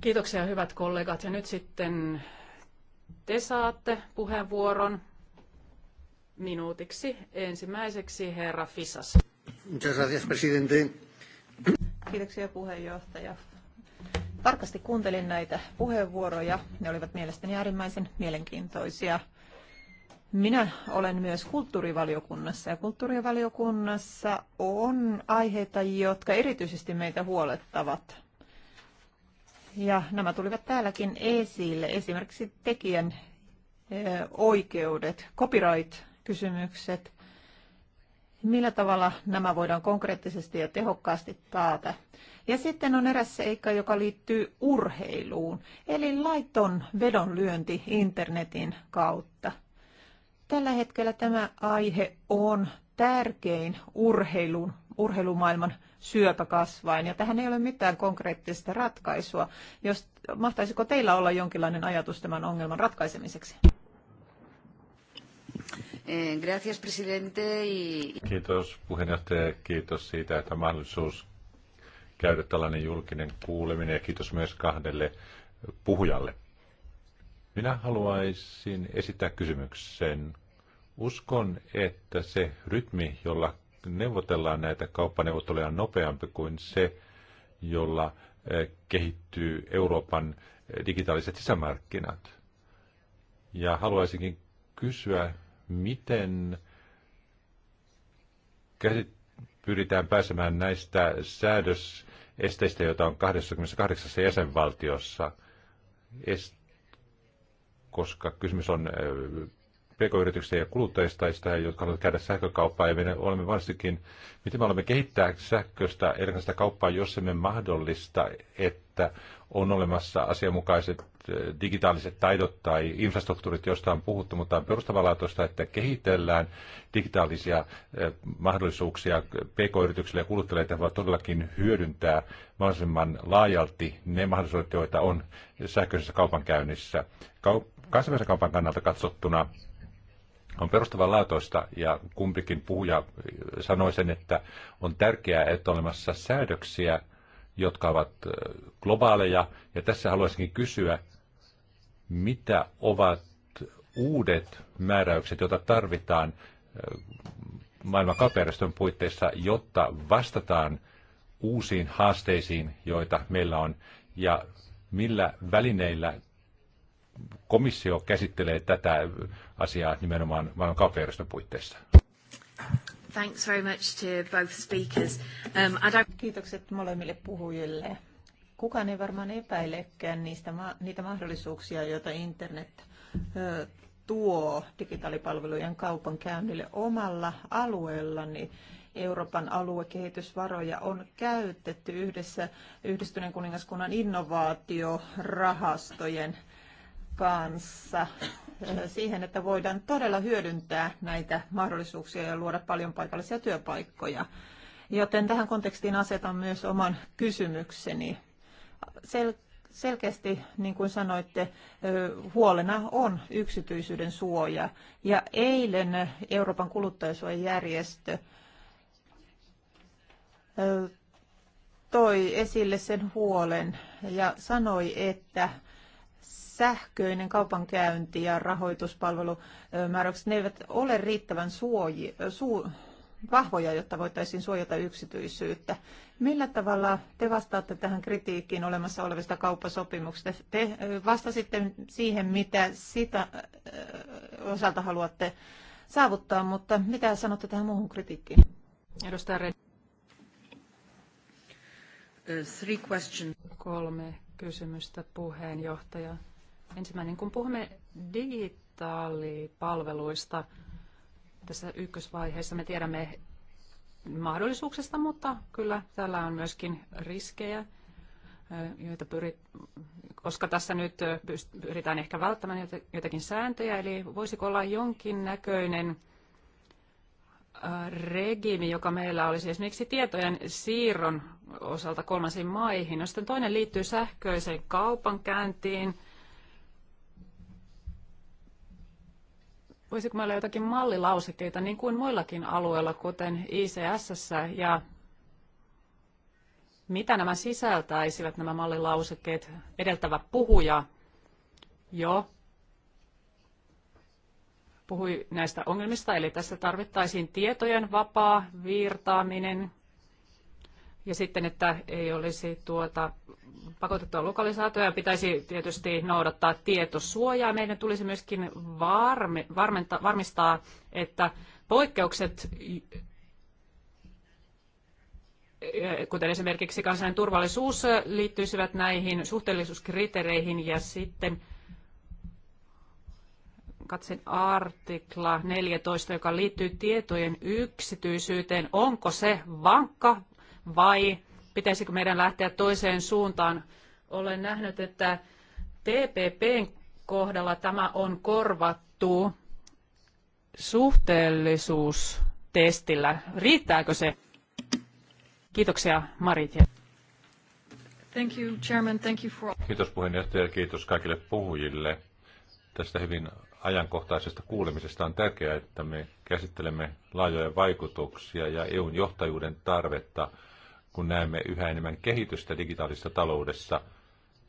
Kiitoksia hyvät kollegat. Ja nyt sitten te saatte puheenvuoron minuutiksi. Ensimmäiseksi herra Fisas. Muchas presidente. Kiitoksia puheenjohtaja. Tarkasti kuuntelin näitä puheenvuoroja. Ne olivat mielestäni äärimmäisen mielenkiintoisia. Minä olen myös kulttuurivaliokunnassa ja kulttuurivaliokunnassa on aiheita, jotka erityisesti meitä huolettavat. Ja nämä tulivat täälläkin esille, esimerkiksi tekijän oikeudet, copyright kysymykset. Millä tavalla nämä voidaan konkreettisesti ja tehokkaasti taata? Ja sitten on eräs seikka, joka liittyy urheiluun, eli laiton vedonlyönti internetin kautta. Tällä hetkellä tämä aihe on tärkein urheilun, urheilumaailman syöpäkasvain, ja tähän ei ole mitään konkreettista ratkaisua. Jos, mahtaisiko teillä olla jonkinlainen ajatus tämän ongelman ratkaisemiseksi? Eh, gracias, presidente. Kiitos puheenjohtaja kiitos siitä, että on mahdollisuus käydä tällainen julkinen kuuleminen ja kiitos myös kahdelle puhujalle. Minä haluaisin esittää kysymyksen. Uskon, että se rytmi, jolla neuvotellaan näitä kauppaneuvotteluja, on nopeampi kuin se, jolla eh, kehittyy Euroopan eh, digitaaliset sisämarkkinat. Ja haluaisinkin kysyä, miten käsit pyritään pääsemään näistä säädösesteistä, joita on 28 jäsenvaltiossa, koska kysymys on pk-yrityksistä ja kuluttajista, jotka haluavat käydä sähkökauppaa, ja me olemme varsinkin, miten me olemme kehittää sähköistä erilaista kauppaa, jos emme mahdollista, että on olemassa asianmukaiset Eh, digitaaliset taidot tai infrastruktuurit, joista on puhuttu, mutta on perustavanlaatuista, että kehitellään digitaalisia eh, mahdollisuuksia pk-yrityksille ja kuluttajille, että voivat todellakin hyödyntää mahdollisimman laajalti ne mahdollisuudet, joita on sähköisessä kaupankäynnissä. Kaup- kansainvälisen kaupan kannalta katsottuna on perustavanlaatuista ja kumpikin puhuja eh, sanoi sen, että on tärkeää, että on olemassa säädöksiä, jotka ovat globaaleja. Ja tässä haluaisinkin kysyä, mitä ovat uudet määräykset, joita tarvitaan eh, maailman kapearjärjestön puitteissa, jotta vastataan uusiin haasteisiin, joita meillä on, ja millä välineillä komissio käsittelee tätä asiaa nimenomaan maailman kapearjärjestön puitteissa. Thanks very much to both speakers. Um, I don't... Kiitokset molemmille puhujille. Kukaan ei varmaan epäilekään niistä, niitä mahdollisuuksia, joita internet tuo digitaalipalvelujen kaupan käynnille omalla alueella. Niin Euroopan aluekehitysvaroja on käytetty yhdessä yhdistyneen kuningaskunnan innovaatiorahastojen kanssa siihen, että voidaan todella hyödyntää näitä mahdollisuuksia ja luoda paljon paikallisia työpaikkoja. Joten tähän kontekstiin asetan myös oman kysymykseni sel- selkeästi, niin kuin sanoitte, huolena on yksityisyyden suoja. Ja eilen Euroopan kuluttajasuojajärjestö toi esille sen huolen ja sanoi, että sähköinen kaupankäynti ja rahoituspalvelumääräykset ne eivät ole riittävän suoji, su, vahvoja, jotta voitaisiin suojata yksityisyyttä. Millä tavalla te vastaatte tähän kritiikkiin olemassa olevista kauppasopimuksista? Te vastasitte siihen, mitä sitä osalta haluatte saavuttaa, mutta mitä sanotte tähän muuhun kritiikkiin? Edustaja Red. Three Kolme kysymystä puheenjohtaja. Ensimmäinen, kun puhumme digitaalipalveluista, tässä ykkösvaiheessa me tiedämme, mahdollisuuksista, mutta kyllä täällä on myöskin riskejä, joita pyrit, koska tässä nyt pyritään ehkä välttämään jotakin sääntöjä, eli voisiko olla jonkin näköinen regiimi, joka meillä olisi esimerkiksi tietojen siirron osalta kolmansiin maihin. No sitten toinen liittyy sähköiseen kaupankäyntiin, Voisiko meillä jotakin mallilausekkeita niin kuin muillakin alueilla, kuten ICS ja mitä nämä sisältäisivät nämä mallilausekkeet edeltävä puhuja jo puhui näistä ongelmista, eli tässä tarvittaisiin tietojen vapaa virtaaminen ja sitten, että ei olisi tuota pakotettua ja pitäisi tietysti noudattaa tietosuojaa. Meidän tulisi myöskin varme, varmenta, varmistaa, että poikkeukset, kuten esimerkiksi kansallinen turvallisuus, liittyisivät näihin suhteellisuuskriteereihin ja sitten katsin artikla 14, joka liittyy tietojen yksityisyyteen. Onko se vankka vai pitäisikö meidän lähteä toiseen suuntaan? Olen nähnyt, että TPPn kohdalla tämä on korvattu suhteellisuustestillä. Riittääkö se? Kiitoksia Marit. Thank you, Chairman. Thank you for... Kiitos puheenjohtaja ja kiitos kaikille puhujille tästä hyvin ajankohtaisesta kuulemisesta. On tärkeää, että me käsittelemme laajoja vaikutuksia ja EUn johtajuuden tarvetta kun näemme yhä enemmän kehitystä digitaalisessa taloudessa.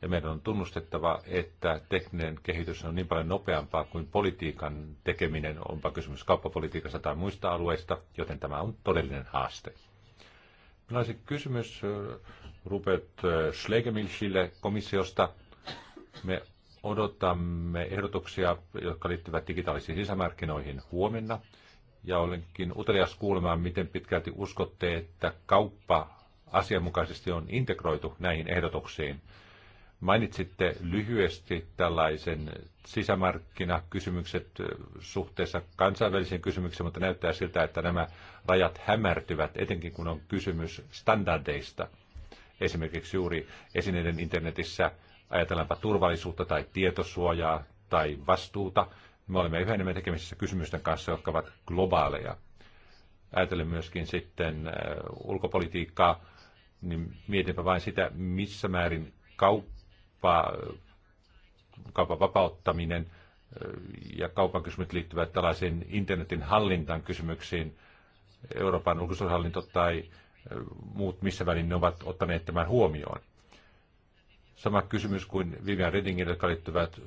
Ja meidän on tunnustettava, että tekninen kehitys on niin paljon nopeampaa kuin politiikan tekeminen, onpa kysymys kauppapolitiikasta tai muista alueista, joten tämä on todellinen haaste. Minulla olisi kysymys äh, Rupert äh, Schlegelmilchille komissiosta. Me odotamme ehdotuksia, jotka liittyvät digitaalisiin sisämarkkinoihin huomenna. Ja olenkin utelias kuulemaan, miten pitkälti uskotte, että kauppa asianmukaisesti on integroitu näihin ehdotuksiin. Mainitsitte lyhyesti tällaisen sisämarkkinakysymykset suhteessa kansainvälisiin kysymyksiin, mutta näyttää siltä, että nämä rajat hämärtyvät, etenkin kun on kysymys standardeista. Esimerkiksi juuri esineiden internetissä ajatellaanpa turvallisuutta tai tietosuojaa tai vastuuta. Me olemme yhä enemmän tekemisissä kysymysten kanssa, jotka ovat globaaleja. Ajatellen myöskin sitten ulkopolitiikkaa, niin mietinpä vain sitä, missä määrin kauppa, kaupan vapauttaminen ja kaupan kysymykset liittyvät tällaisiin internetin hallintan kysymyksiin. Euroopan ulkoisuushallinto tai muut missä välin ne ovat ottaneet tämän huomioon. Sama kysymys kuin Vivian Redingin, jotka liittyvät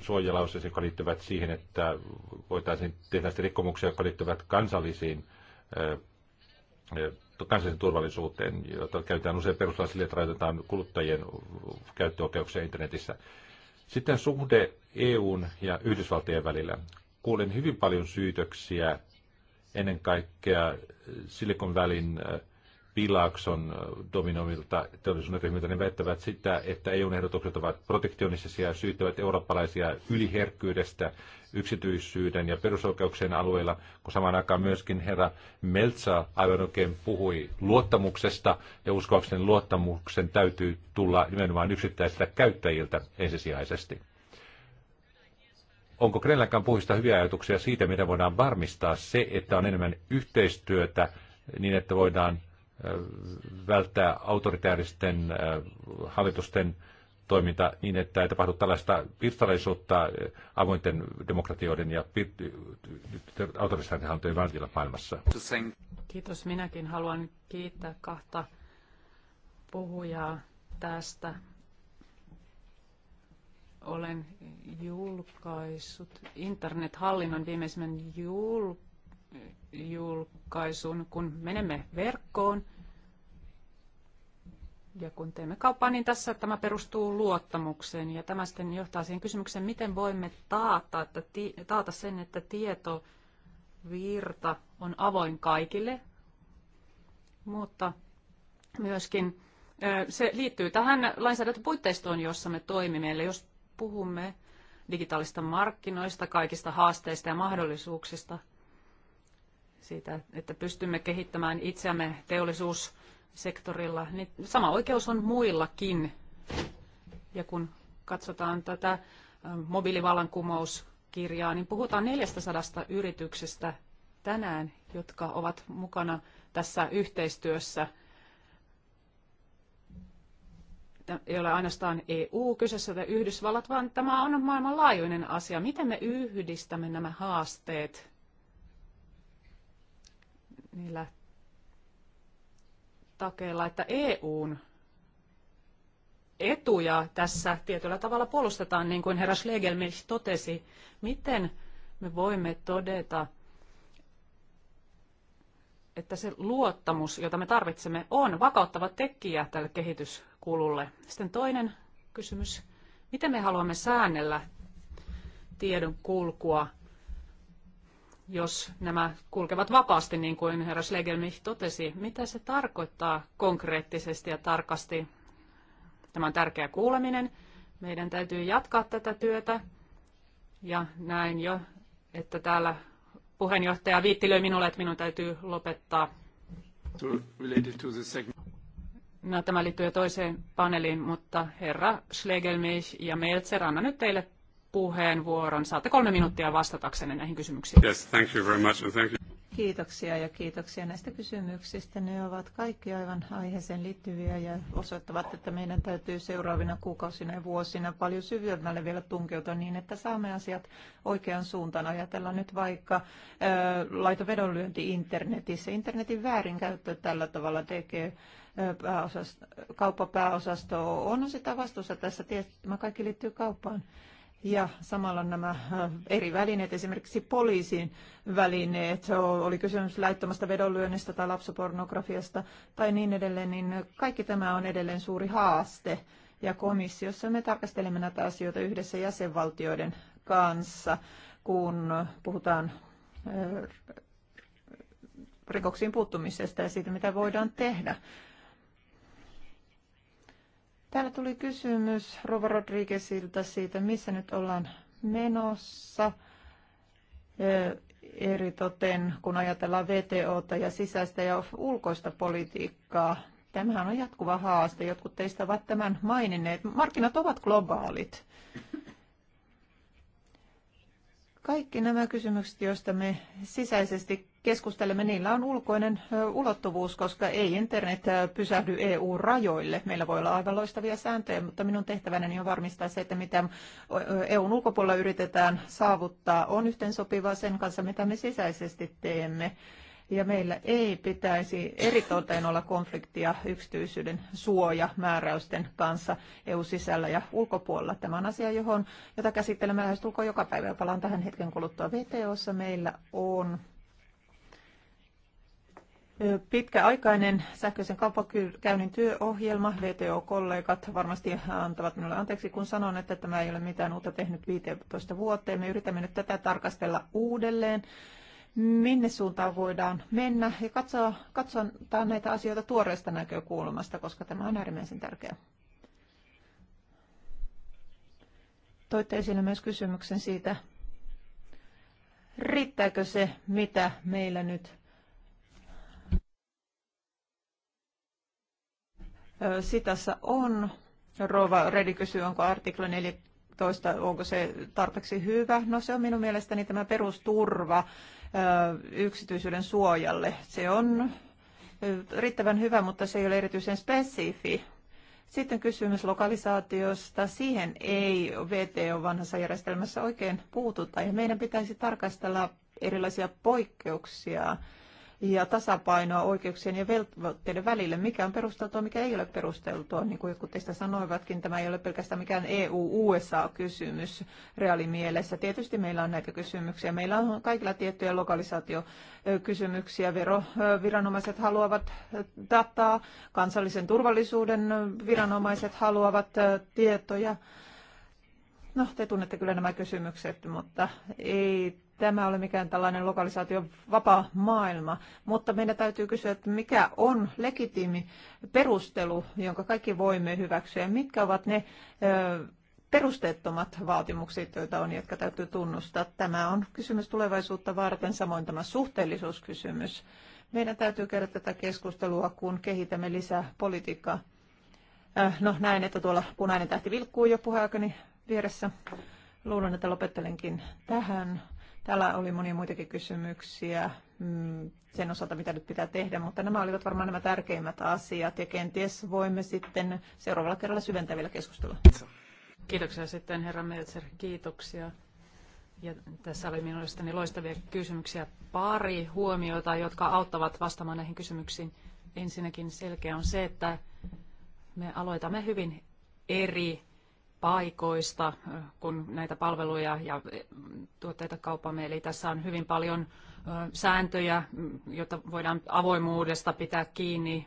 suojalauseeseen, jotka liittyvät siihen, että voitaisiin tehdä rikkomuksia, jotka liittyvät kansallisiin kansallisen turvallisuuteen, jota käytetään usein perustella sille, että rajoitetaan kuluttajien käyttöoikeuksia internetissä. Sitten suhde EUn ja Yhdysvaltojen välillä. kuulen hyvin paljon syytöksiä ennen kaikkea Silicon Valleyn äh, Pilakson äh, dominoimilta teollisuuden ne niin väittävät sitä, että EUn ehdotukset ovat protektionistisia ja syyttävät eurooppalaisia yliherkkyydestä yksityisyyden ja perusoikeuksien alueilla, kun samaan aikaan myöskin herra Meltsa aivan oikein puhui luottamuksesta, ja uskoakseni luottamuksen täytyy tulla nimenomaan yksittäisiltä käyttäjiltä ensisijaisesti. Onko Grönlankan puhista hyviä ajatuksia siitä, miten voidaan varmistaa se, että on enemmän yhteistyötä niin, että voidaan välttää autoritääristen hallitusten toiminta niin, että ei tapahdu tällaista pirstaleisuutta avointen demokratioiden ja autoritääristen hallintojen välillä maailmassa. Kiitos. Minäkin haluan kiittää kahta puhujaa tästä. Olen julkaissut internethallinnon viimeisimmän julkaisun julkaisun. Kun menemme verkkoon ja kun teemme kauppaa, niin tässä tämä perustuu luottamukseen. Ja tämä sitten johtaa siihen kysymykseen, miten voimme taata, että taata sen, että tietovirta on avoin kaikille, mutta myöskin se liittyy tähän lainsäädäntöpuitteistoon, jossa me toimimme. Eli jos puhumme digitaalista markkinoista, kaikista haasteista ja mahdollisuuksista – siitä, että pystymme kehittämään itseämme teollisuussektorilla, niin sama oikeus on muillakin. Ja kun katsotaan tätä mobiilivallankumouskirjaa, niin puhutaan 400 yrityksestä tänään, jotka ovat mukana tässä yhteistyössä. Ei ole ainoastaan EU kyseessä tai Yhdysvallat, vaan tämä on maailmanlaajuinen asia. Miten me yhdistämme nämä haasteet niillä takeilla, että EUn etuja tässä tietyllä tavalla puolustetaan, niin kuin herra Schlegelmilch totesi. Miten me voimme todeta, että se luottamus, jota me tarvitsemme, on vakauttava tekijä tälle kehityskululle? Sitten toinen kysymys. Miten me haluamme säännellä tiedon kulkua jos nämä kulkevat vapaasti, niin kuin herra Schlegelmich totesi. Mitä se tarkoittaa konkreettisesti ja tarkasti? Tämä on tärkeä kuuleminen. Meidän täytyy jatkaa tätä työtä. Ja näin jo, että täällä puheenjohtaja viittilöi minulle, että minun täytyy lopettaa. No, tämä liittyy jo toiseen paneeliin, mutta herra Schlegelmich ja Meltzer, anna nyt teille puheenvuoron. Saatte kolme minuuttia vastataksenne näihin kysymyksiin. Yes, thank you very much and thank you. Kiitoksia ja kiitoksia näistä kysymyksistä. Ne ovat kaikki aivan aiheeseen liittyviä ja osoittavat, että meidän täytyy seuraavina kuukausina ja vuosina paljon syvemmälle vielä tunkeutua niin, että saamme asiat oikean suuntaan. Ajatellaan nyt vaikka ää, laitovedonlyönti internetissä. Internetin väärinkäyttö tällä tavalla tekee pääosasto, kauppapääosasto on sitä vastuussa tässä. Tämä kaikki liittyy kauppaan ja samalla nämä äh, eri välineet, esimerkiksi poliisin välineet, oli kysymys laittomasta vedonlyönnistä tai lapsopornografiasta tai niin edelleen, niin kaikki tämä on edelleen suuri haaste. Ja komissiossa me tarkastelemme näitä asioita yhdessä jäsenvaltioiden kanssa, kun puhutaan äh, rikoksiin puuttumisesta ja siitä, mitä voidaan tehdä. Täällä tuli kysymys Rova Rodriguezilta siitä, missä nyt ollaan menossa. Eri toten, kun ajatellaan VTOta ja sisäistä ja ulkoista politiikkaa, tämähän on jatkuva haaste. Jotkut teistä ovat tämän maininneet. Markkinat ovat globaalit. Kaikki nämä kysymykset, joista me sisäisesti keskustelemme, niillä on ulkoinen ulottuvuus, koska ei internet pysähdy EU-rajoille. Meillä voi olla aivan loistavia sääntöjä, mutta minun tehtäväni on varmistaa se, että mitä EUn ulkopuolella yritetään saavuttaa, on yhteensopivaa sen kanssa, mitä me sisäisesti teemme. Ja meillä ei pitäisi eritoten olla konfliktia yksityisyyden suoja määräysten kanssa EU-sisällä ja ulkopuolella. Tämä on asia, johon, jota käsittelemme lähes tulkoon joka päivä. Palaan tähän hetken kuluttua VTOssa. Meillä on pitkäaikainen sähköisen kauppakäynnin työohjelma. VTO-kollegat varmasti antavat minulle anteeksi, kun sanon, että tämä ei ole mitään uutta tehnyt 15 vuoteen. Me yritämme nyt tätä tarkastella uudelleen, minne suuntaan voidaan mennä ja katsoa, katsoa näitä asioita tuoreesta näkökulmasta, koska tämä on äärimmäisen tärkeää. Toitte esille myös kysymyksen siitä, riittääkö se, mitä meillä nyt Sitassa on. Rova Redi kysyy, onko artikla 14, onko se tarpeeksi hyvä. No se on minun mielestäni tämä perusturva yksityisyyden suojalle. Se on riittävän hyvä, mutta se ei ole erityisen spesifi. Sitten kysymys lokalisaatiosta. Siihen ei VTO vanhassa järjestelmässä oikein puututa ja meidän pitäisi tarkastella erilaisia poikkeuksia ja tasapainoa oikeuksien ja velvoitteiden välille, mikä on perusteltua, mikä ei ole perusteltua. Niin kuin jotkut teistä sanoivatkin, tämä ei ole pelkästään mikään EU-USA-kysymys reaalimielessä. Tietysti meillä on näitä kysymyksiä. Meillä on kaikilla tiettyjä lokalisaatiokysymyksiä. Veroviranomaiset haluavat dataa, kansallisen turvallisuuden viranomaiset haluavat tietoja. No, te tunnette kyllä nämä kysymykset, mutta ei tämä ole mikään tällainen lokalisaation vapaa maailma, mutta meidän täytyy kysyä, että mikä on legitiimi perustelu, jonka kaikki voimme hyväksyä, ja mitkä ovat ne ö, perusteettomat vaatimukset, joita on, jotka täytyy tunnustaa. Tämä on kysymys tulevaisuutta varten, samoin tämä suhteellisuuskysymys. Meidän täytyy käydä tätä keskustelua, kun kehitämme lisää politiikkaa. No näin, että tuolla punainen tähti vilkkuu jo puheaikani vieressä. Luulen, että lopettelenkin tähän. Täällä oli monia muitakin kysymyksiä mm, sen osalta, mitä nyt pitää tehdä, mutta nämä olivat varmaan nämä tärkeimmät asiat ja kenties voimme sitten seuraavalla kerralla syventävillä keskustella. Kiitoksia sitten herra Meltzer, kiitoksia. Ja tässä oli mielestäni loistavia kysymyksiä. Pari huomiota, jotka auttavat vastaamaan näihin kysymyksiin. Ensinnäkin selkeä on se, että me aloitamme hyvin eri paikoista, kun näitä palveluja ja eh, tuotteita kaupamme. Eli tässä on hyvin paljon sääntöjä, mm, jotta voidaan avoimuudesta pitää kiinni.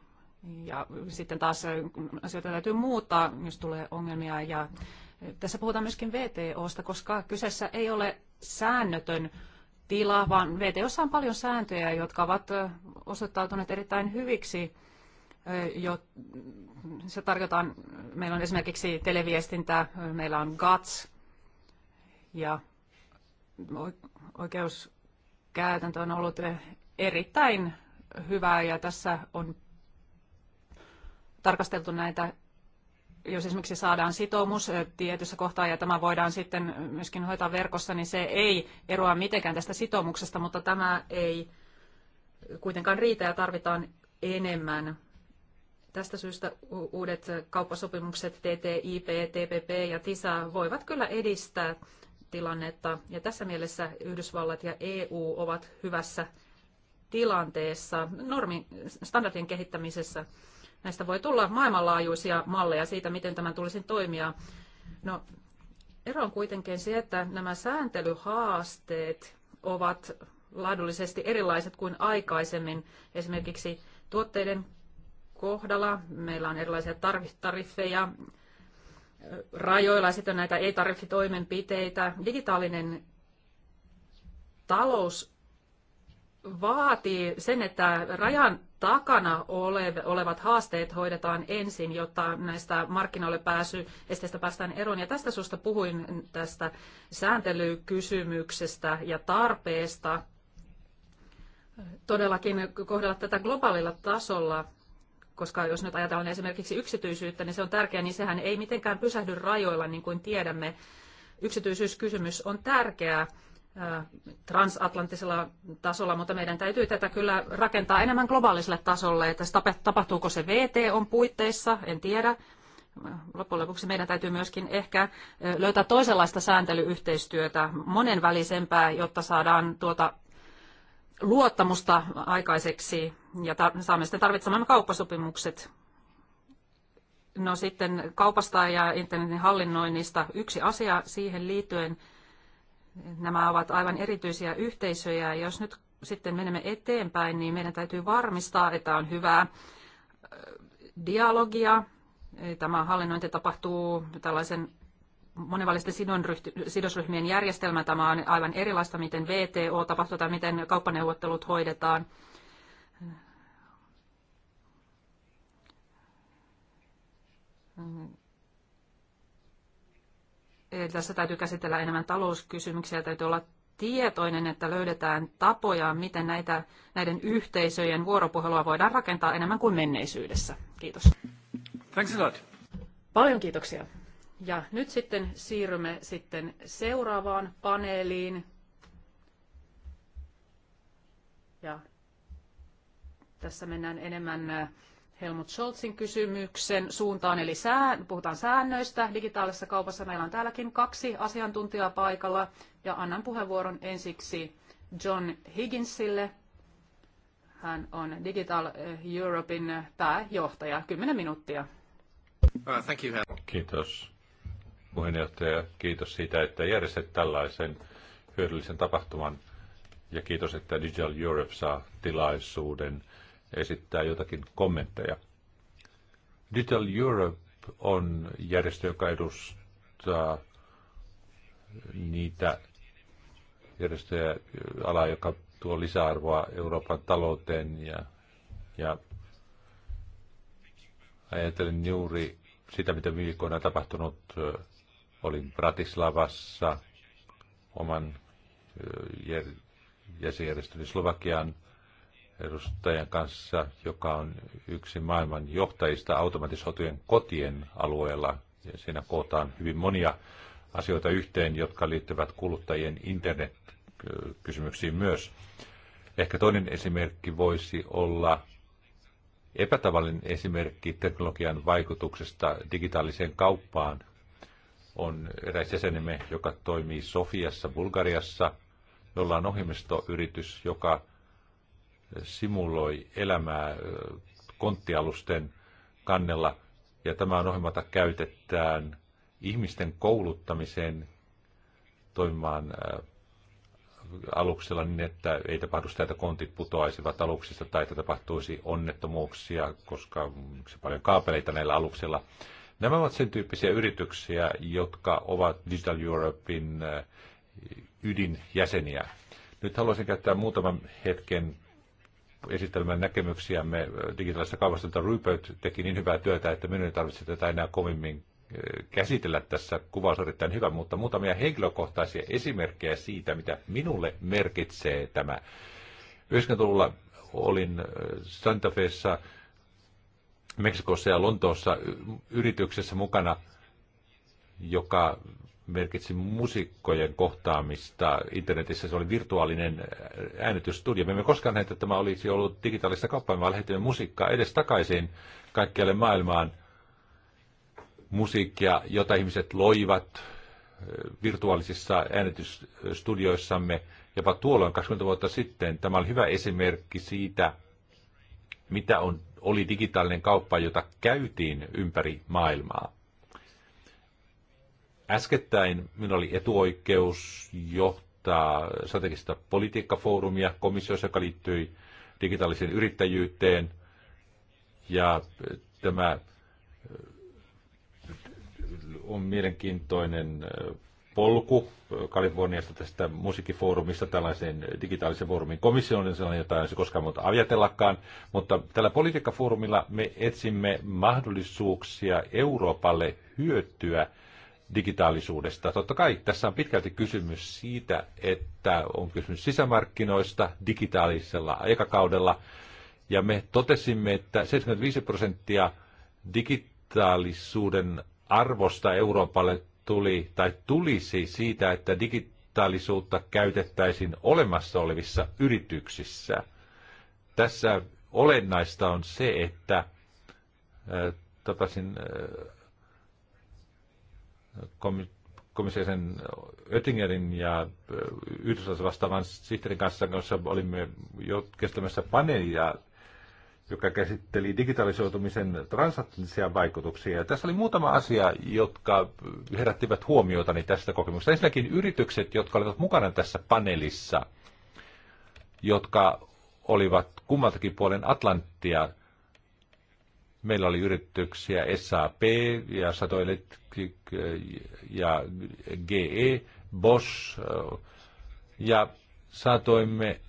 Ja sitten taas asioita täytyy muuttaa, jos tulee ongelmia. Ja eh, tässä puhutaan myöskin VTOsta, koska kyseessä ei ole säännötön tila, vaan VTOssa on paljon sääntöjä, jotka ovat osoittautuneet erittäin hyviksi – jo, se tarkoittaa, meillä on esimerkiksi televiestintää, meillä on GATS ja oikeuskäytäntö on ollut erittäin hyvää ja tässä on tarkasteltu näitä, jos esimerkiksi saadaan sitoumus tietyssä kohtaa ja tämä voidaan sitten myöskin hoitaa verkossa, niin se ei eroa mitenkään tästä sitoumuksesta, mutta tämä ei kuitenkaan riitä ja tarvitaan enemmän Tästä syystä uudet kauppasopimukset TTIP, TPP ja TISA voivat kyllä edistää tilannetta. Ja tässä mielessä Yhdysvallat ja EU ovat hyvässä tilanteessa normin, standardien kehittämisessä. Näistä voi tulla maailmanlaajuisia malleja siitä, miten tämän tulisi toimia. No, ero on kuitenkin se, että nämä sääntelyhaasteet ovat laadullisesti erilaiset kuin aikaisemmin. Esimerkiksi tuotteiden kohdalla. Meillä on erilaisia tariffeja rajoilla, sitten on näitä ei-tariffitoimenpiteitä. Digitaalinen talous vaatii sen, että rajan takana olevat haasteet hoidetaan ensin, jotta näistä markkinoille pääsy esteistä päästään eroon. Ja tästä susta puhuin tästä sääntelykysymyksestä ja tarpeesta todellakin kohdella tätä globaalilla tasolla koska jos nyt ajatellaan esimerkiksi yksityisyyttä, niin se on tärkeää, niin sehän ei mitenkään pysähdy rajoilla, niin kuin tiedämme. Yksityisyyskysymys on tärkeää äh, transatlanttisella tasolla, mutta meidän täytyy tätä kyllä rakentaa enemmän globaaliselle tasolle, että tapahtuuko se VT on puitteissa, en tiedä. Loppujen lopuksi meidän täytyy myöskin ehkä äh, löytää toisenlaista sääntelyyhteistyötä, monenvälisempää, jotta saadaan tuota luottamusta aikaiseksi ja saamme sitten tarvitsemamme kauppasopimukset. No sitten kaupasta ja internetin hallinnoinnista yksi asia siihen liittyen. Nämä ovat aivan erityisiä yhteisöjä. Jos nyt sitten menemme eteenpäin, niin meidän täytyy varmistaa, että on hyvää dialogia. Tämä hallinnointi tapahtuu tällaisen monenvälisten sidosryhmien järjestelmä. Tämä on aivan erilaista, miten VTO tapahtuu tai miten kauppaneuvottelut hoidetaan. Eli tässä täytyy käsitellä enemmän talouskysymyksiä, täytyy olla tietoinen, että löydetään tapoja, miten näitä, näiden yhteisöjen vuoropuhelua voidaan rakentaa enemmän kuin menneisyydessä. Kiitos. Thanks a lot. Paljon kiitoksia. Ja nyt sitten siirrymme sitten seuraavaan paneeliin. Ja tässä mennään enemmän äh, Helmut Scholzin kysymyksen suuntaan, eli sää, puhutaan säännöistä digitaalisessa kaupassa. Meillä on täälläkin kaksi asiantuntijaa paikalla, ja annan puheenvuoron ensiksi John Higginsille. Hän on Digital äh, Europein äh, pääjohtaja. kymmenen minuuttia. Uh, Kiitos puheenjohtaja. Kiitos siitä, että järjestät tällaisen hyödyllisen tapahtuman. Ja kiitos, että Digital Europe saa tilaisuuden esittää jotakin kommentteja. Digital Europe on järjestö, joka edustaa niitä järjestöjä, ala, joka tuo lisäarvoa Euroopan talouteen ja, ja ajattelin juuri sitä, mitä viikkoina on tapahtunut Olin Bratislavassa oman jäsenjärjestöni Slovakian edustajan kanssa, joka on yksi maailman johtajista automatisoitujen kotien alueella. Ja siinä kootaan hyvin monia asioita yhteen, jotka liittyvät kuluttajien internetkysymyksiin myös. Ehkä toinen esimerkki voisi olla epätavallinen esimerkki teknologian vaikutuksesta digitaaliseen kauppaan on eräs jäsenemme, joka toimii Sofiassa, Bulgariassa, jolla on ohjelmistoyritys, joka simuloi elämää konttialusten kannella. Ja tämä on ohjelmata käytetään ihmisten kouluttamiseen toimimaan aluksella niin, että ei tapahdu sitä, että kontit putoaisivat aluksista tai että tapahtuisi onnettomuuksia, koska on paljon kaapeleita näillä aluksilla. Nämä ovat sen tyyppisiä yrityksiä, jotka ovat Digital Europein äh, ydinjäseniä. Nyt haluaisin käyttää muutaman hetken esittelemään näkemyksiämme digitaalisesta kaupasta, jota Rupert teki niin hyvää työtä, että minun ei tarvitse tätä enää kovimmin äh, käsitellä tässä. Kuvaus on erittäin hyvä, mutta muutamia henkilökohtaisia esimerkkejä siitä, mitä minulle merkitsee tämä. 90-luvulla olin äh, Santa Feissa. Meksikossa ja Lontoossa yrityksessä mukana, joka merkitsi musiikkojen kohtaamista internetissä. Se oli virtuaalinen äänitysstudio. Me emme koskaan nähneet, että tämä olisi ollut digitaalista kauppaa, vaan lähetimme musiikkaa edes takaisin kaikkialle maailmaan. Musiikkia, jota ihmiset loivat virtuaalisissa äänitysstudioissamme jopa tuolloin 20 vuotta sitten. Tämä oli hyvä esimerkki siitä, mitä on oli digitaalinen kauppa, jota käytiin ympäri maailmaa. Äskettäin minulla oli etuoikeus johtaa strategista politiikkafoorumia komissiossa, joka liittyi digitaaliseen yrittäjyyteen. Ja tämä on mielenkiintoinen polku Kaliforniasta tästä musiikkifoorumista tällaiseen digitaalisen foorumin komissioon, niin sellainen, jota ei olisi koskaan muuta ajatellakaan. Mutta tällä politiikkafoorumilla me etsimme mahdollisuuksia Euroopalle hyötyä digitaalisuudesta. Totta kai tässä on pitkälti kysymys siitä, että on kysymys sisämarkkinoista digitaalisella aikakaudella. Ja me totesimme, että 75 prosenttia digitaalisuuden arvosta Euroopalle tuli tai tulisi siitä, että digitaalisuutta käytettäisiin olemassa olevissa yrityksissä. Tässä olennaista on se, että äh, tapasin tota äh, komissaarisen Oettingerin ja äh, Yhdysvalloissa vastaavan sihteerin kanssa, jossa olimme jo kestämässä paneelia joka käsitteli digitalisoitumisen transatlanttisia vaikutuksia. Ja tässä oli muutama asia, jotka herättivät huomiotani tästä kokemuksesta. Ensinnäkin yritykset, jotka olivat mukana tässä paneelissa, jotka olivat kummaltakin puolen Atlanttia. Meillä oli yrityksiä SAP ja Satoilet ja GE, Bosch, ja saatoimme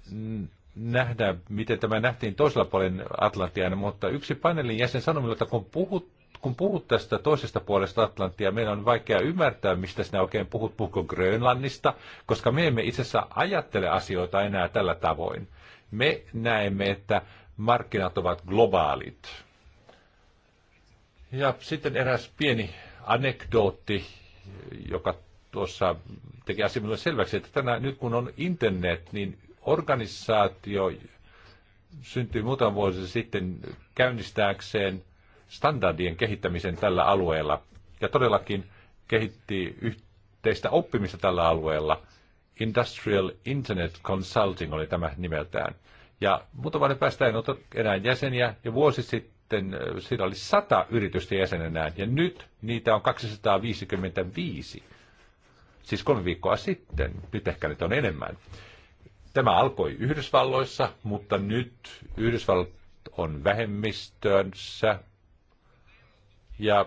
nähdä, miten tämä nähtiin toisella puolen Atlantiaan, mutta yksi paneelin jäsen sanoi minulle, että kun puhut, kun puhut tästä toisesta puolesta Atlantia, meidän on vaikea ymmärtää, mistä sinä oikein puhut, puhutko Grönlannista, koska me emme itse asiassa ajattele asioita enää tällä tavoin. Me näemme, että markkinat ovat globaalit. Ja sitten eräs pieni anekdootti, joka tuossa teki asia selväksi, että tänään nyt kun on internet, niin organisaatio syntyi muutama vuosi sitten käynnistääkseen standardien kehittämisen tällä alueella ja todellakin kehitti yhteistä oppimista tällä alueella. Industrial Internet Consulting oli tämä nimeltään. Ja muutama vuoden päästä en ota enää jäseniä, ja vuosi sitten siinä oli 100 yritystä jäsenenä ja nyt niitä on 255. Siis kolme viikkoa sitten. Nyt ehkä nyt on enemmän. Tämä alkoi Yhdysvalloissa, mutta nyt Yhdysvallat on vähemmistönsä. Ja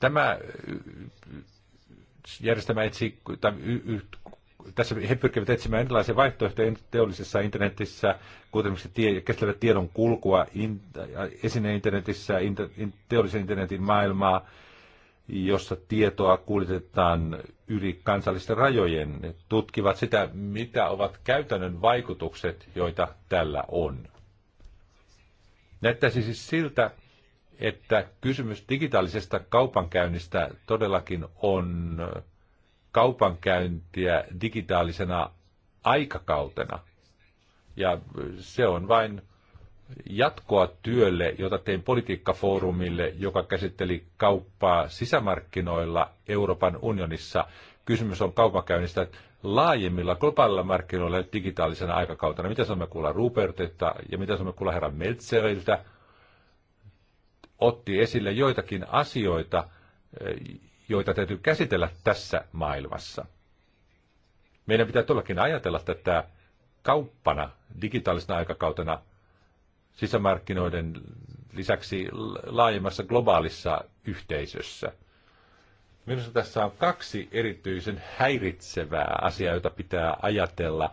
tämä äh, järjestelmä etsi, tai y, y, tässä he pyrkivät etsimään erilaisia vaihtoehtoja teollisessa internetissä, kuten tie, kestävät tiedon kulkua in, esineen internetissä, in, in, teollisen internetin maailmaa, jossa tietoa kuljetetaan yli kansallisten rajojen. Ne tutkivat sitä, mitä ovat käytännön vaikutukset, joita tällä on. Näyttäisi siis siltä, että kysymys digitaalisesta kaupankäynnistä todellakin on kaupankäyntiä digitaalisena aikakautena. Ja se on vain jatkoa työlle, jota tein politiikkafoorumille, joka käsitteli kauppaa sisämarkkinoilla Euroopan unionissa. Kysymys on kaupankäynnistä laajemmilla globaalilla markkinoilla digitaalisena aikakautena. Mitä saamme kuulla Rupertilta ja mitä saamme kuulla herra Meltzeriltä? Otti esille joitakin asioita, eh, joita täytyy käsitellä tässä maailmassa. Meidän pitää todellakin ajatella tätä kauppana digitaalisena aikakautena – sisämarkkinoiden lisäksi laajemmassa globaalissa yhteisössä. Minusta tässä on kaksi erityisen häiritsevää asiaa, jota pitää ajatella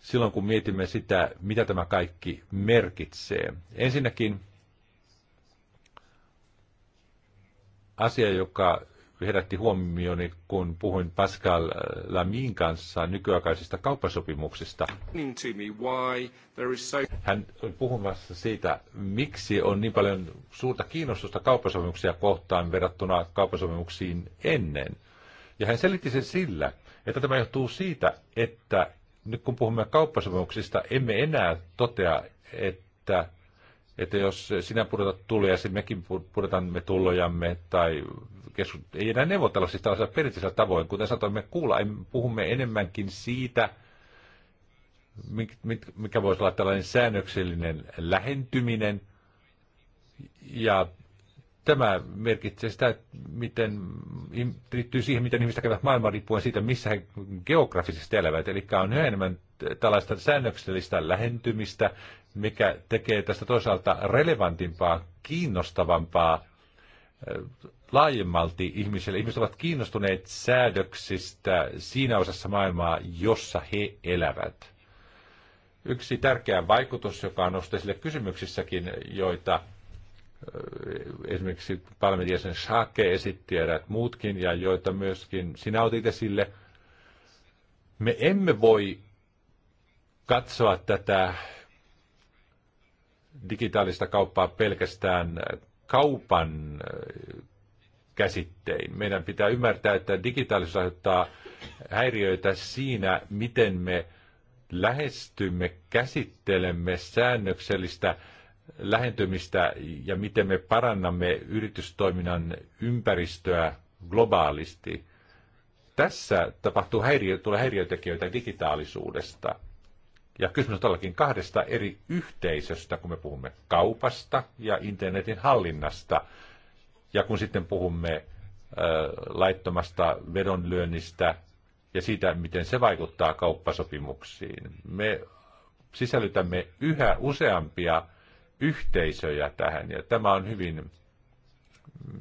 silloin, kun mietimme sitä, mitä tämä kaikki merkitsee. Ensinnäkin asia, joka herätti huomioni, kun puhuin Pascal Lamin kanssa nykyaikaisista kauppasopimuksista. Hän on puhumassa siitä, miksi on niin paljon suurta kiinnostusta kauppasopimuksia kohtaan verrattuna kauppasopimuksiin ennen. Ja hän selitti sen sillä, että tämä johtuu siitä, että nyt kun puhumme kauppasopimuksista, emme enää totea, että että jos sinä pudotat ja mekin pudotamme tullojamme, tai ei enää neuvotella siis tällaisella perinteisellä tavoin. Kuten saatoimme kuulla, puhumme enemmänkin siitä, mikä voisi olla tällainen säännöksellinen lähentyminen. Ja tämä merkitsee sitä, miten liittyy siihen, miten ihmiset käyvät maailman riippuen siitä, missä he geografisesti elävät. Eli on yhä enemmän tällaista säännöksellistä lähentymistä, mikä tekee tästä toisaalta relevantimpaa, kiinnostavampaa laajemmalti ihmisille. Ihmiset ovat kiinnostuneet säädöksistä siinä osassa maailmaa, jossa he elävät. Yksi tärkeä vaikutus, joka on nostettu esille kysymyksissäkin, joita esimerkiksi parlamentin Shake esitti ja eräät muutkin, ja joita myöskin sinä otit esille. Me emme voi katsoa tätä digitaalista kauppaa pelkästään kaupan käsittein. Meidän pitää ymmärtää, että digitaalisuus aiheuttaa häiriöitä siinä, miten me lähestymme, käsittelemme säännöksellistä lähentymistä ja miten me parannamme yritystoiminnan ympäristöä globaalisti. Tässä tapahtuu häiriö, tulee häiriötekijöitä digitaalisuudesta. Ja kysymys on todellakin kahdesta eri yhteisöstä, kun me puhumme kaupasta ja internetin hallinnasta. Ja kun sitten puhumme laittomasta vedonlyönnistä ja siitä, miten se vaikuttaa kauppasopimuksiin. Me sisällytämme yhä useampia yhteisöjä tähän, ja tämä on hyvin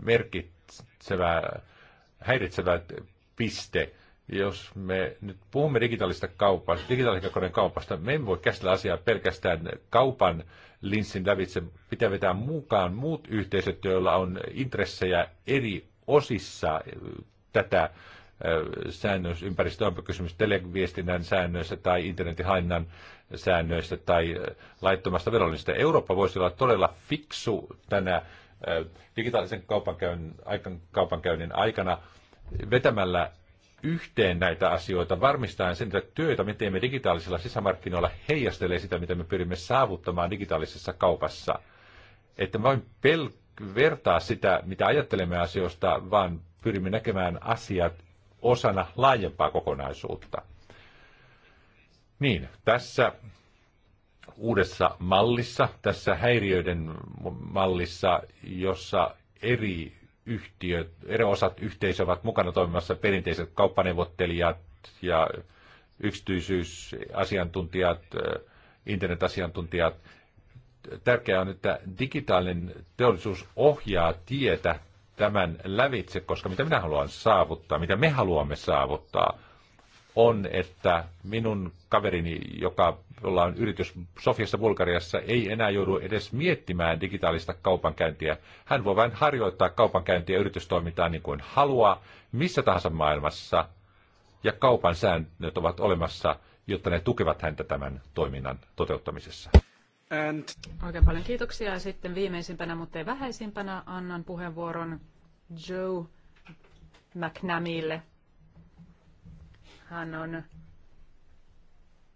merkitsevä, häiritsevä piste. Jos me nyt puhumme digitaalista kaupasta, digitaalisen kaupasta, me emme voi käsitellä asiaa pelkästään kaupan linssin lävitse. Pitää vetää mukaan muut yhteisöt, joilla on intressejä eri osissa tätä säännösympäristöä, kysymys televiestinnän säännöissä tai internetin hainnan säännöissä tai laittomasta verollisesta. Eurooppa voisi olla todella fiksu tänä digitaalisen kaupankäynnin, kaupankäynnin aikana vetämällä yhteen näitä asioita varmistaen sen, että työ, jota me teemme digitaalisilla sisämarkkinoilla, heijastelee sitä, mitä me pyrimme saavuttamaan digitaalisessa kaupassa. Että me vain pel- vertaa sitä, mitä ajattelemme asioista, vaan pyrimme näkemään asiat osana laajempaa kokonaisuutta. Niin, tässä uudessa mallissa, tässä häiriöiden mallissa, jossa eri yhtiöt, eri osat yhteisö ovat mukana toimimassa perinteiset kauppaneuvottelijat ja yksityisyysasiantuntijat, internetasiantuntijat. Tärkeää on, että digitaalinen teollisuus ohjaa tietä tämän lävitse, koska mitä minä haluan saavuttaa, mitä me haluamme saavuttaa – on, että minun kaverini, joka ollaan yritys Sofiassa Bulgariassa, ei enää joudu edes miettimään digitaalista kaupankäyntiä. Hän voi vain harjoittaa kaupankäyntiä yritystoimintaa niin kuin haluaa, missä tahansa maailmassa, ja kaupan säännöt ovat olemassa, jotta ne tukevat häntä tämän toiminnan toteuttamisessa. And... Oikein paljon kiitoksia. Ja sitten viimeisimpänä, mutta ei vähäisimpänä, annan puheenvuoron Joe McNamille hän on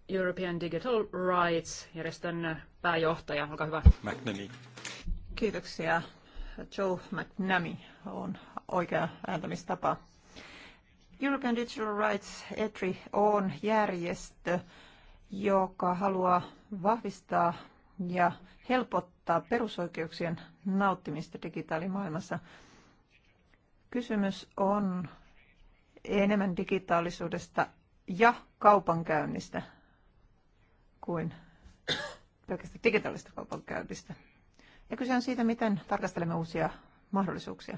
European Digital Rights järjestön pääjohtaja. Olkaa hyvä. McNamee. Kiitoksia. Joe McNamee on oikea ääntämistapa. European Digital Rights ETRI on järjestö, joka haluaa vahvistaa ja helpottaa perusoikeuksien nauttimista digitaalimaailmassa. Kysymys on enemmän digitaalisuudesta ja kaupankäynnistä kuin pelkästään digitaalista kaupankäynnistä. Ja kyse on siitä, miten tarkastelemme uusia mahdollisuuksia.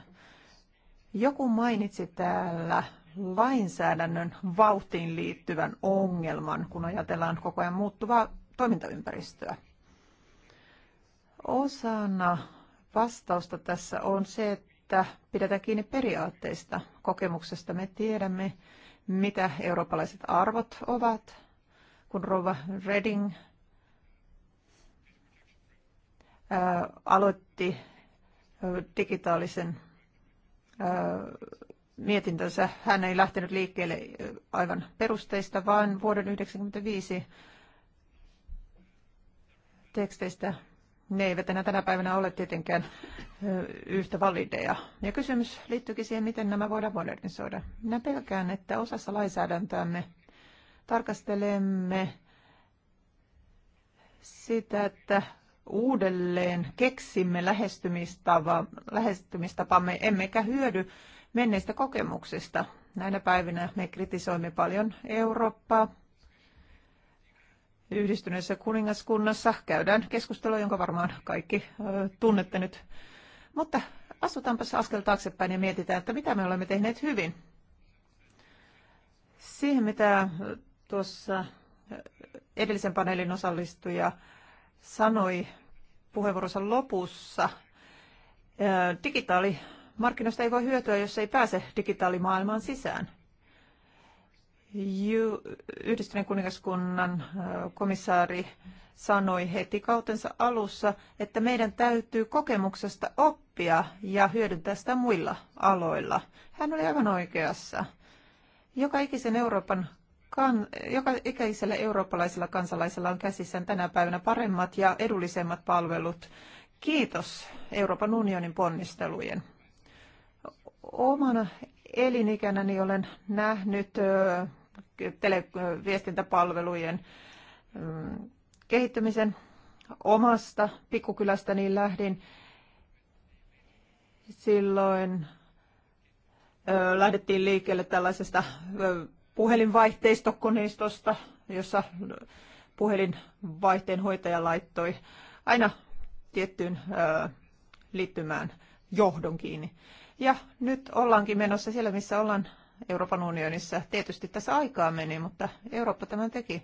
Joku mainitsi täällä lainsäädännön vauhtiin liittyvän ongelman, kun ajatellaan koko ajan muuttuvaa toimintaympäristöä. Osana vastausta tässä on se, että että pidetään kiinni periaatteista. Kokemuksesta me tiedämme, mitä eurooppalaiset arvot ovat, kun Rova Redding ää, aloitti digitaalisen mietintönsä. Hän ei lähtenyt liikkeelle aivan perusteista, vaan vuoden 1995 teksteistä ne eivät enää tänä päivänä ole tietenkään yhtä valideja. Ja kysymys liittyykin siihen, miten nämä voidaan modernisoida. Minä pelkään, että osassa lainsäädäntöämme tarkastelemme sitä, että uudelleen keksimme lähestymistapa, lähestymistapamme, emmekä hyödy menneistä kokemuksista. Näinä päivinä me kritisoimme paljon Eurooppaa, yhdistyneessä kuningaskunnassa käydään keskustelua, jonka varmaan kaikki tunnette nyt. Mutta astutaanpa askel taaksepäin ja mietitään, että mitä me olemme tehneet hyvin. Siihen, mitä tuossa edellisen paneelin osallistuja sanoi puheenvuoronsa lopussa, digitaali Markkinoista ei voi hyötyä, jos ei pääse digitaalimaailmaan sisään. Yhdistyneen kuningaskunnan komissaari sanoi heti kautensa alussa, että meidän täytyy kokemuksesta oppia ja hyödyntää sitä muilla aloilla. Hän oli aivan oikeassa. Joka ikisen Euroopan kan, joka ikäisellä eurooppalaisella kansalaisella on käsissään tänä päivänä paremmat ja edullisemmat palvelut. Kiitos Euroopan unionin ponnistelujen. Omana elinikänäni olen nähnyt televiestintäpalvelujen mm, kehittymisen. Omasta pikkukylästäni lähdin silloin lähdettiin liikkeelle tällaisesta puhelinvaihteistokoneistosta, jossa puhelinvaihteen hoitaja laittoi aina tiettyyn liittymään johdon kiinni. Ja nyt ollaankin menossa siellä, missä ollaan Euroopan unionissa. Tietysti tässä aikaa meni, mutta Eurooppa tämän teki.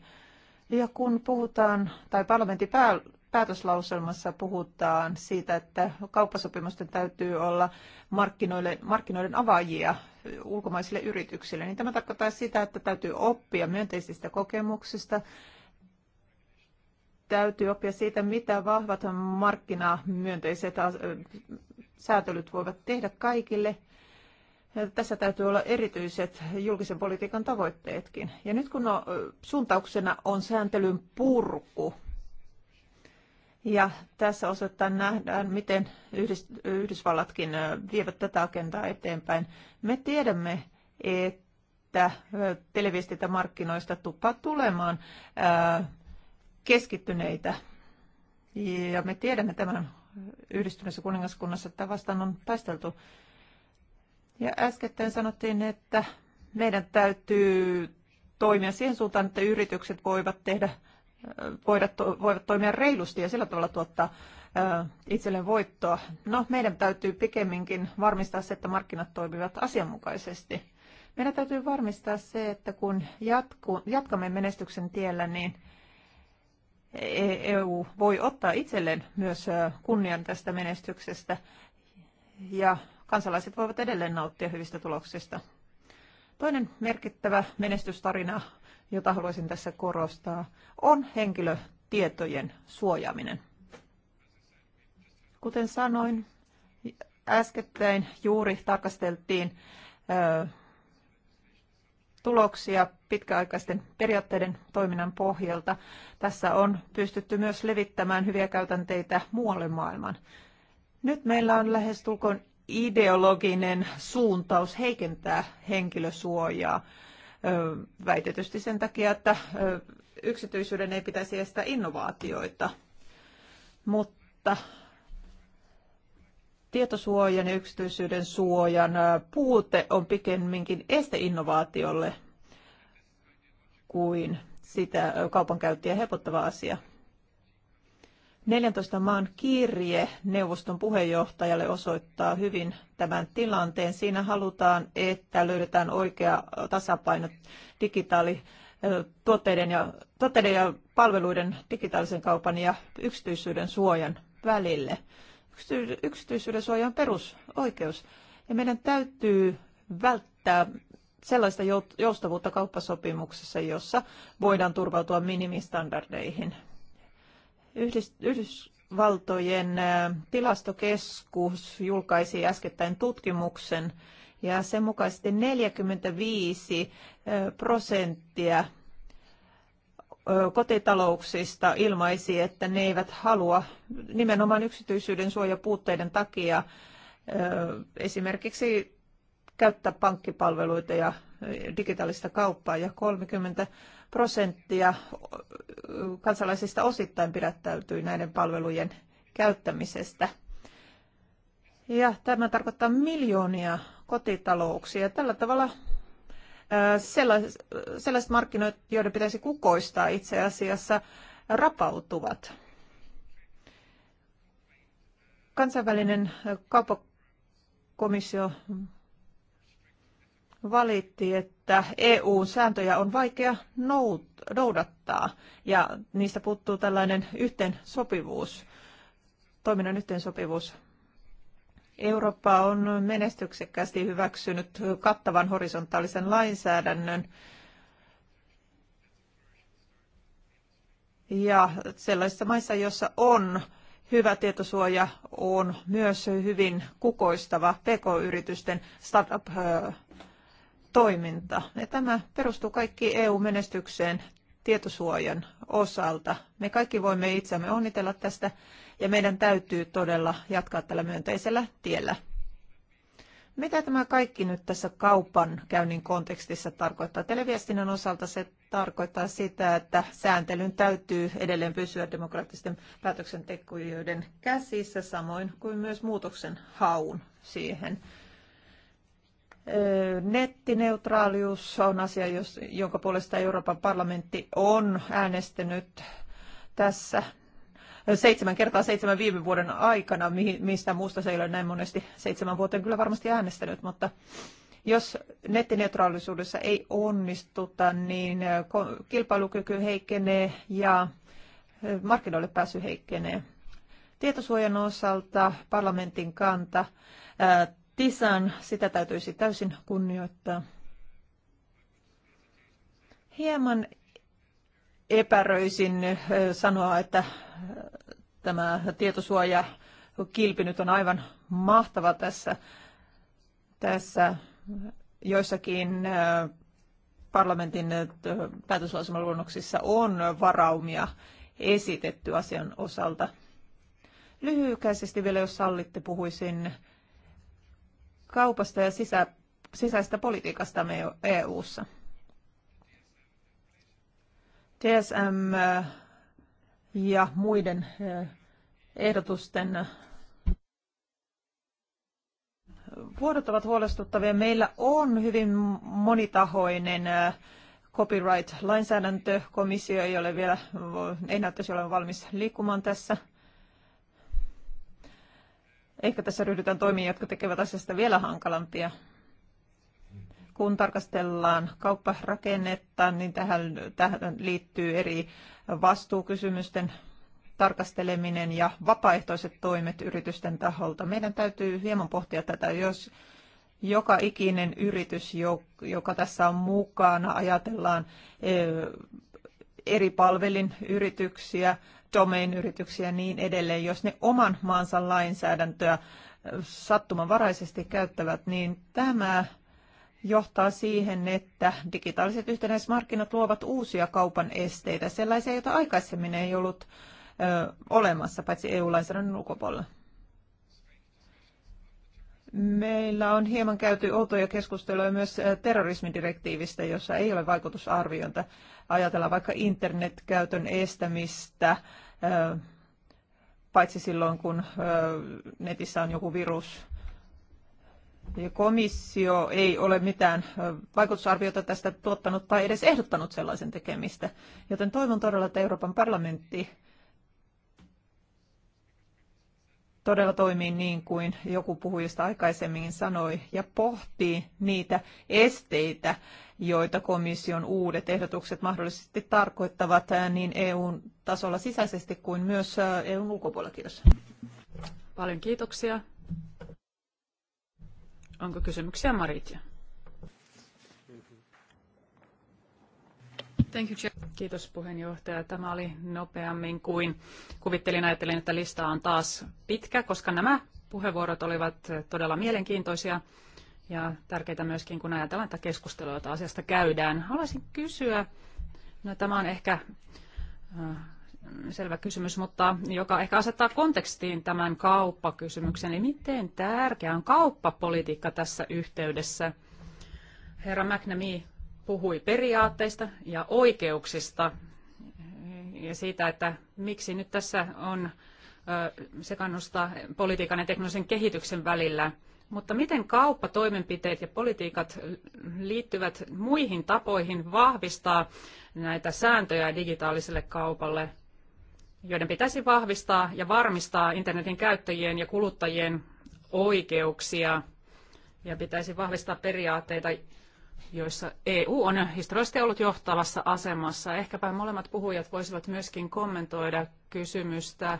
Ja kun puhutaan, tai parlamentin pää, päätöslauselmassa puhutaan siitä, että kauppasopimusten täytyy olla markkinoille, markkinoiden avaajia ulkomaisille yrityksille, niin tämä tarkoittaa sitä, että täytyy oppia myönteisistä kokemuksista, täytyy oppia siitä, mitä vahvat markkinamyönteiset säätelyt voivat tehdä kaikille tässä täytyy olla erityiset julkisen politiikan tavoitteetkin. Ja nyt kun no, suuntauksena on sääntelyn purku, ja tässä osoittain nähdään, miten Yhdysvallatkin vievät tätä agendaa eteenpäin. Me tiedämme, että televiestintämarkkinoista tupaa tulemaan keskittyneitä. Ja me tiedämme tämän yhdistyneessä kuningaskunnassa, että vastaan on taisteltu ja äskettäin sanottiin, että meidän täytyy toimia siihen suuntaan, että yritykset voivat tehdä voida, voivat toimia reilusti ja sillä tavalla tuottaa itselleen voittoa. No, meidän täytyy pikemminkin varmistaa se, että markkinat toimivat asianmukaisesti. Meidän täytyy varmistaa se, että kun jatku, jatkamme menestyksen tiellä, niin EU e voi ottaa itselleen myös kunnian tästä menestyksestä ja kansalaiset voivat edelleen nauttia hyvistä tuloksista. Toinen merkittävä menestystarina, jota haluaisin tässä korostaa, on henkilötietojen suojaaminen. Kuten sanoin, äskettäin juuri tarkasteltiin tuloksia pitkäaikaisten periaatteiden toiminnan pohjalta. Tässä on pystytty myös levittämään hyviä käytänteitä muualle maailmaan. Nyt meillä on lähestulkoon ideologinen suuntaus heikentää henkilösuojaa. Väitetysti sen takia, että yksityisyyden ei pitäisi estää innovaatioita, mutta tietosuojan ja yksityisyyden suojan puute on pikemminkin este innovaatiolle kuin sitä kaupankäyttiä helpottava asia. 14 maan kirje neuvoston puheenjohtajalle osoittaa hyvin tämän tilanteen. Siinä halutaan, että löydetään oikea tasapaino digitaali tuotteiden ja, tuotteiden ja palveluiden digitaalisen kaupan ja yksityisyyden suojan välille. yksityisyyden suoja on perusoikeus. Ja meidän täytyy välttää sellaista joustavuutta kauppasopimuksessa, jossa voidaan turvautua minimistandardeihin Yhdysvaltojen tilastokeskus julkaisi äskettäin tutkimuksen ja sen mukaisesti 45 prosenttia kotitalouksista ilmaisi, että ne eivät halua nimenomaan yksityisyyden suojapuutteiden takia esimerkiksi käyttää pankkipalveluita ja digitaalista kauppaa ja 30 prosenttia kansalaisista osittain pidättäytyi näiden palvelujen käyttämisestä. Ja tämä tarkoittaa miljoonia kotitalouksia. Tällä tavalla sellaiset markkinat, joiden pitäisi kukoistaa itse asiassa, rapautuvat. Kansainvälinen kauppakomissio valitti, että EU-sääntöjä on vaikea noudattaa ja niistä puuttuu tällainen yhteensopivuus, toiminnan yhteensopivuus. Eurooppa on menestyksekkäästi hyväksynyt kattavan horisontaalisen lainsäädännön ja sellaisissa maissa, joissa on hyvä tietosuoja, on myös hyvin kukoistava pk-yritysten startup toiminta. Ja tämä perustuu kaikki EU-menestykseen tietosuojan osalta. Me kaikki voimme itseämme onnitella tästä ja meidän täytyy todella jatkaa tällä myönteisellä tiellä. Mitä tämä kaikki nyt tässä kaupan käynnin kontekstissa tarkoittaa? Televiestinnän osalta se tarkoittaa sitä, että sääntelyn täytyy edelleen pysyä demokraattisten päätöksentekijöiden käsissä, samoin kuin myös muutoksen haun siihen. Nettineutraalius on asia, jonka puolesta Euroopan parlamentti on äänestänyt tässä seitsemän kertaa seitsemän viime vuoden aikana, mistä muusta se ei ole näin monesti seitsemän vuoteen kyllä varmasti äänestänyt, mutta jos nettineutraalisuudessa ei onnistuta, niin kilpailukyky heikkenee ja markkinoille pääsy heikkenee. Tietosuojan osalta parlamentin kanta Tisan, sitä täytyisi täysin kunnioittaa. Hieman epäröisin sanoa, että tämä tietosuoja kilpi nyt on aivan mahtava tässä, tässä joissakin parlamentin päätöslausumaluonnoksissa on varaumia esitetty asian osalta. Lyhykäisesti vielä, jos sallitte, puhuisin kaupasta ja sisä, sisäistä me EU-ssa. E TSM äh, ja muiden äh, ehdotusten äh, vuodot ovat huolestuttavia. Meillä on hyvin monitahoinen copyright-lainsäädäntö. Komissio ei ole vielä, ei näyttäisi olevan valmis liikkumaan tässä – Ehkä tässä ryhdytään toimiin, jotka tekevät asiasta vielä hankalampia. Kun tarkastellaan kaupparakennetta, niin tähän, tähän liittyy eri vastuukysymysten tarkasteleminen ja vapaaehtoiset toimet yritysten taholta. Meidän täytyy hieman pohtia tätä, jos joka ikinen yritys, joka tässä on mukana, ajatellaan eh, eri palvelin yrityksiä, domain-yrityksiä ja niin edelleen, jos ne oman maansa lainsäädäntöä sattumanvaraisesti käyttävät, niin tämä johtaa siihen, että digitaaliset yhtenäismarkkinat luovat uusia kaupan esteitä, sellaisia, joita aikaisemmin ei ollut ö, olemassa, paitsi EU-lainsäädännön ulkopuolella. Meillä on hieman käyty outoja keskusteluja myös äh, terrorismidirektiivistä, jossa ei ole vaikutusarviointa. Ajatellaan vaikka internetkäytön estämistä, äh, paitsi silloin kun äh, netissä on joku virus. Komissio ei ole mitään vaikutusarviota tästä tuottanut tai edes ehdottanut sellaisen tekemistä. Joten toivon todella, että Euroopan parlamentti todella toimii niin kuin joku puhujista aikaisemmin sanoi ja pohtii niitä esteitä, joita komission uudet ehdotukset mahdollisesti tarkoittavat niin EUn tasolla sisäisesti kuin myös EUn ulkopuolella. Kiitos. Paljon kiitoksia. Onko kysymyksiä Maritja? Thank you, Kiitos puheenjohtaja. Tämä oli nopeammin kuin kuvittelin. Ajattelin, että lista on taas pitkä, koska nämä puheenvuorot olivat todella mielenkiintoisia ja tärkeitä myöskin, kun ajatellaan että keskustelua, jota asiasta käydään. Haluaisin kysyä, no tämä on ehkä äh, selvä kysymys, mutta joka ehkä asettaa kontekstiin tämän kauppakysymyksen, eli niin miten tärkeä on kauppapolitiikka tässä yhteydessä? Herra McNamee puhui periaatteista ja oikeuksista ja siitä, että miksi nyt tässä on sekannusta politiikan ja teknologisen kehityksen välillä. Mutta miten kauppatoimenpiteet ja politiikat liittyvät muihin tapoihin vahvistaa näitä sääntöjä digitaaliselle kaupalle, joiden pitäisi vahvistaa ja varmistaa internetin käyttäjien ja kuluttajien oikeuksia ja pitäisi vahvistaa periaatteita, joissa EU on historiallisesti ollut johtavassa asemassa. Ehkäpä molemmat puhujat voisivat myöskin kommentoida kysymystä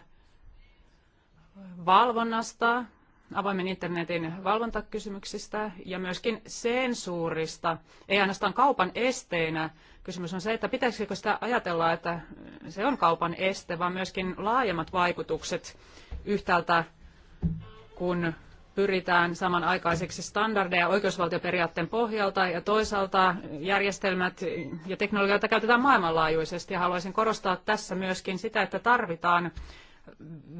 valvonnasta, avoimen internetin valvontakysymyksistä ja myöskin sensuurista, ei ainoastaan kaupan esteenä. Kysymys on se, että pitäisikö sitä ajatella, että se on kaupan este, vaan myöskin laajemmat vaikutukset yhtäältä, kun pyritään samanaikaiseksi standardeja oikeusvaltioperiaatteen pohjalta ja toisaalta järjestelmät ja teknologioita käytetään maailmanlaajuisesti. Ja haluaisin korostaa tässä myöskin sitä, että tarvitaan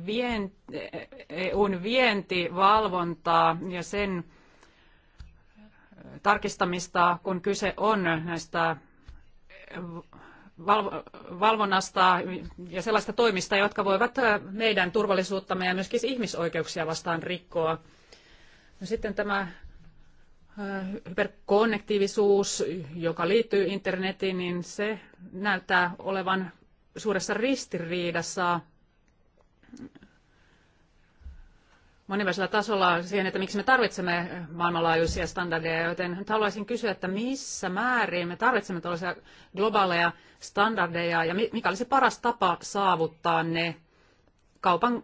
vien, EUn vientivalvontaa ja sen tarkistamista, kun kyse on näistä valvonnasta ja sellaista toimista, jotka voivat meidän turvallisuuttamme ja myöskin ihmisoikeuksia vastaan rikkoa. No sitten tämä äh, hyperkonnektiivisuus, joka liittyy internetiin, niin se näyttää olevan suuressa ristiriidassa moniväisellä tasolla siihen, että miksi me tarvitsemme maailmanlaajuisia standardeja, joten nyt haluaisin kysyä, että missä määrin me tarvitsemme tällaisia globaaleja standardeja ja mikä olisi paras tapa saavuttaa ne kaupan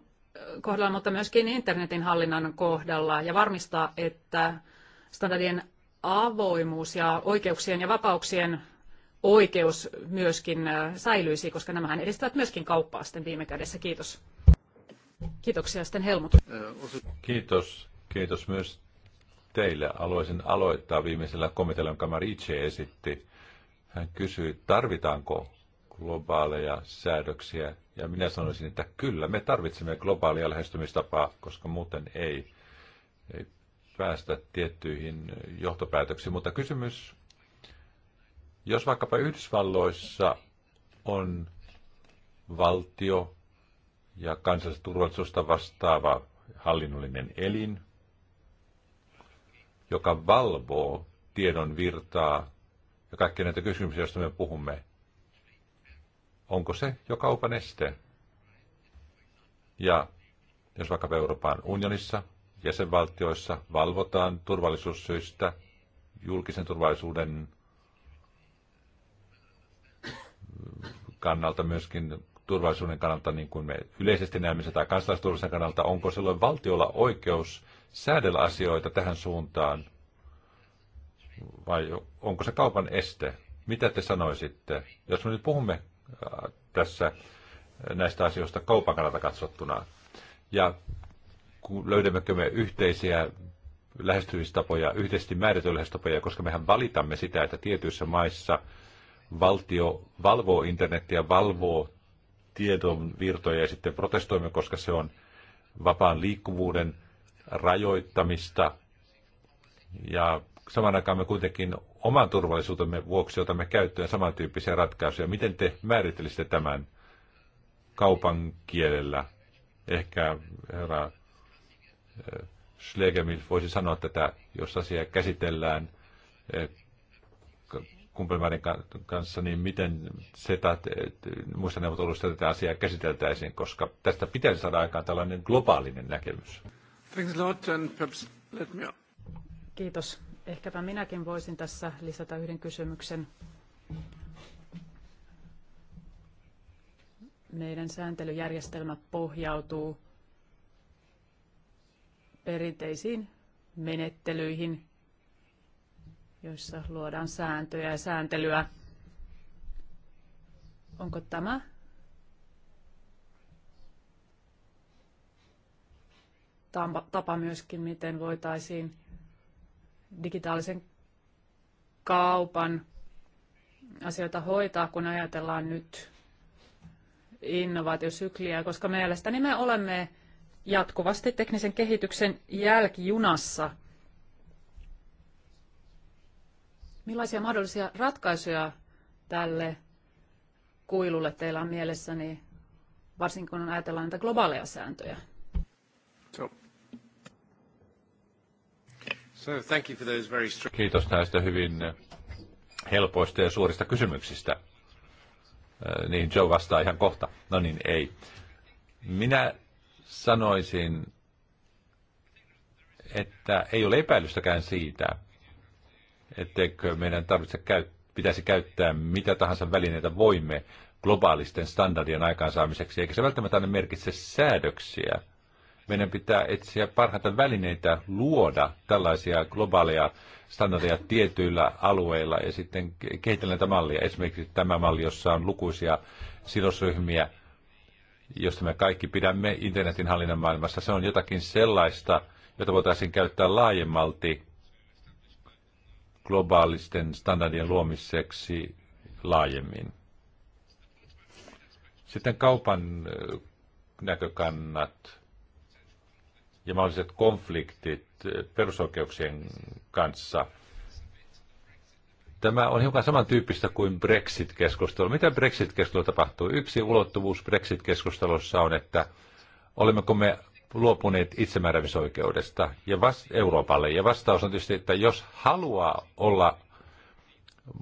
kohdalla, mutta myöskin internetin hallinnan kohdalla ja varmistaa, että standardien avoimuus ja oikeuksien ja vapauksien oikeus myöskin äh, säilyisi, koska nämähän edistävät myöskin kauppaa sitten viime kädessä. Kiitos. Kiitoksia sitten Helmut. Kiitos. Kiitos myös teille. Haluaisin aloittaa viimeisellä komitealla, jonka Marice esitti. Hän kysyi, tarvitaanko globaaleja säädöksiä ja minä sanoisin, että kyllä, me tarvitsemme globaalia lähestymistapaa, koska muuten ei, ei päästä tiettyihin johtopäätöksiin. Mutta kysymys, jos vaikkapa Yhdysvalloissa on valtio ja kansallista turvallisuutta vastaava hallinnollinen elin, joka valvoo tiedon virtaa ja kaikkia näitä kysymyksiä, joista me puhumme, onko se jo kaupan este? Ja jos vaikka Euroopan unionissa, jäsenvaltioissa valvotaan turvallisuussyistä julkisen turvallisuuden kannalta myöskin turvallisuuden kannalta, niin kuin me yleisesti näemme tai kansalaisturvallisuuden kannalta, onko silloin valtiolla oikeus säädellä asioita tähän suuntaan, vai onko se kaupan este? Mitä te sanoisitte? Jos me nyt puhumme Äh, tässä äh, näistä asioista kaupan kannalta katsottuna. Ja löydämmekö me yhteisiä lähestymistapoja, yhteisesti määritellyt lähestymistapoja, koska mehän valitamme sitä, että tietyissä maissa valtio valvoo internetiä, valvoo tiedon virtoja ja sitten protestoimme, koska se on vapaan liikkuvuuden rajoittamista. Ja saman aikaan me kuitenkin oman turvallisuutemme vuoksi otamme käyttöön samantyyppisiä ratkaisuja. Miten te määrittelisitte tämän kaupan kielellä? Ehkä herra eh, Schlegelmil voisi sanoa tätä, jos asiaa käsitellään eh, kumppanimaiden kanssa, niin miten SETA, muista neuvotteluista tätä asiaa käsiteltäisiin, koska tästä pitäisi saada aikaan tällainen globaalinen näkemys. Kiitos ehkäpä minäkin voisin tässä lisätä yhden kysymyksen. Meidän sääntelyjärjestelmä pohjautuu perinteisiin menettelyihin, joissa luodaan sääntöjä ja sääntelyä. Onko tämä tapa myöskin, miten voitaisiin digitaalisen kaupan asioita hoitaa, kun ajatellaan nyt innovaatiosykliä, koska mielestäni me olemme jatkuvasti teknisen kehityksen jälkijunassa. Millaisia mahdollisia ratkaisuja tälle kuilulle teillä on mielessäni, varsinkin kun ajatellaan näitä globaaleja sääntöjä? Kiitos näistä hyvin eh, helpoista ja suorista kysymyksistä. Eh, niin Joe vastaa ihan kohta. No niin, ei. Minä sanoisin, että ei ole epäilystäkään siitä, etteikö meidän tarvitse käy, pitäisi käyttää mitä tahansa välineitä voimme globaalisten standardien aikaansaamiseksi, eikä se välttämättä aina merkitse säädöksiä – meidän pitää etsiä parhaita välineitä luoda tällaisia globaaleja standardeja tietyillä alueilla ja sitten kehitellä näitä mallia. Esimerkiksi tämä malli, jossa on lukuisia sidosryhmiä, josta me kaikki pidämme internetin hallinnan maailmassa. Se on jotakin sellaista, jota voitaisiin käyttää laajemmalti globaalisten standardien luomiseksi laajemmin. Sitten kaupan äh, näkökannat ja mahdolliset konfliktit perusoikeuksien kanssa. Tämä on hiukan samantyyppistä kuin Brexit-keskustelu. Mitä Brexit-keskustelu tapahtuu? Yksi ulottuvuus Brexit-keskustelussa on, että olemmeko me luopuneet itsemääräämisoikeudesta ja vast- Euroopalle. Ja vastaus on tietysti, että jos haluaa olla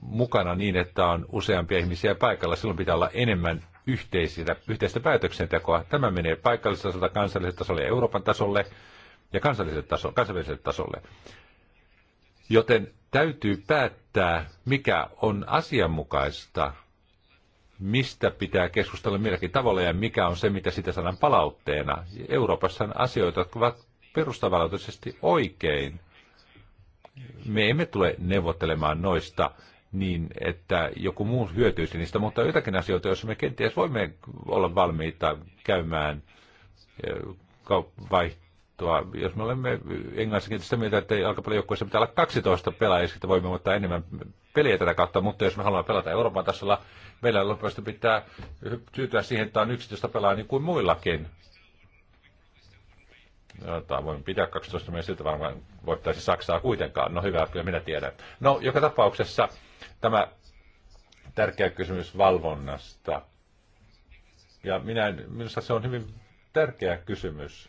mukana niin, että on useampia ihmisiä paikalla, silloin pitää olla enemmän yhteisistä, yhteistä päätöksentekoa. Tämä menee tasolta kansalliselle tasolle ja Euroopan tasolle ja kansalliselle tasolle, kansainväliselle tasolle. Joten täytyy päättää, mikä on asianmukaista, mistä pitää keskustella milläkin tavalla ja mikä on se, mitä sitä saadaan palautteena. Euroopassa on asioita, jotka ovat perustavallisesti oikein. Me emme tule neuvottelemaan noista niin, että joku muu hyötyisi niistä, mutta jotakin asioita, joissa me kenties voimme olla valmiita käymään eh, vaihtoa. Jos me olemme Englannissa sitä mieltä, että jalkapallojoukkueessa pitää olla 12 pelaajia, sitten voimme ottaa enemmän peliä tätä kautta, mutta jos me haluamme pelata Euroopan tasolla, meillä loppuista pitää tyytyä siihen, että on 11 pelaajaa niin kuin muillakin. Tämä voin pitää 12 meistä että varmaan voittaisi Saksaa kuitenkaan. No hyvä, kyllä minä tiedän. No, joka tapauksessa Tämä tärkeä kysymys valvonnasta. Ja minä, minusta se on hyvin tärkeä kysymys,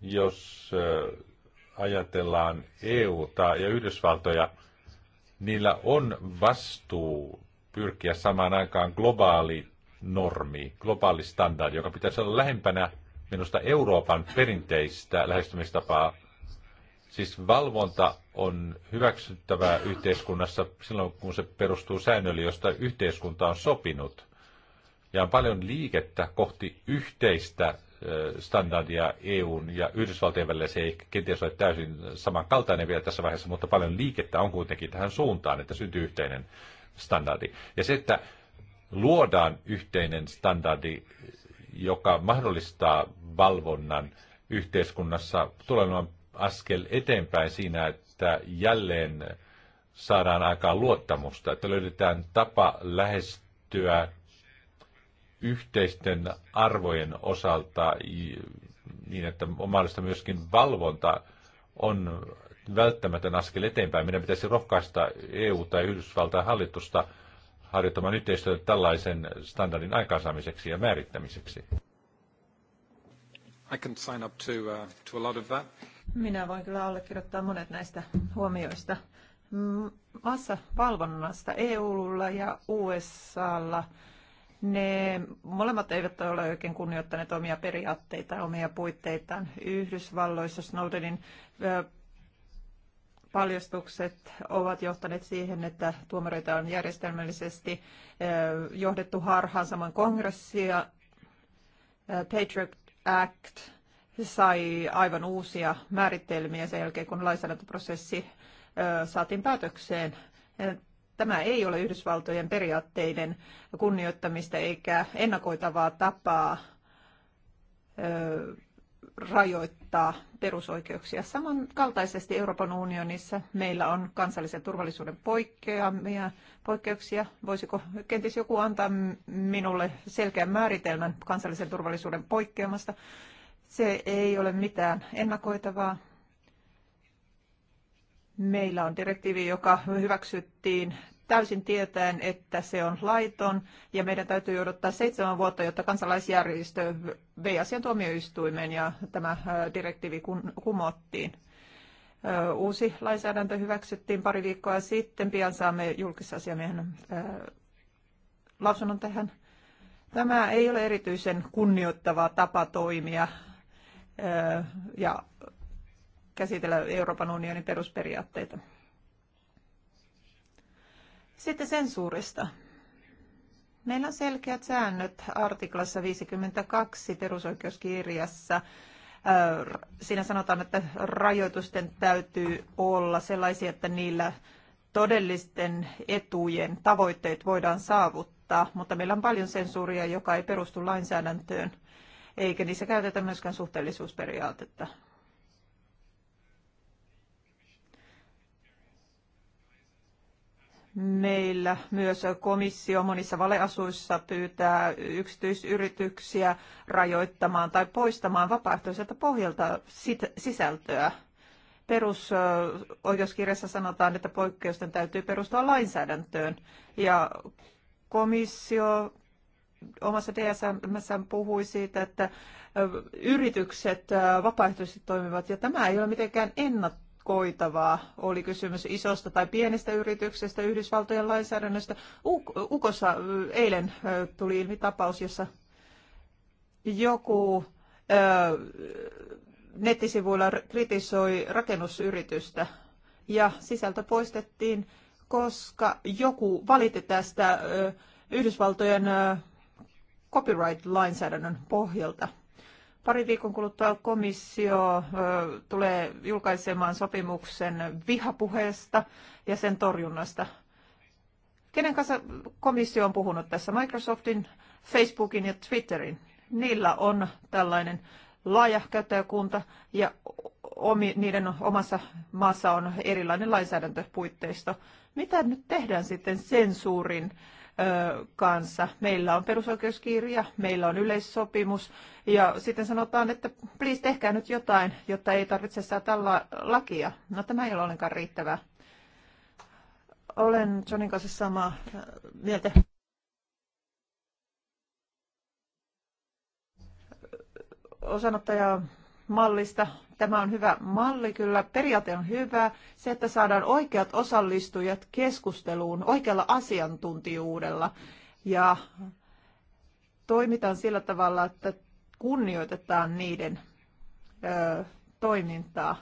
jos ajatellaan EUta ja Yhdysvaltoja, niillä on vastuu pyrkiä samaan aikaan globaali normi, globaali standardi, joka pitäisi olla lähempänä minusta Euroopan perinteistä lähestymistapaa. Siis valvonta on hyväksyttävää yhteiskunnassa silloin, kun se perustuu säännölle, josta yhteiskunta on sopinut. Ja on paljon liikettä kohti yhteistä standardia EUn ja Yhdysvaltojen välillä. Se ei kenties ole täysin samankaltainen vielä tässä vaiheessa, mutta paljon liikettä on kuitenkin tähän suuntaan, että syntyy yhteinen standardi. Ja se, että luodaan yhteinen standardi, joka mahdollistaa valvonnan yhteiskunnassa, tulee olemaan askel eteenpäin siinä, että jälleen saadaan aikaan luottamusta, että löydetään tapa lähestyä yhteisten arvojen osalta niin, että on mahdollista myöskin valvonta on välttämätön askel eteenpäin. Meidän pitäisi rohkaista EU- tai Yhdysvaltain hallitusta harjoittamaan yhteistyötä tällaisen standardin aikaansaamiseksi ja määrittämiseksi. I can sign up to, uh, to a lot of that. Minä voin kyllä allekirjoittaa monet näistä huomioista. Mm, Massa valvonnasta EUlla ja USAlla. Ne molemmat eivät ole oikein kunnioittaneet omia periaatteita, omia puitteitaan. Yhdysvalloissa Snowdenin paljastukset ovat johtaneet siihen, että tuomareita on järjestelmällisesti johdettu harhaan saman kongressia. Patriot Act sai aivan uusia määritelmiä sen jälkeen, kun lainsäädäntöprosessi saatiin päätökseen. Tämä ei ole Yhdysvaltojen periaatteiden kunnioittamista eikä ennakoitavaa tapaa rajoittaa perusoikeuksia. Samankaltaisesti Euroopan unionissa meillä on kansallisen turvallisuuden poikkeamia, poikkeuksia. Voisiko kenties joku antaa minulle selkeän määritelmän kansallisen turvallisuuden poikkeamasta? Se ei ole mitään ennakoitavaa. Meillä on direktiivi, joka hyväksyttiin täysin tietäen, että se on laiton ja meidän täytyy odottaa seitsemän vuotta, jotta kansalaisjärjestö vei asian tuomioistuimeen ja tämä direktiivi kumottiin. Uusi lainsäädäntö hyväksyttiin pari viikkoa sitten. Pian saamme julkisasiamiehen lausunnon tähän. Tämä ei ole erityisen kunnioittava tapa toimia ja käsitellä Euroopan unionin perusperiaatteita. Sitten sensuurista. Meillä on selkeät säännöt artiklassa 52 perusoikeuskirjassa. Siinä sanotaan, että rajoitusten täytyy olla sellaisia, että niillä todellisten etujen tavoitteet voidaan saavuttaa, mutta meillä on paljon sensuuria, joka ei perustu lainsäädäntöön, eikä niissä käytetä myöskään suhteellisuusperiaatetta. Meillä myös komissio monissa valeasuissa pyytää yksityisyrityksiä rajoittamaan tai poistamaan vapaaehtoiselta pohjalta sisältöä. Perusoikeuskirjassa sanotaan, että poikkeusten täytyy perustua lainsäädäntöön. Ja komissio omassa DSM puhui siitä, että yritykset vapaaehtoisesti toimivat, ja tämä ei ole mitenkään ennat, koitavaa. Oli kysymys isosta tai pienestä yrityksestä, Yhdysvaltojen lainsäädännöstä. Ukossa eilen tuli ilmi tapaus, jossa joku nettisivuilla kritisoi rakennusyritystä ja sisältö poistettiin, koska joku valitti tästä Yhdysvaltojen copyright-lainsäädännön pohjalta. Pari viikon kuluttua komissio tulee julkaisemaan sopimuksen vihapuheesta ja sen torjunnasta. Kenen kanssa komissio on puhunut tässä? Microsoftin, Facebookin ja Twitterin. Niillä on tällainen laaja käyttäjäkunta ja omi, niiden omassa maassa on erilainen lainsäädäntöpuitteisto. Mitä nyt tehdään sitten sensuurin kanssa. Meillä on perusoikeuskirja, meillä on yleissopimus ja sitten sanotaan, että please tehkää nyt jotain, jotta ei tarvitse säätää la- lakia. No tämä ei ole ollenkaan riittävää. Olen Johnin kanssa samaa mieltä. Osanottaja mallista Tämä on hyvä malli kyllä, periaate on hyvä. Se, että saadaan oikeat osallistujat keskusteluun oikealla asiantuntijuudella ja toimitaan sillä tavalla, että kunnioitetaan niiden ö, toimintaa.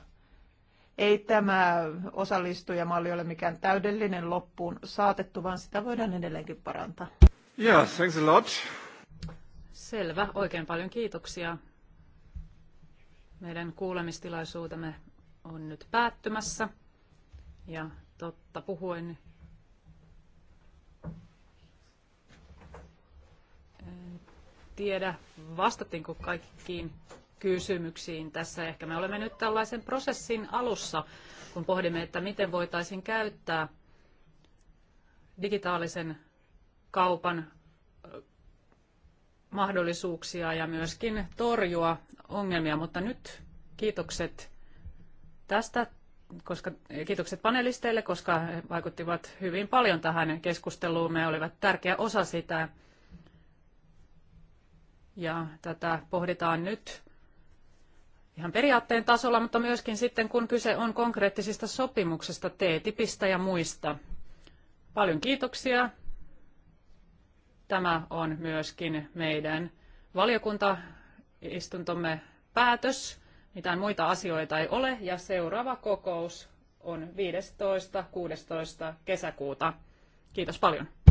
Ei tämä osallistujamalli ole mikään täydellinen loppuun saatettu, vaan sitä voidaan edelleenkin parantaa. Yeah, thanks a lot. Selvä, oikein paljon kiitoksia meidän kuulemistilaisuutemme on nyt päättymässä ja totta puhuen tiedä, vastattiinko kaikkiin kysymyksiin tässä. Ehkä me olemme nyt tällaisen prosessin alussa, kun pohdimme, että miten voitaisiin käyttää digitaalisen kaupan mahdollisuuksia ja myöskin torjua ongelmia, mutta nyt kiitokset tästä, koska, kiitokset panelisteille, koska he vaikuttivat hyvin paljon tähän keskusteluun. Me olivat tärkeä osa sitä. Ja tätä pohditaan nyt ihan periaatteen tasolla, mutta myöskin sitten, kun kyse on konkreettisista sopimuksista, T-tipistä ja muista. Paljon kiitoksia. Tämä on myöskin meidän valiokunta istuntomme päätös. Mitään muita asioita ei ole ja seuraava kokous on 16. kesäkuuta. Kiitos paljon.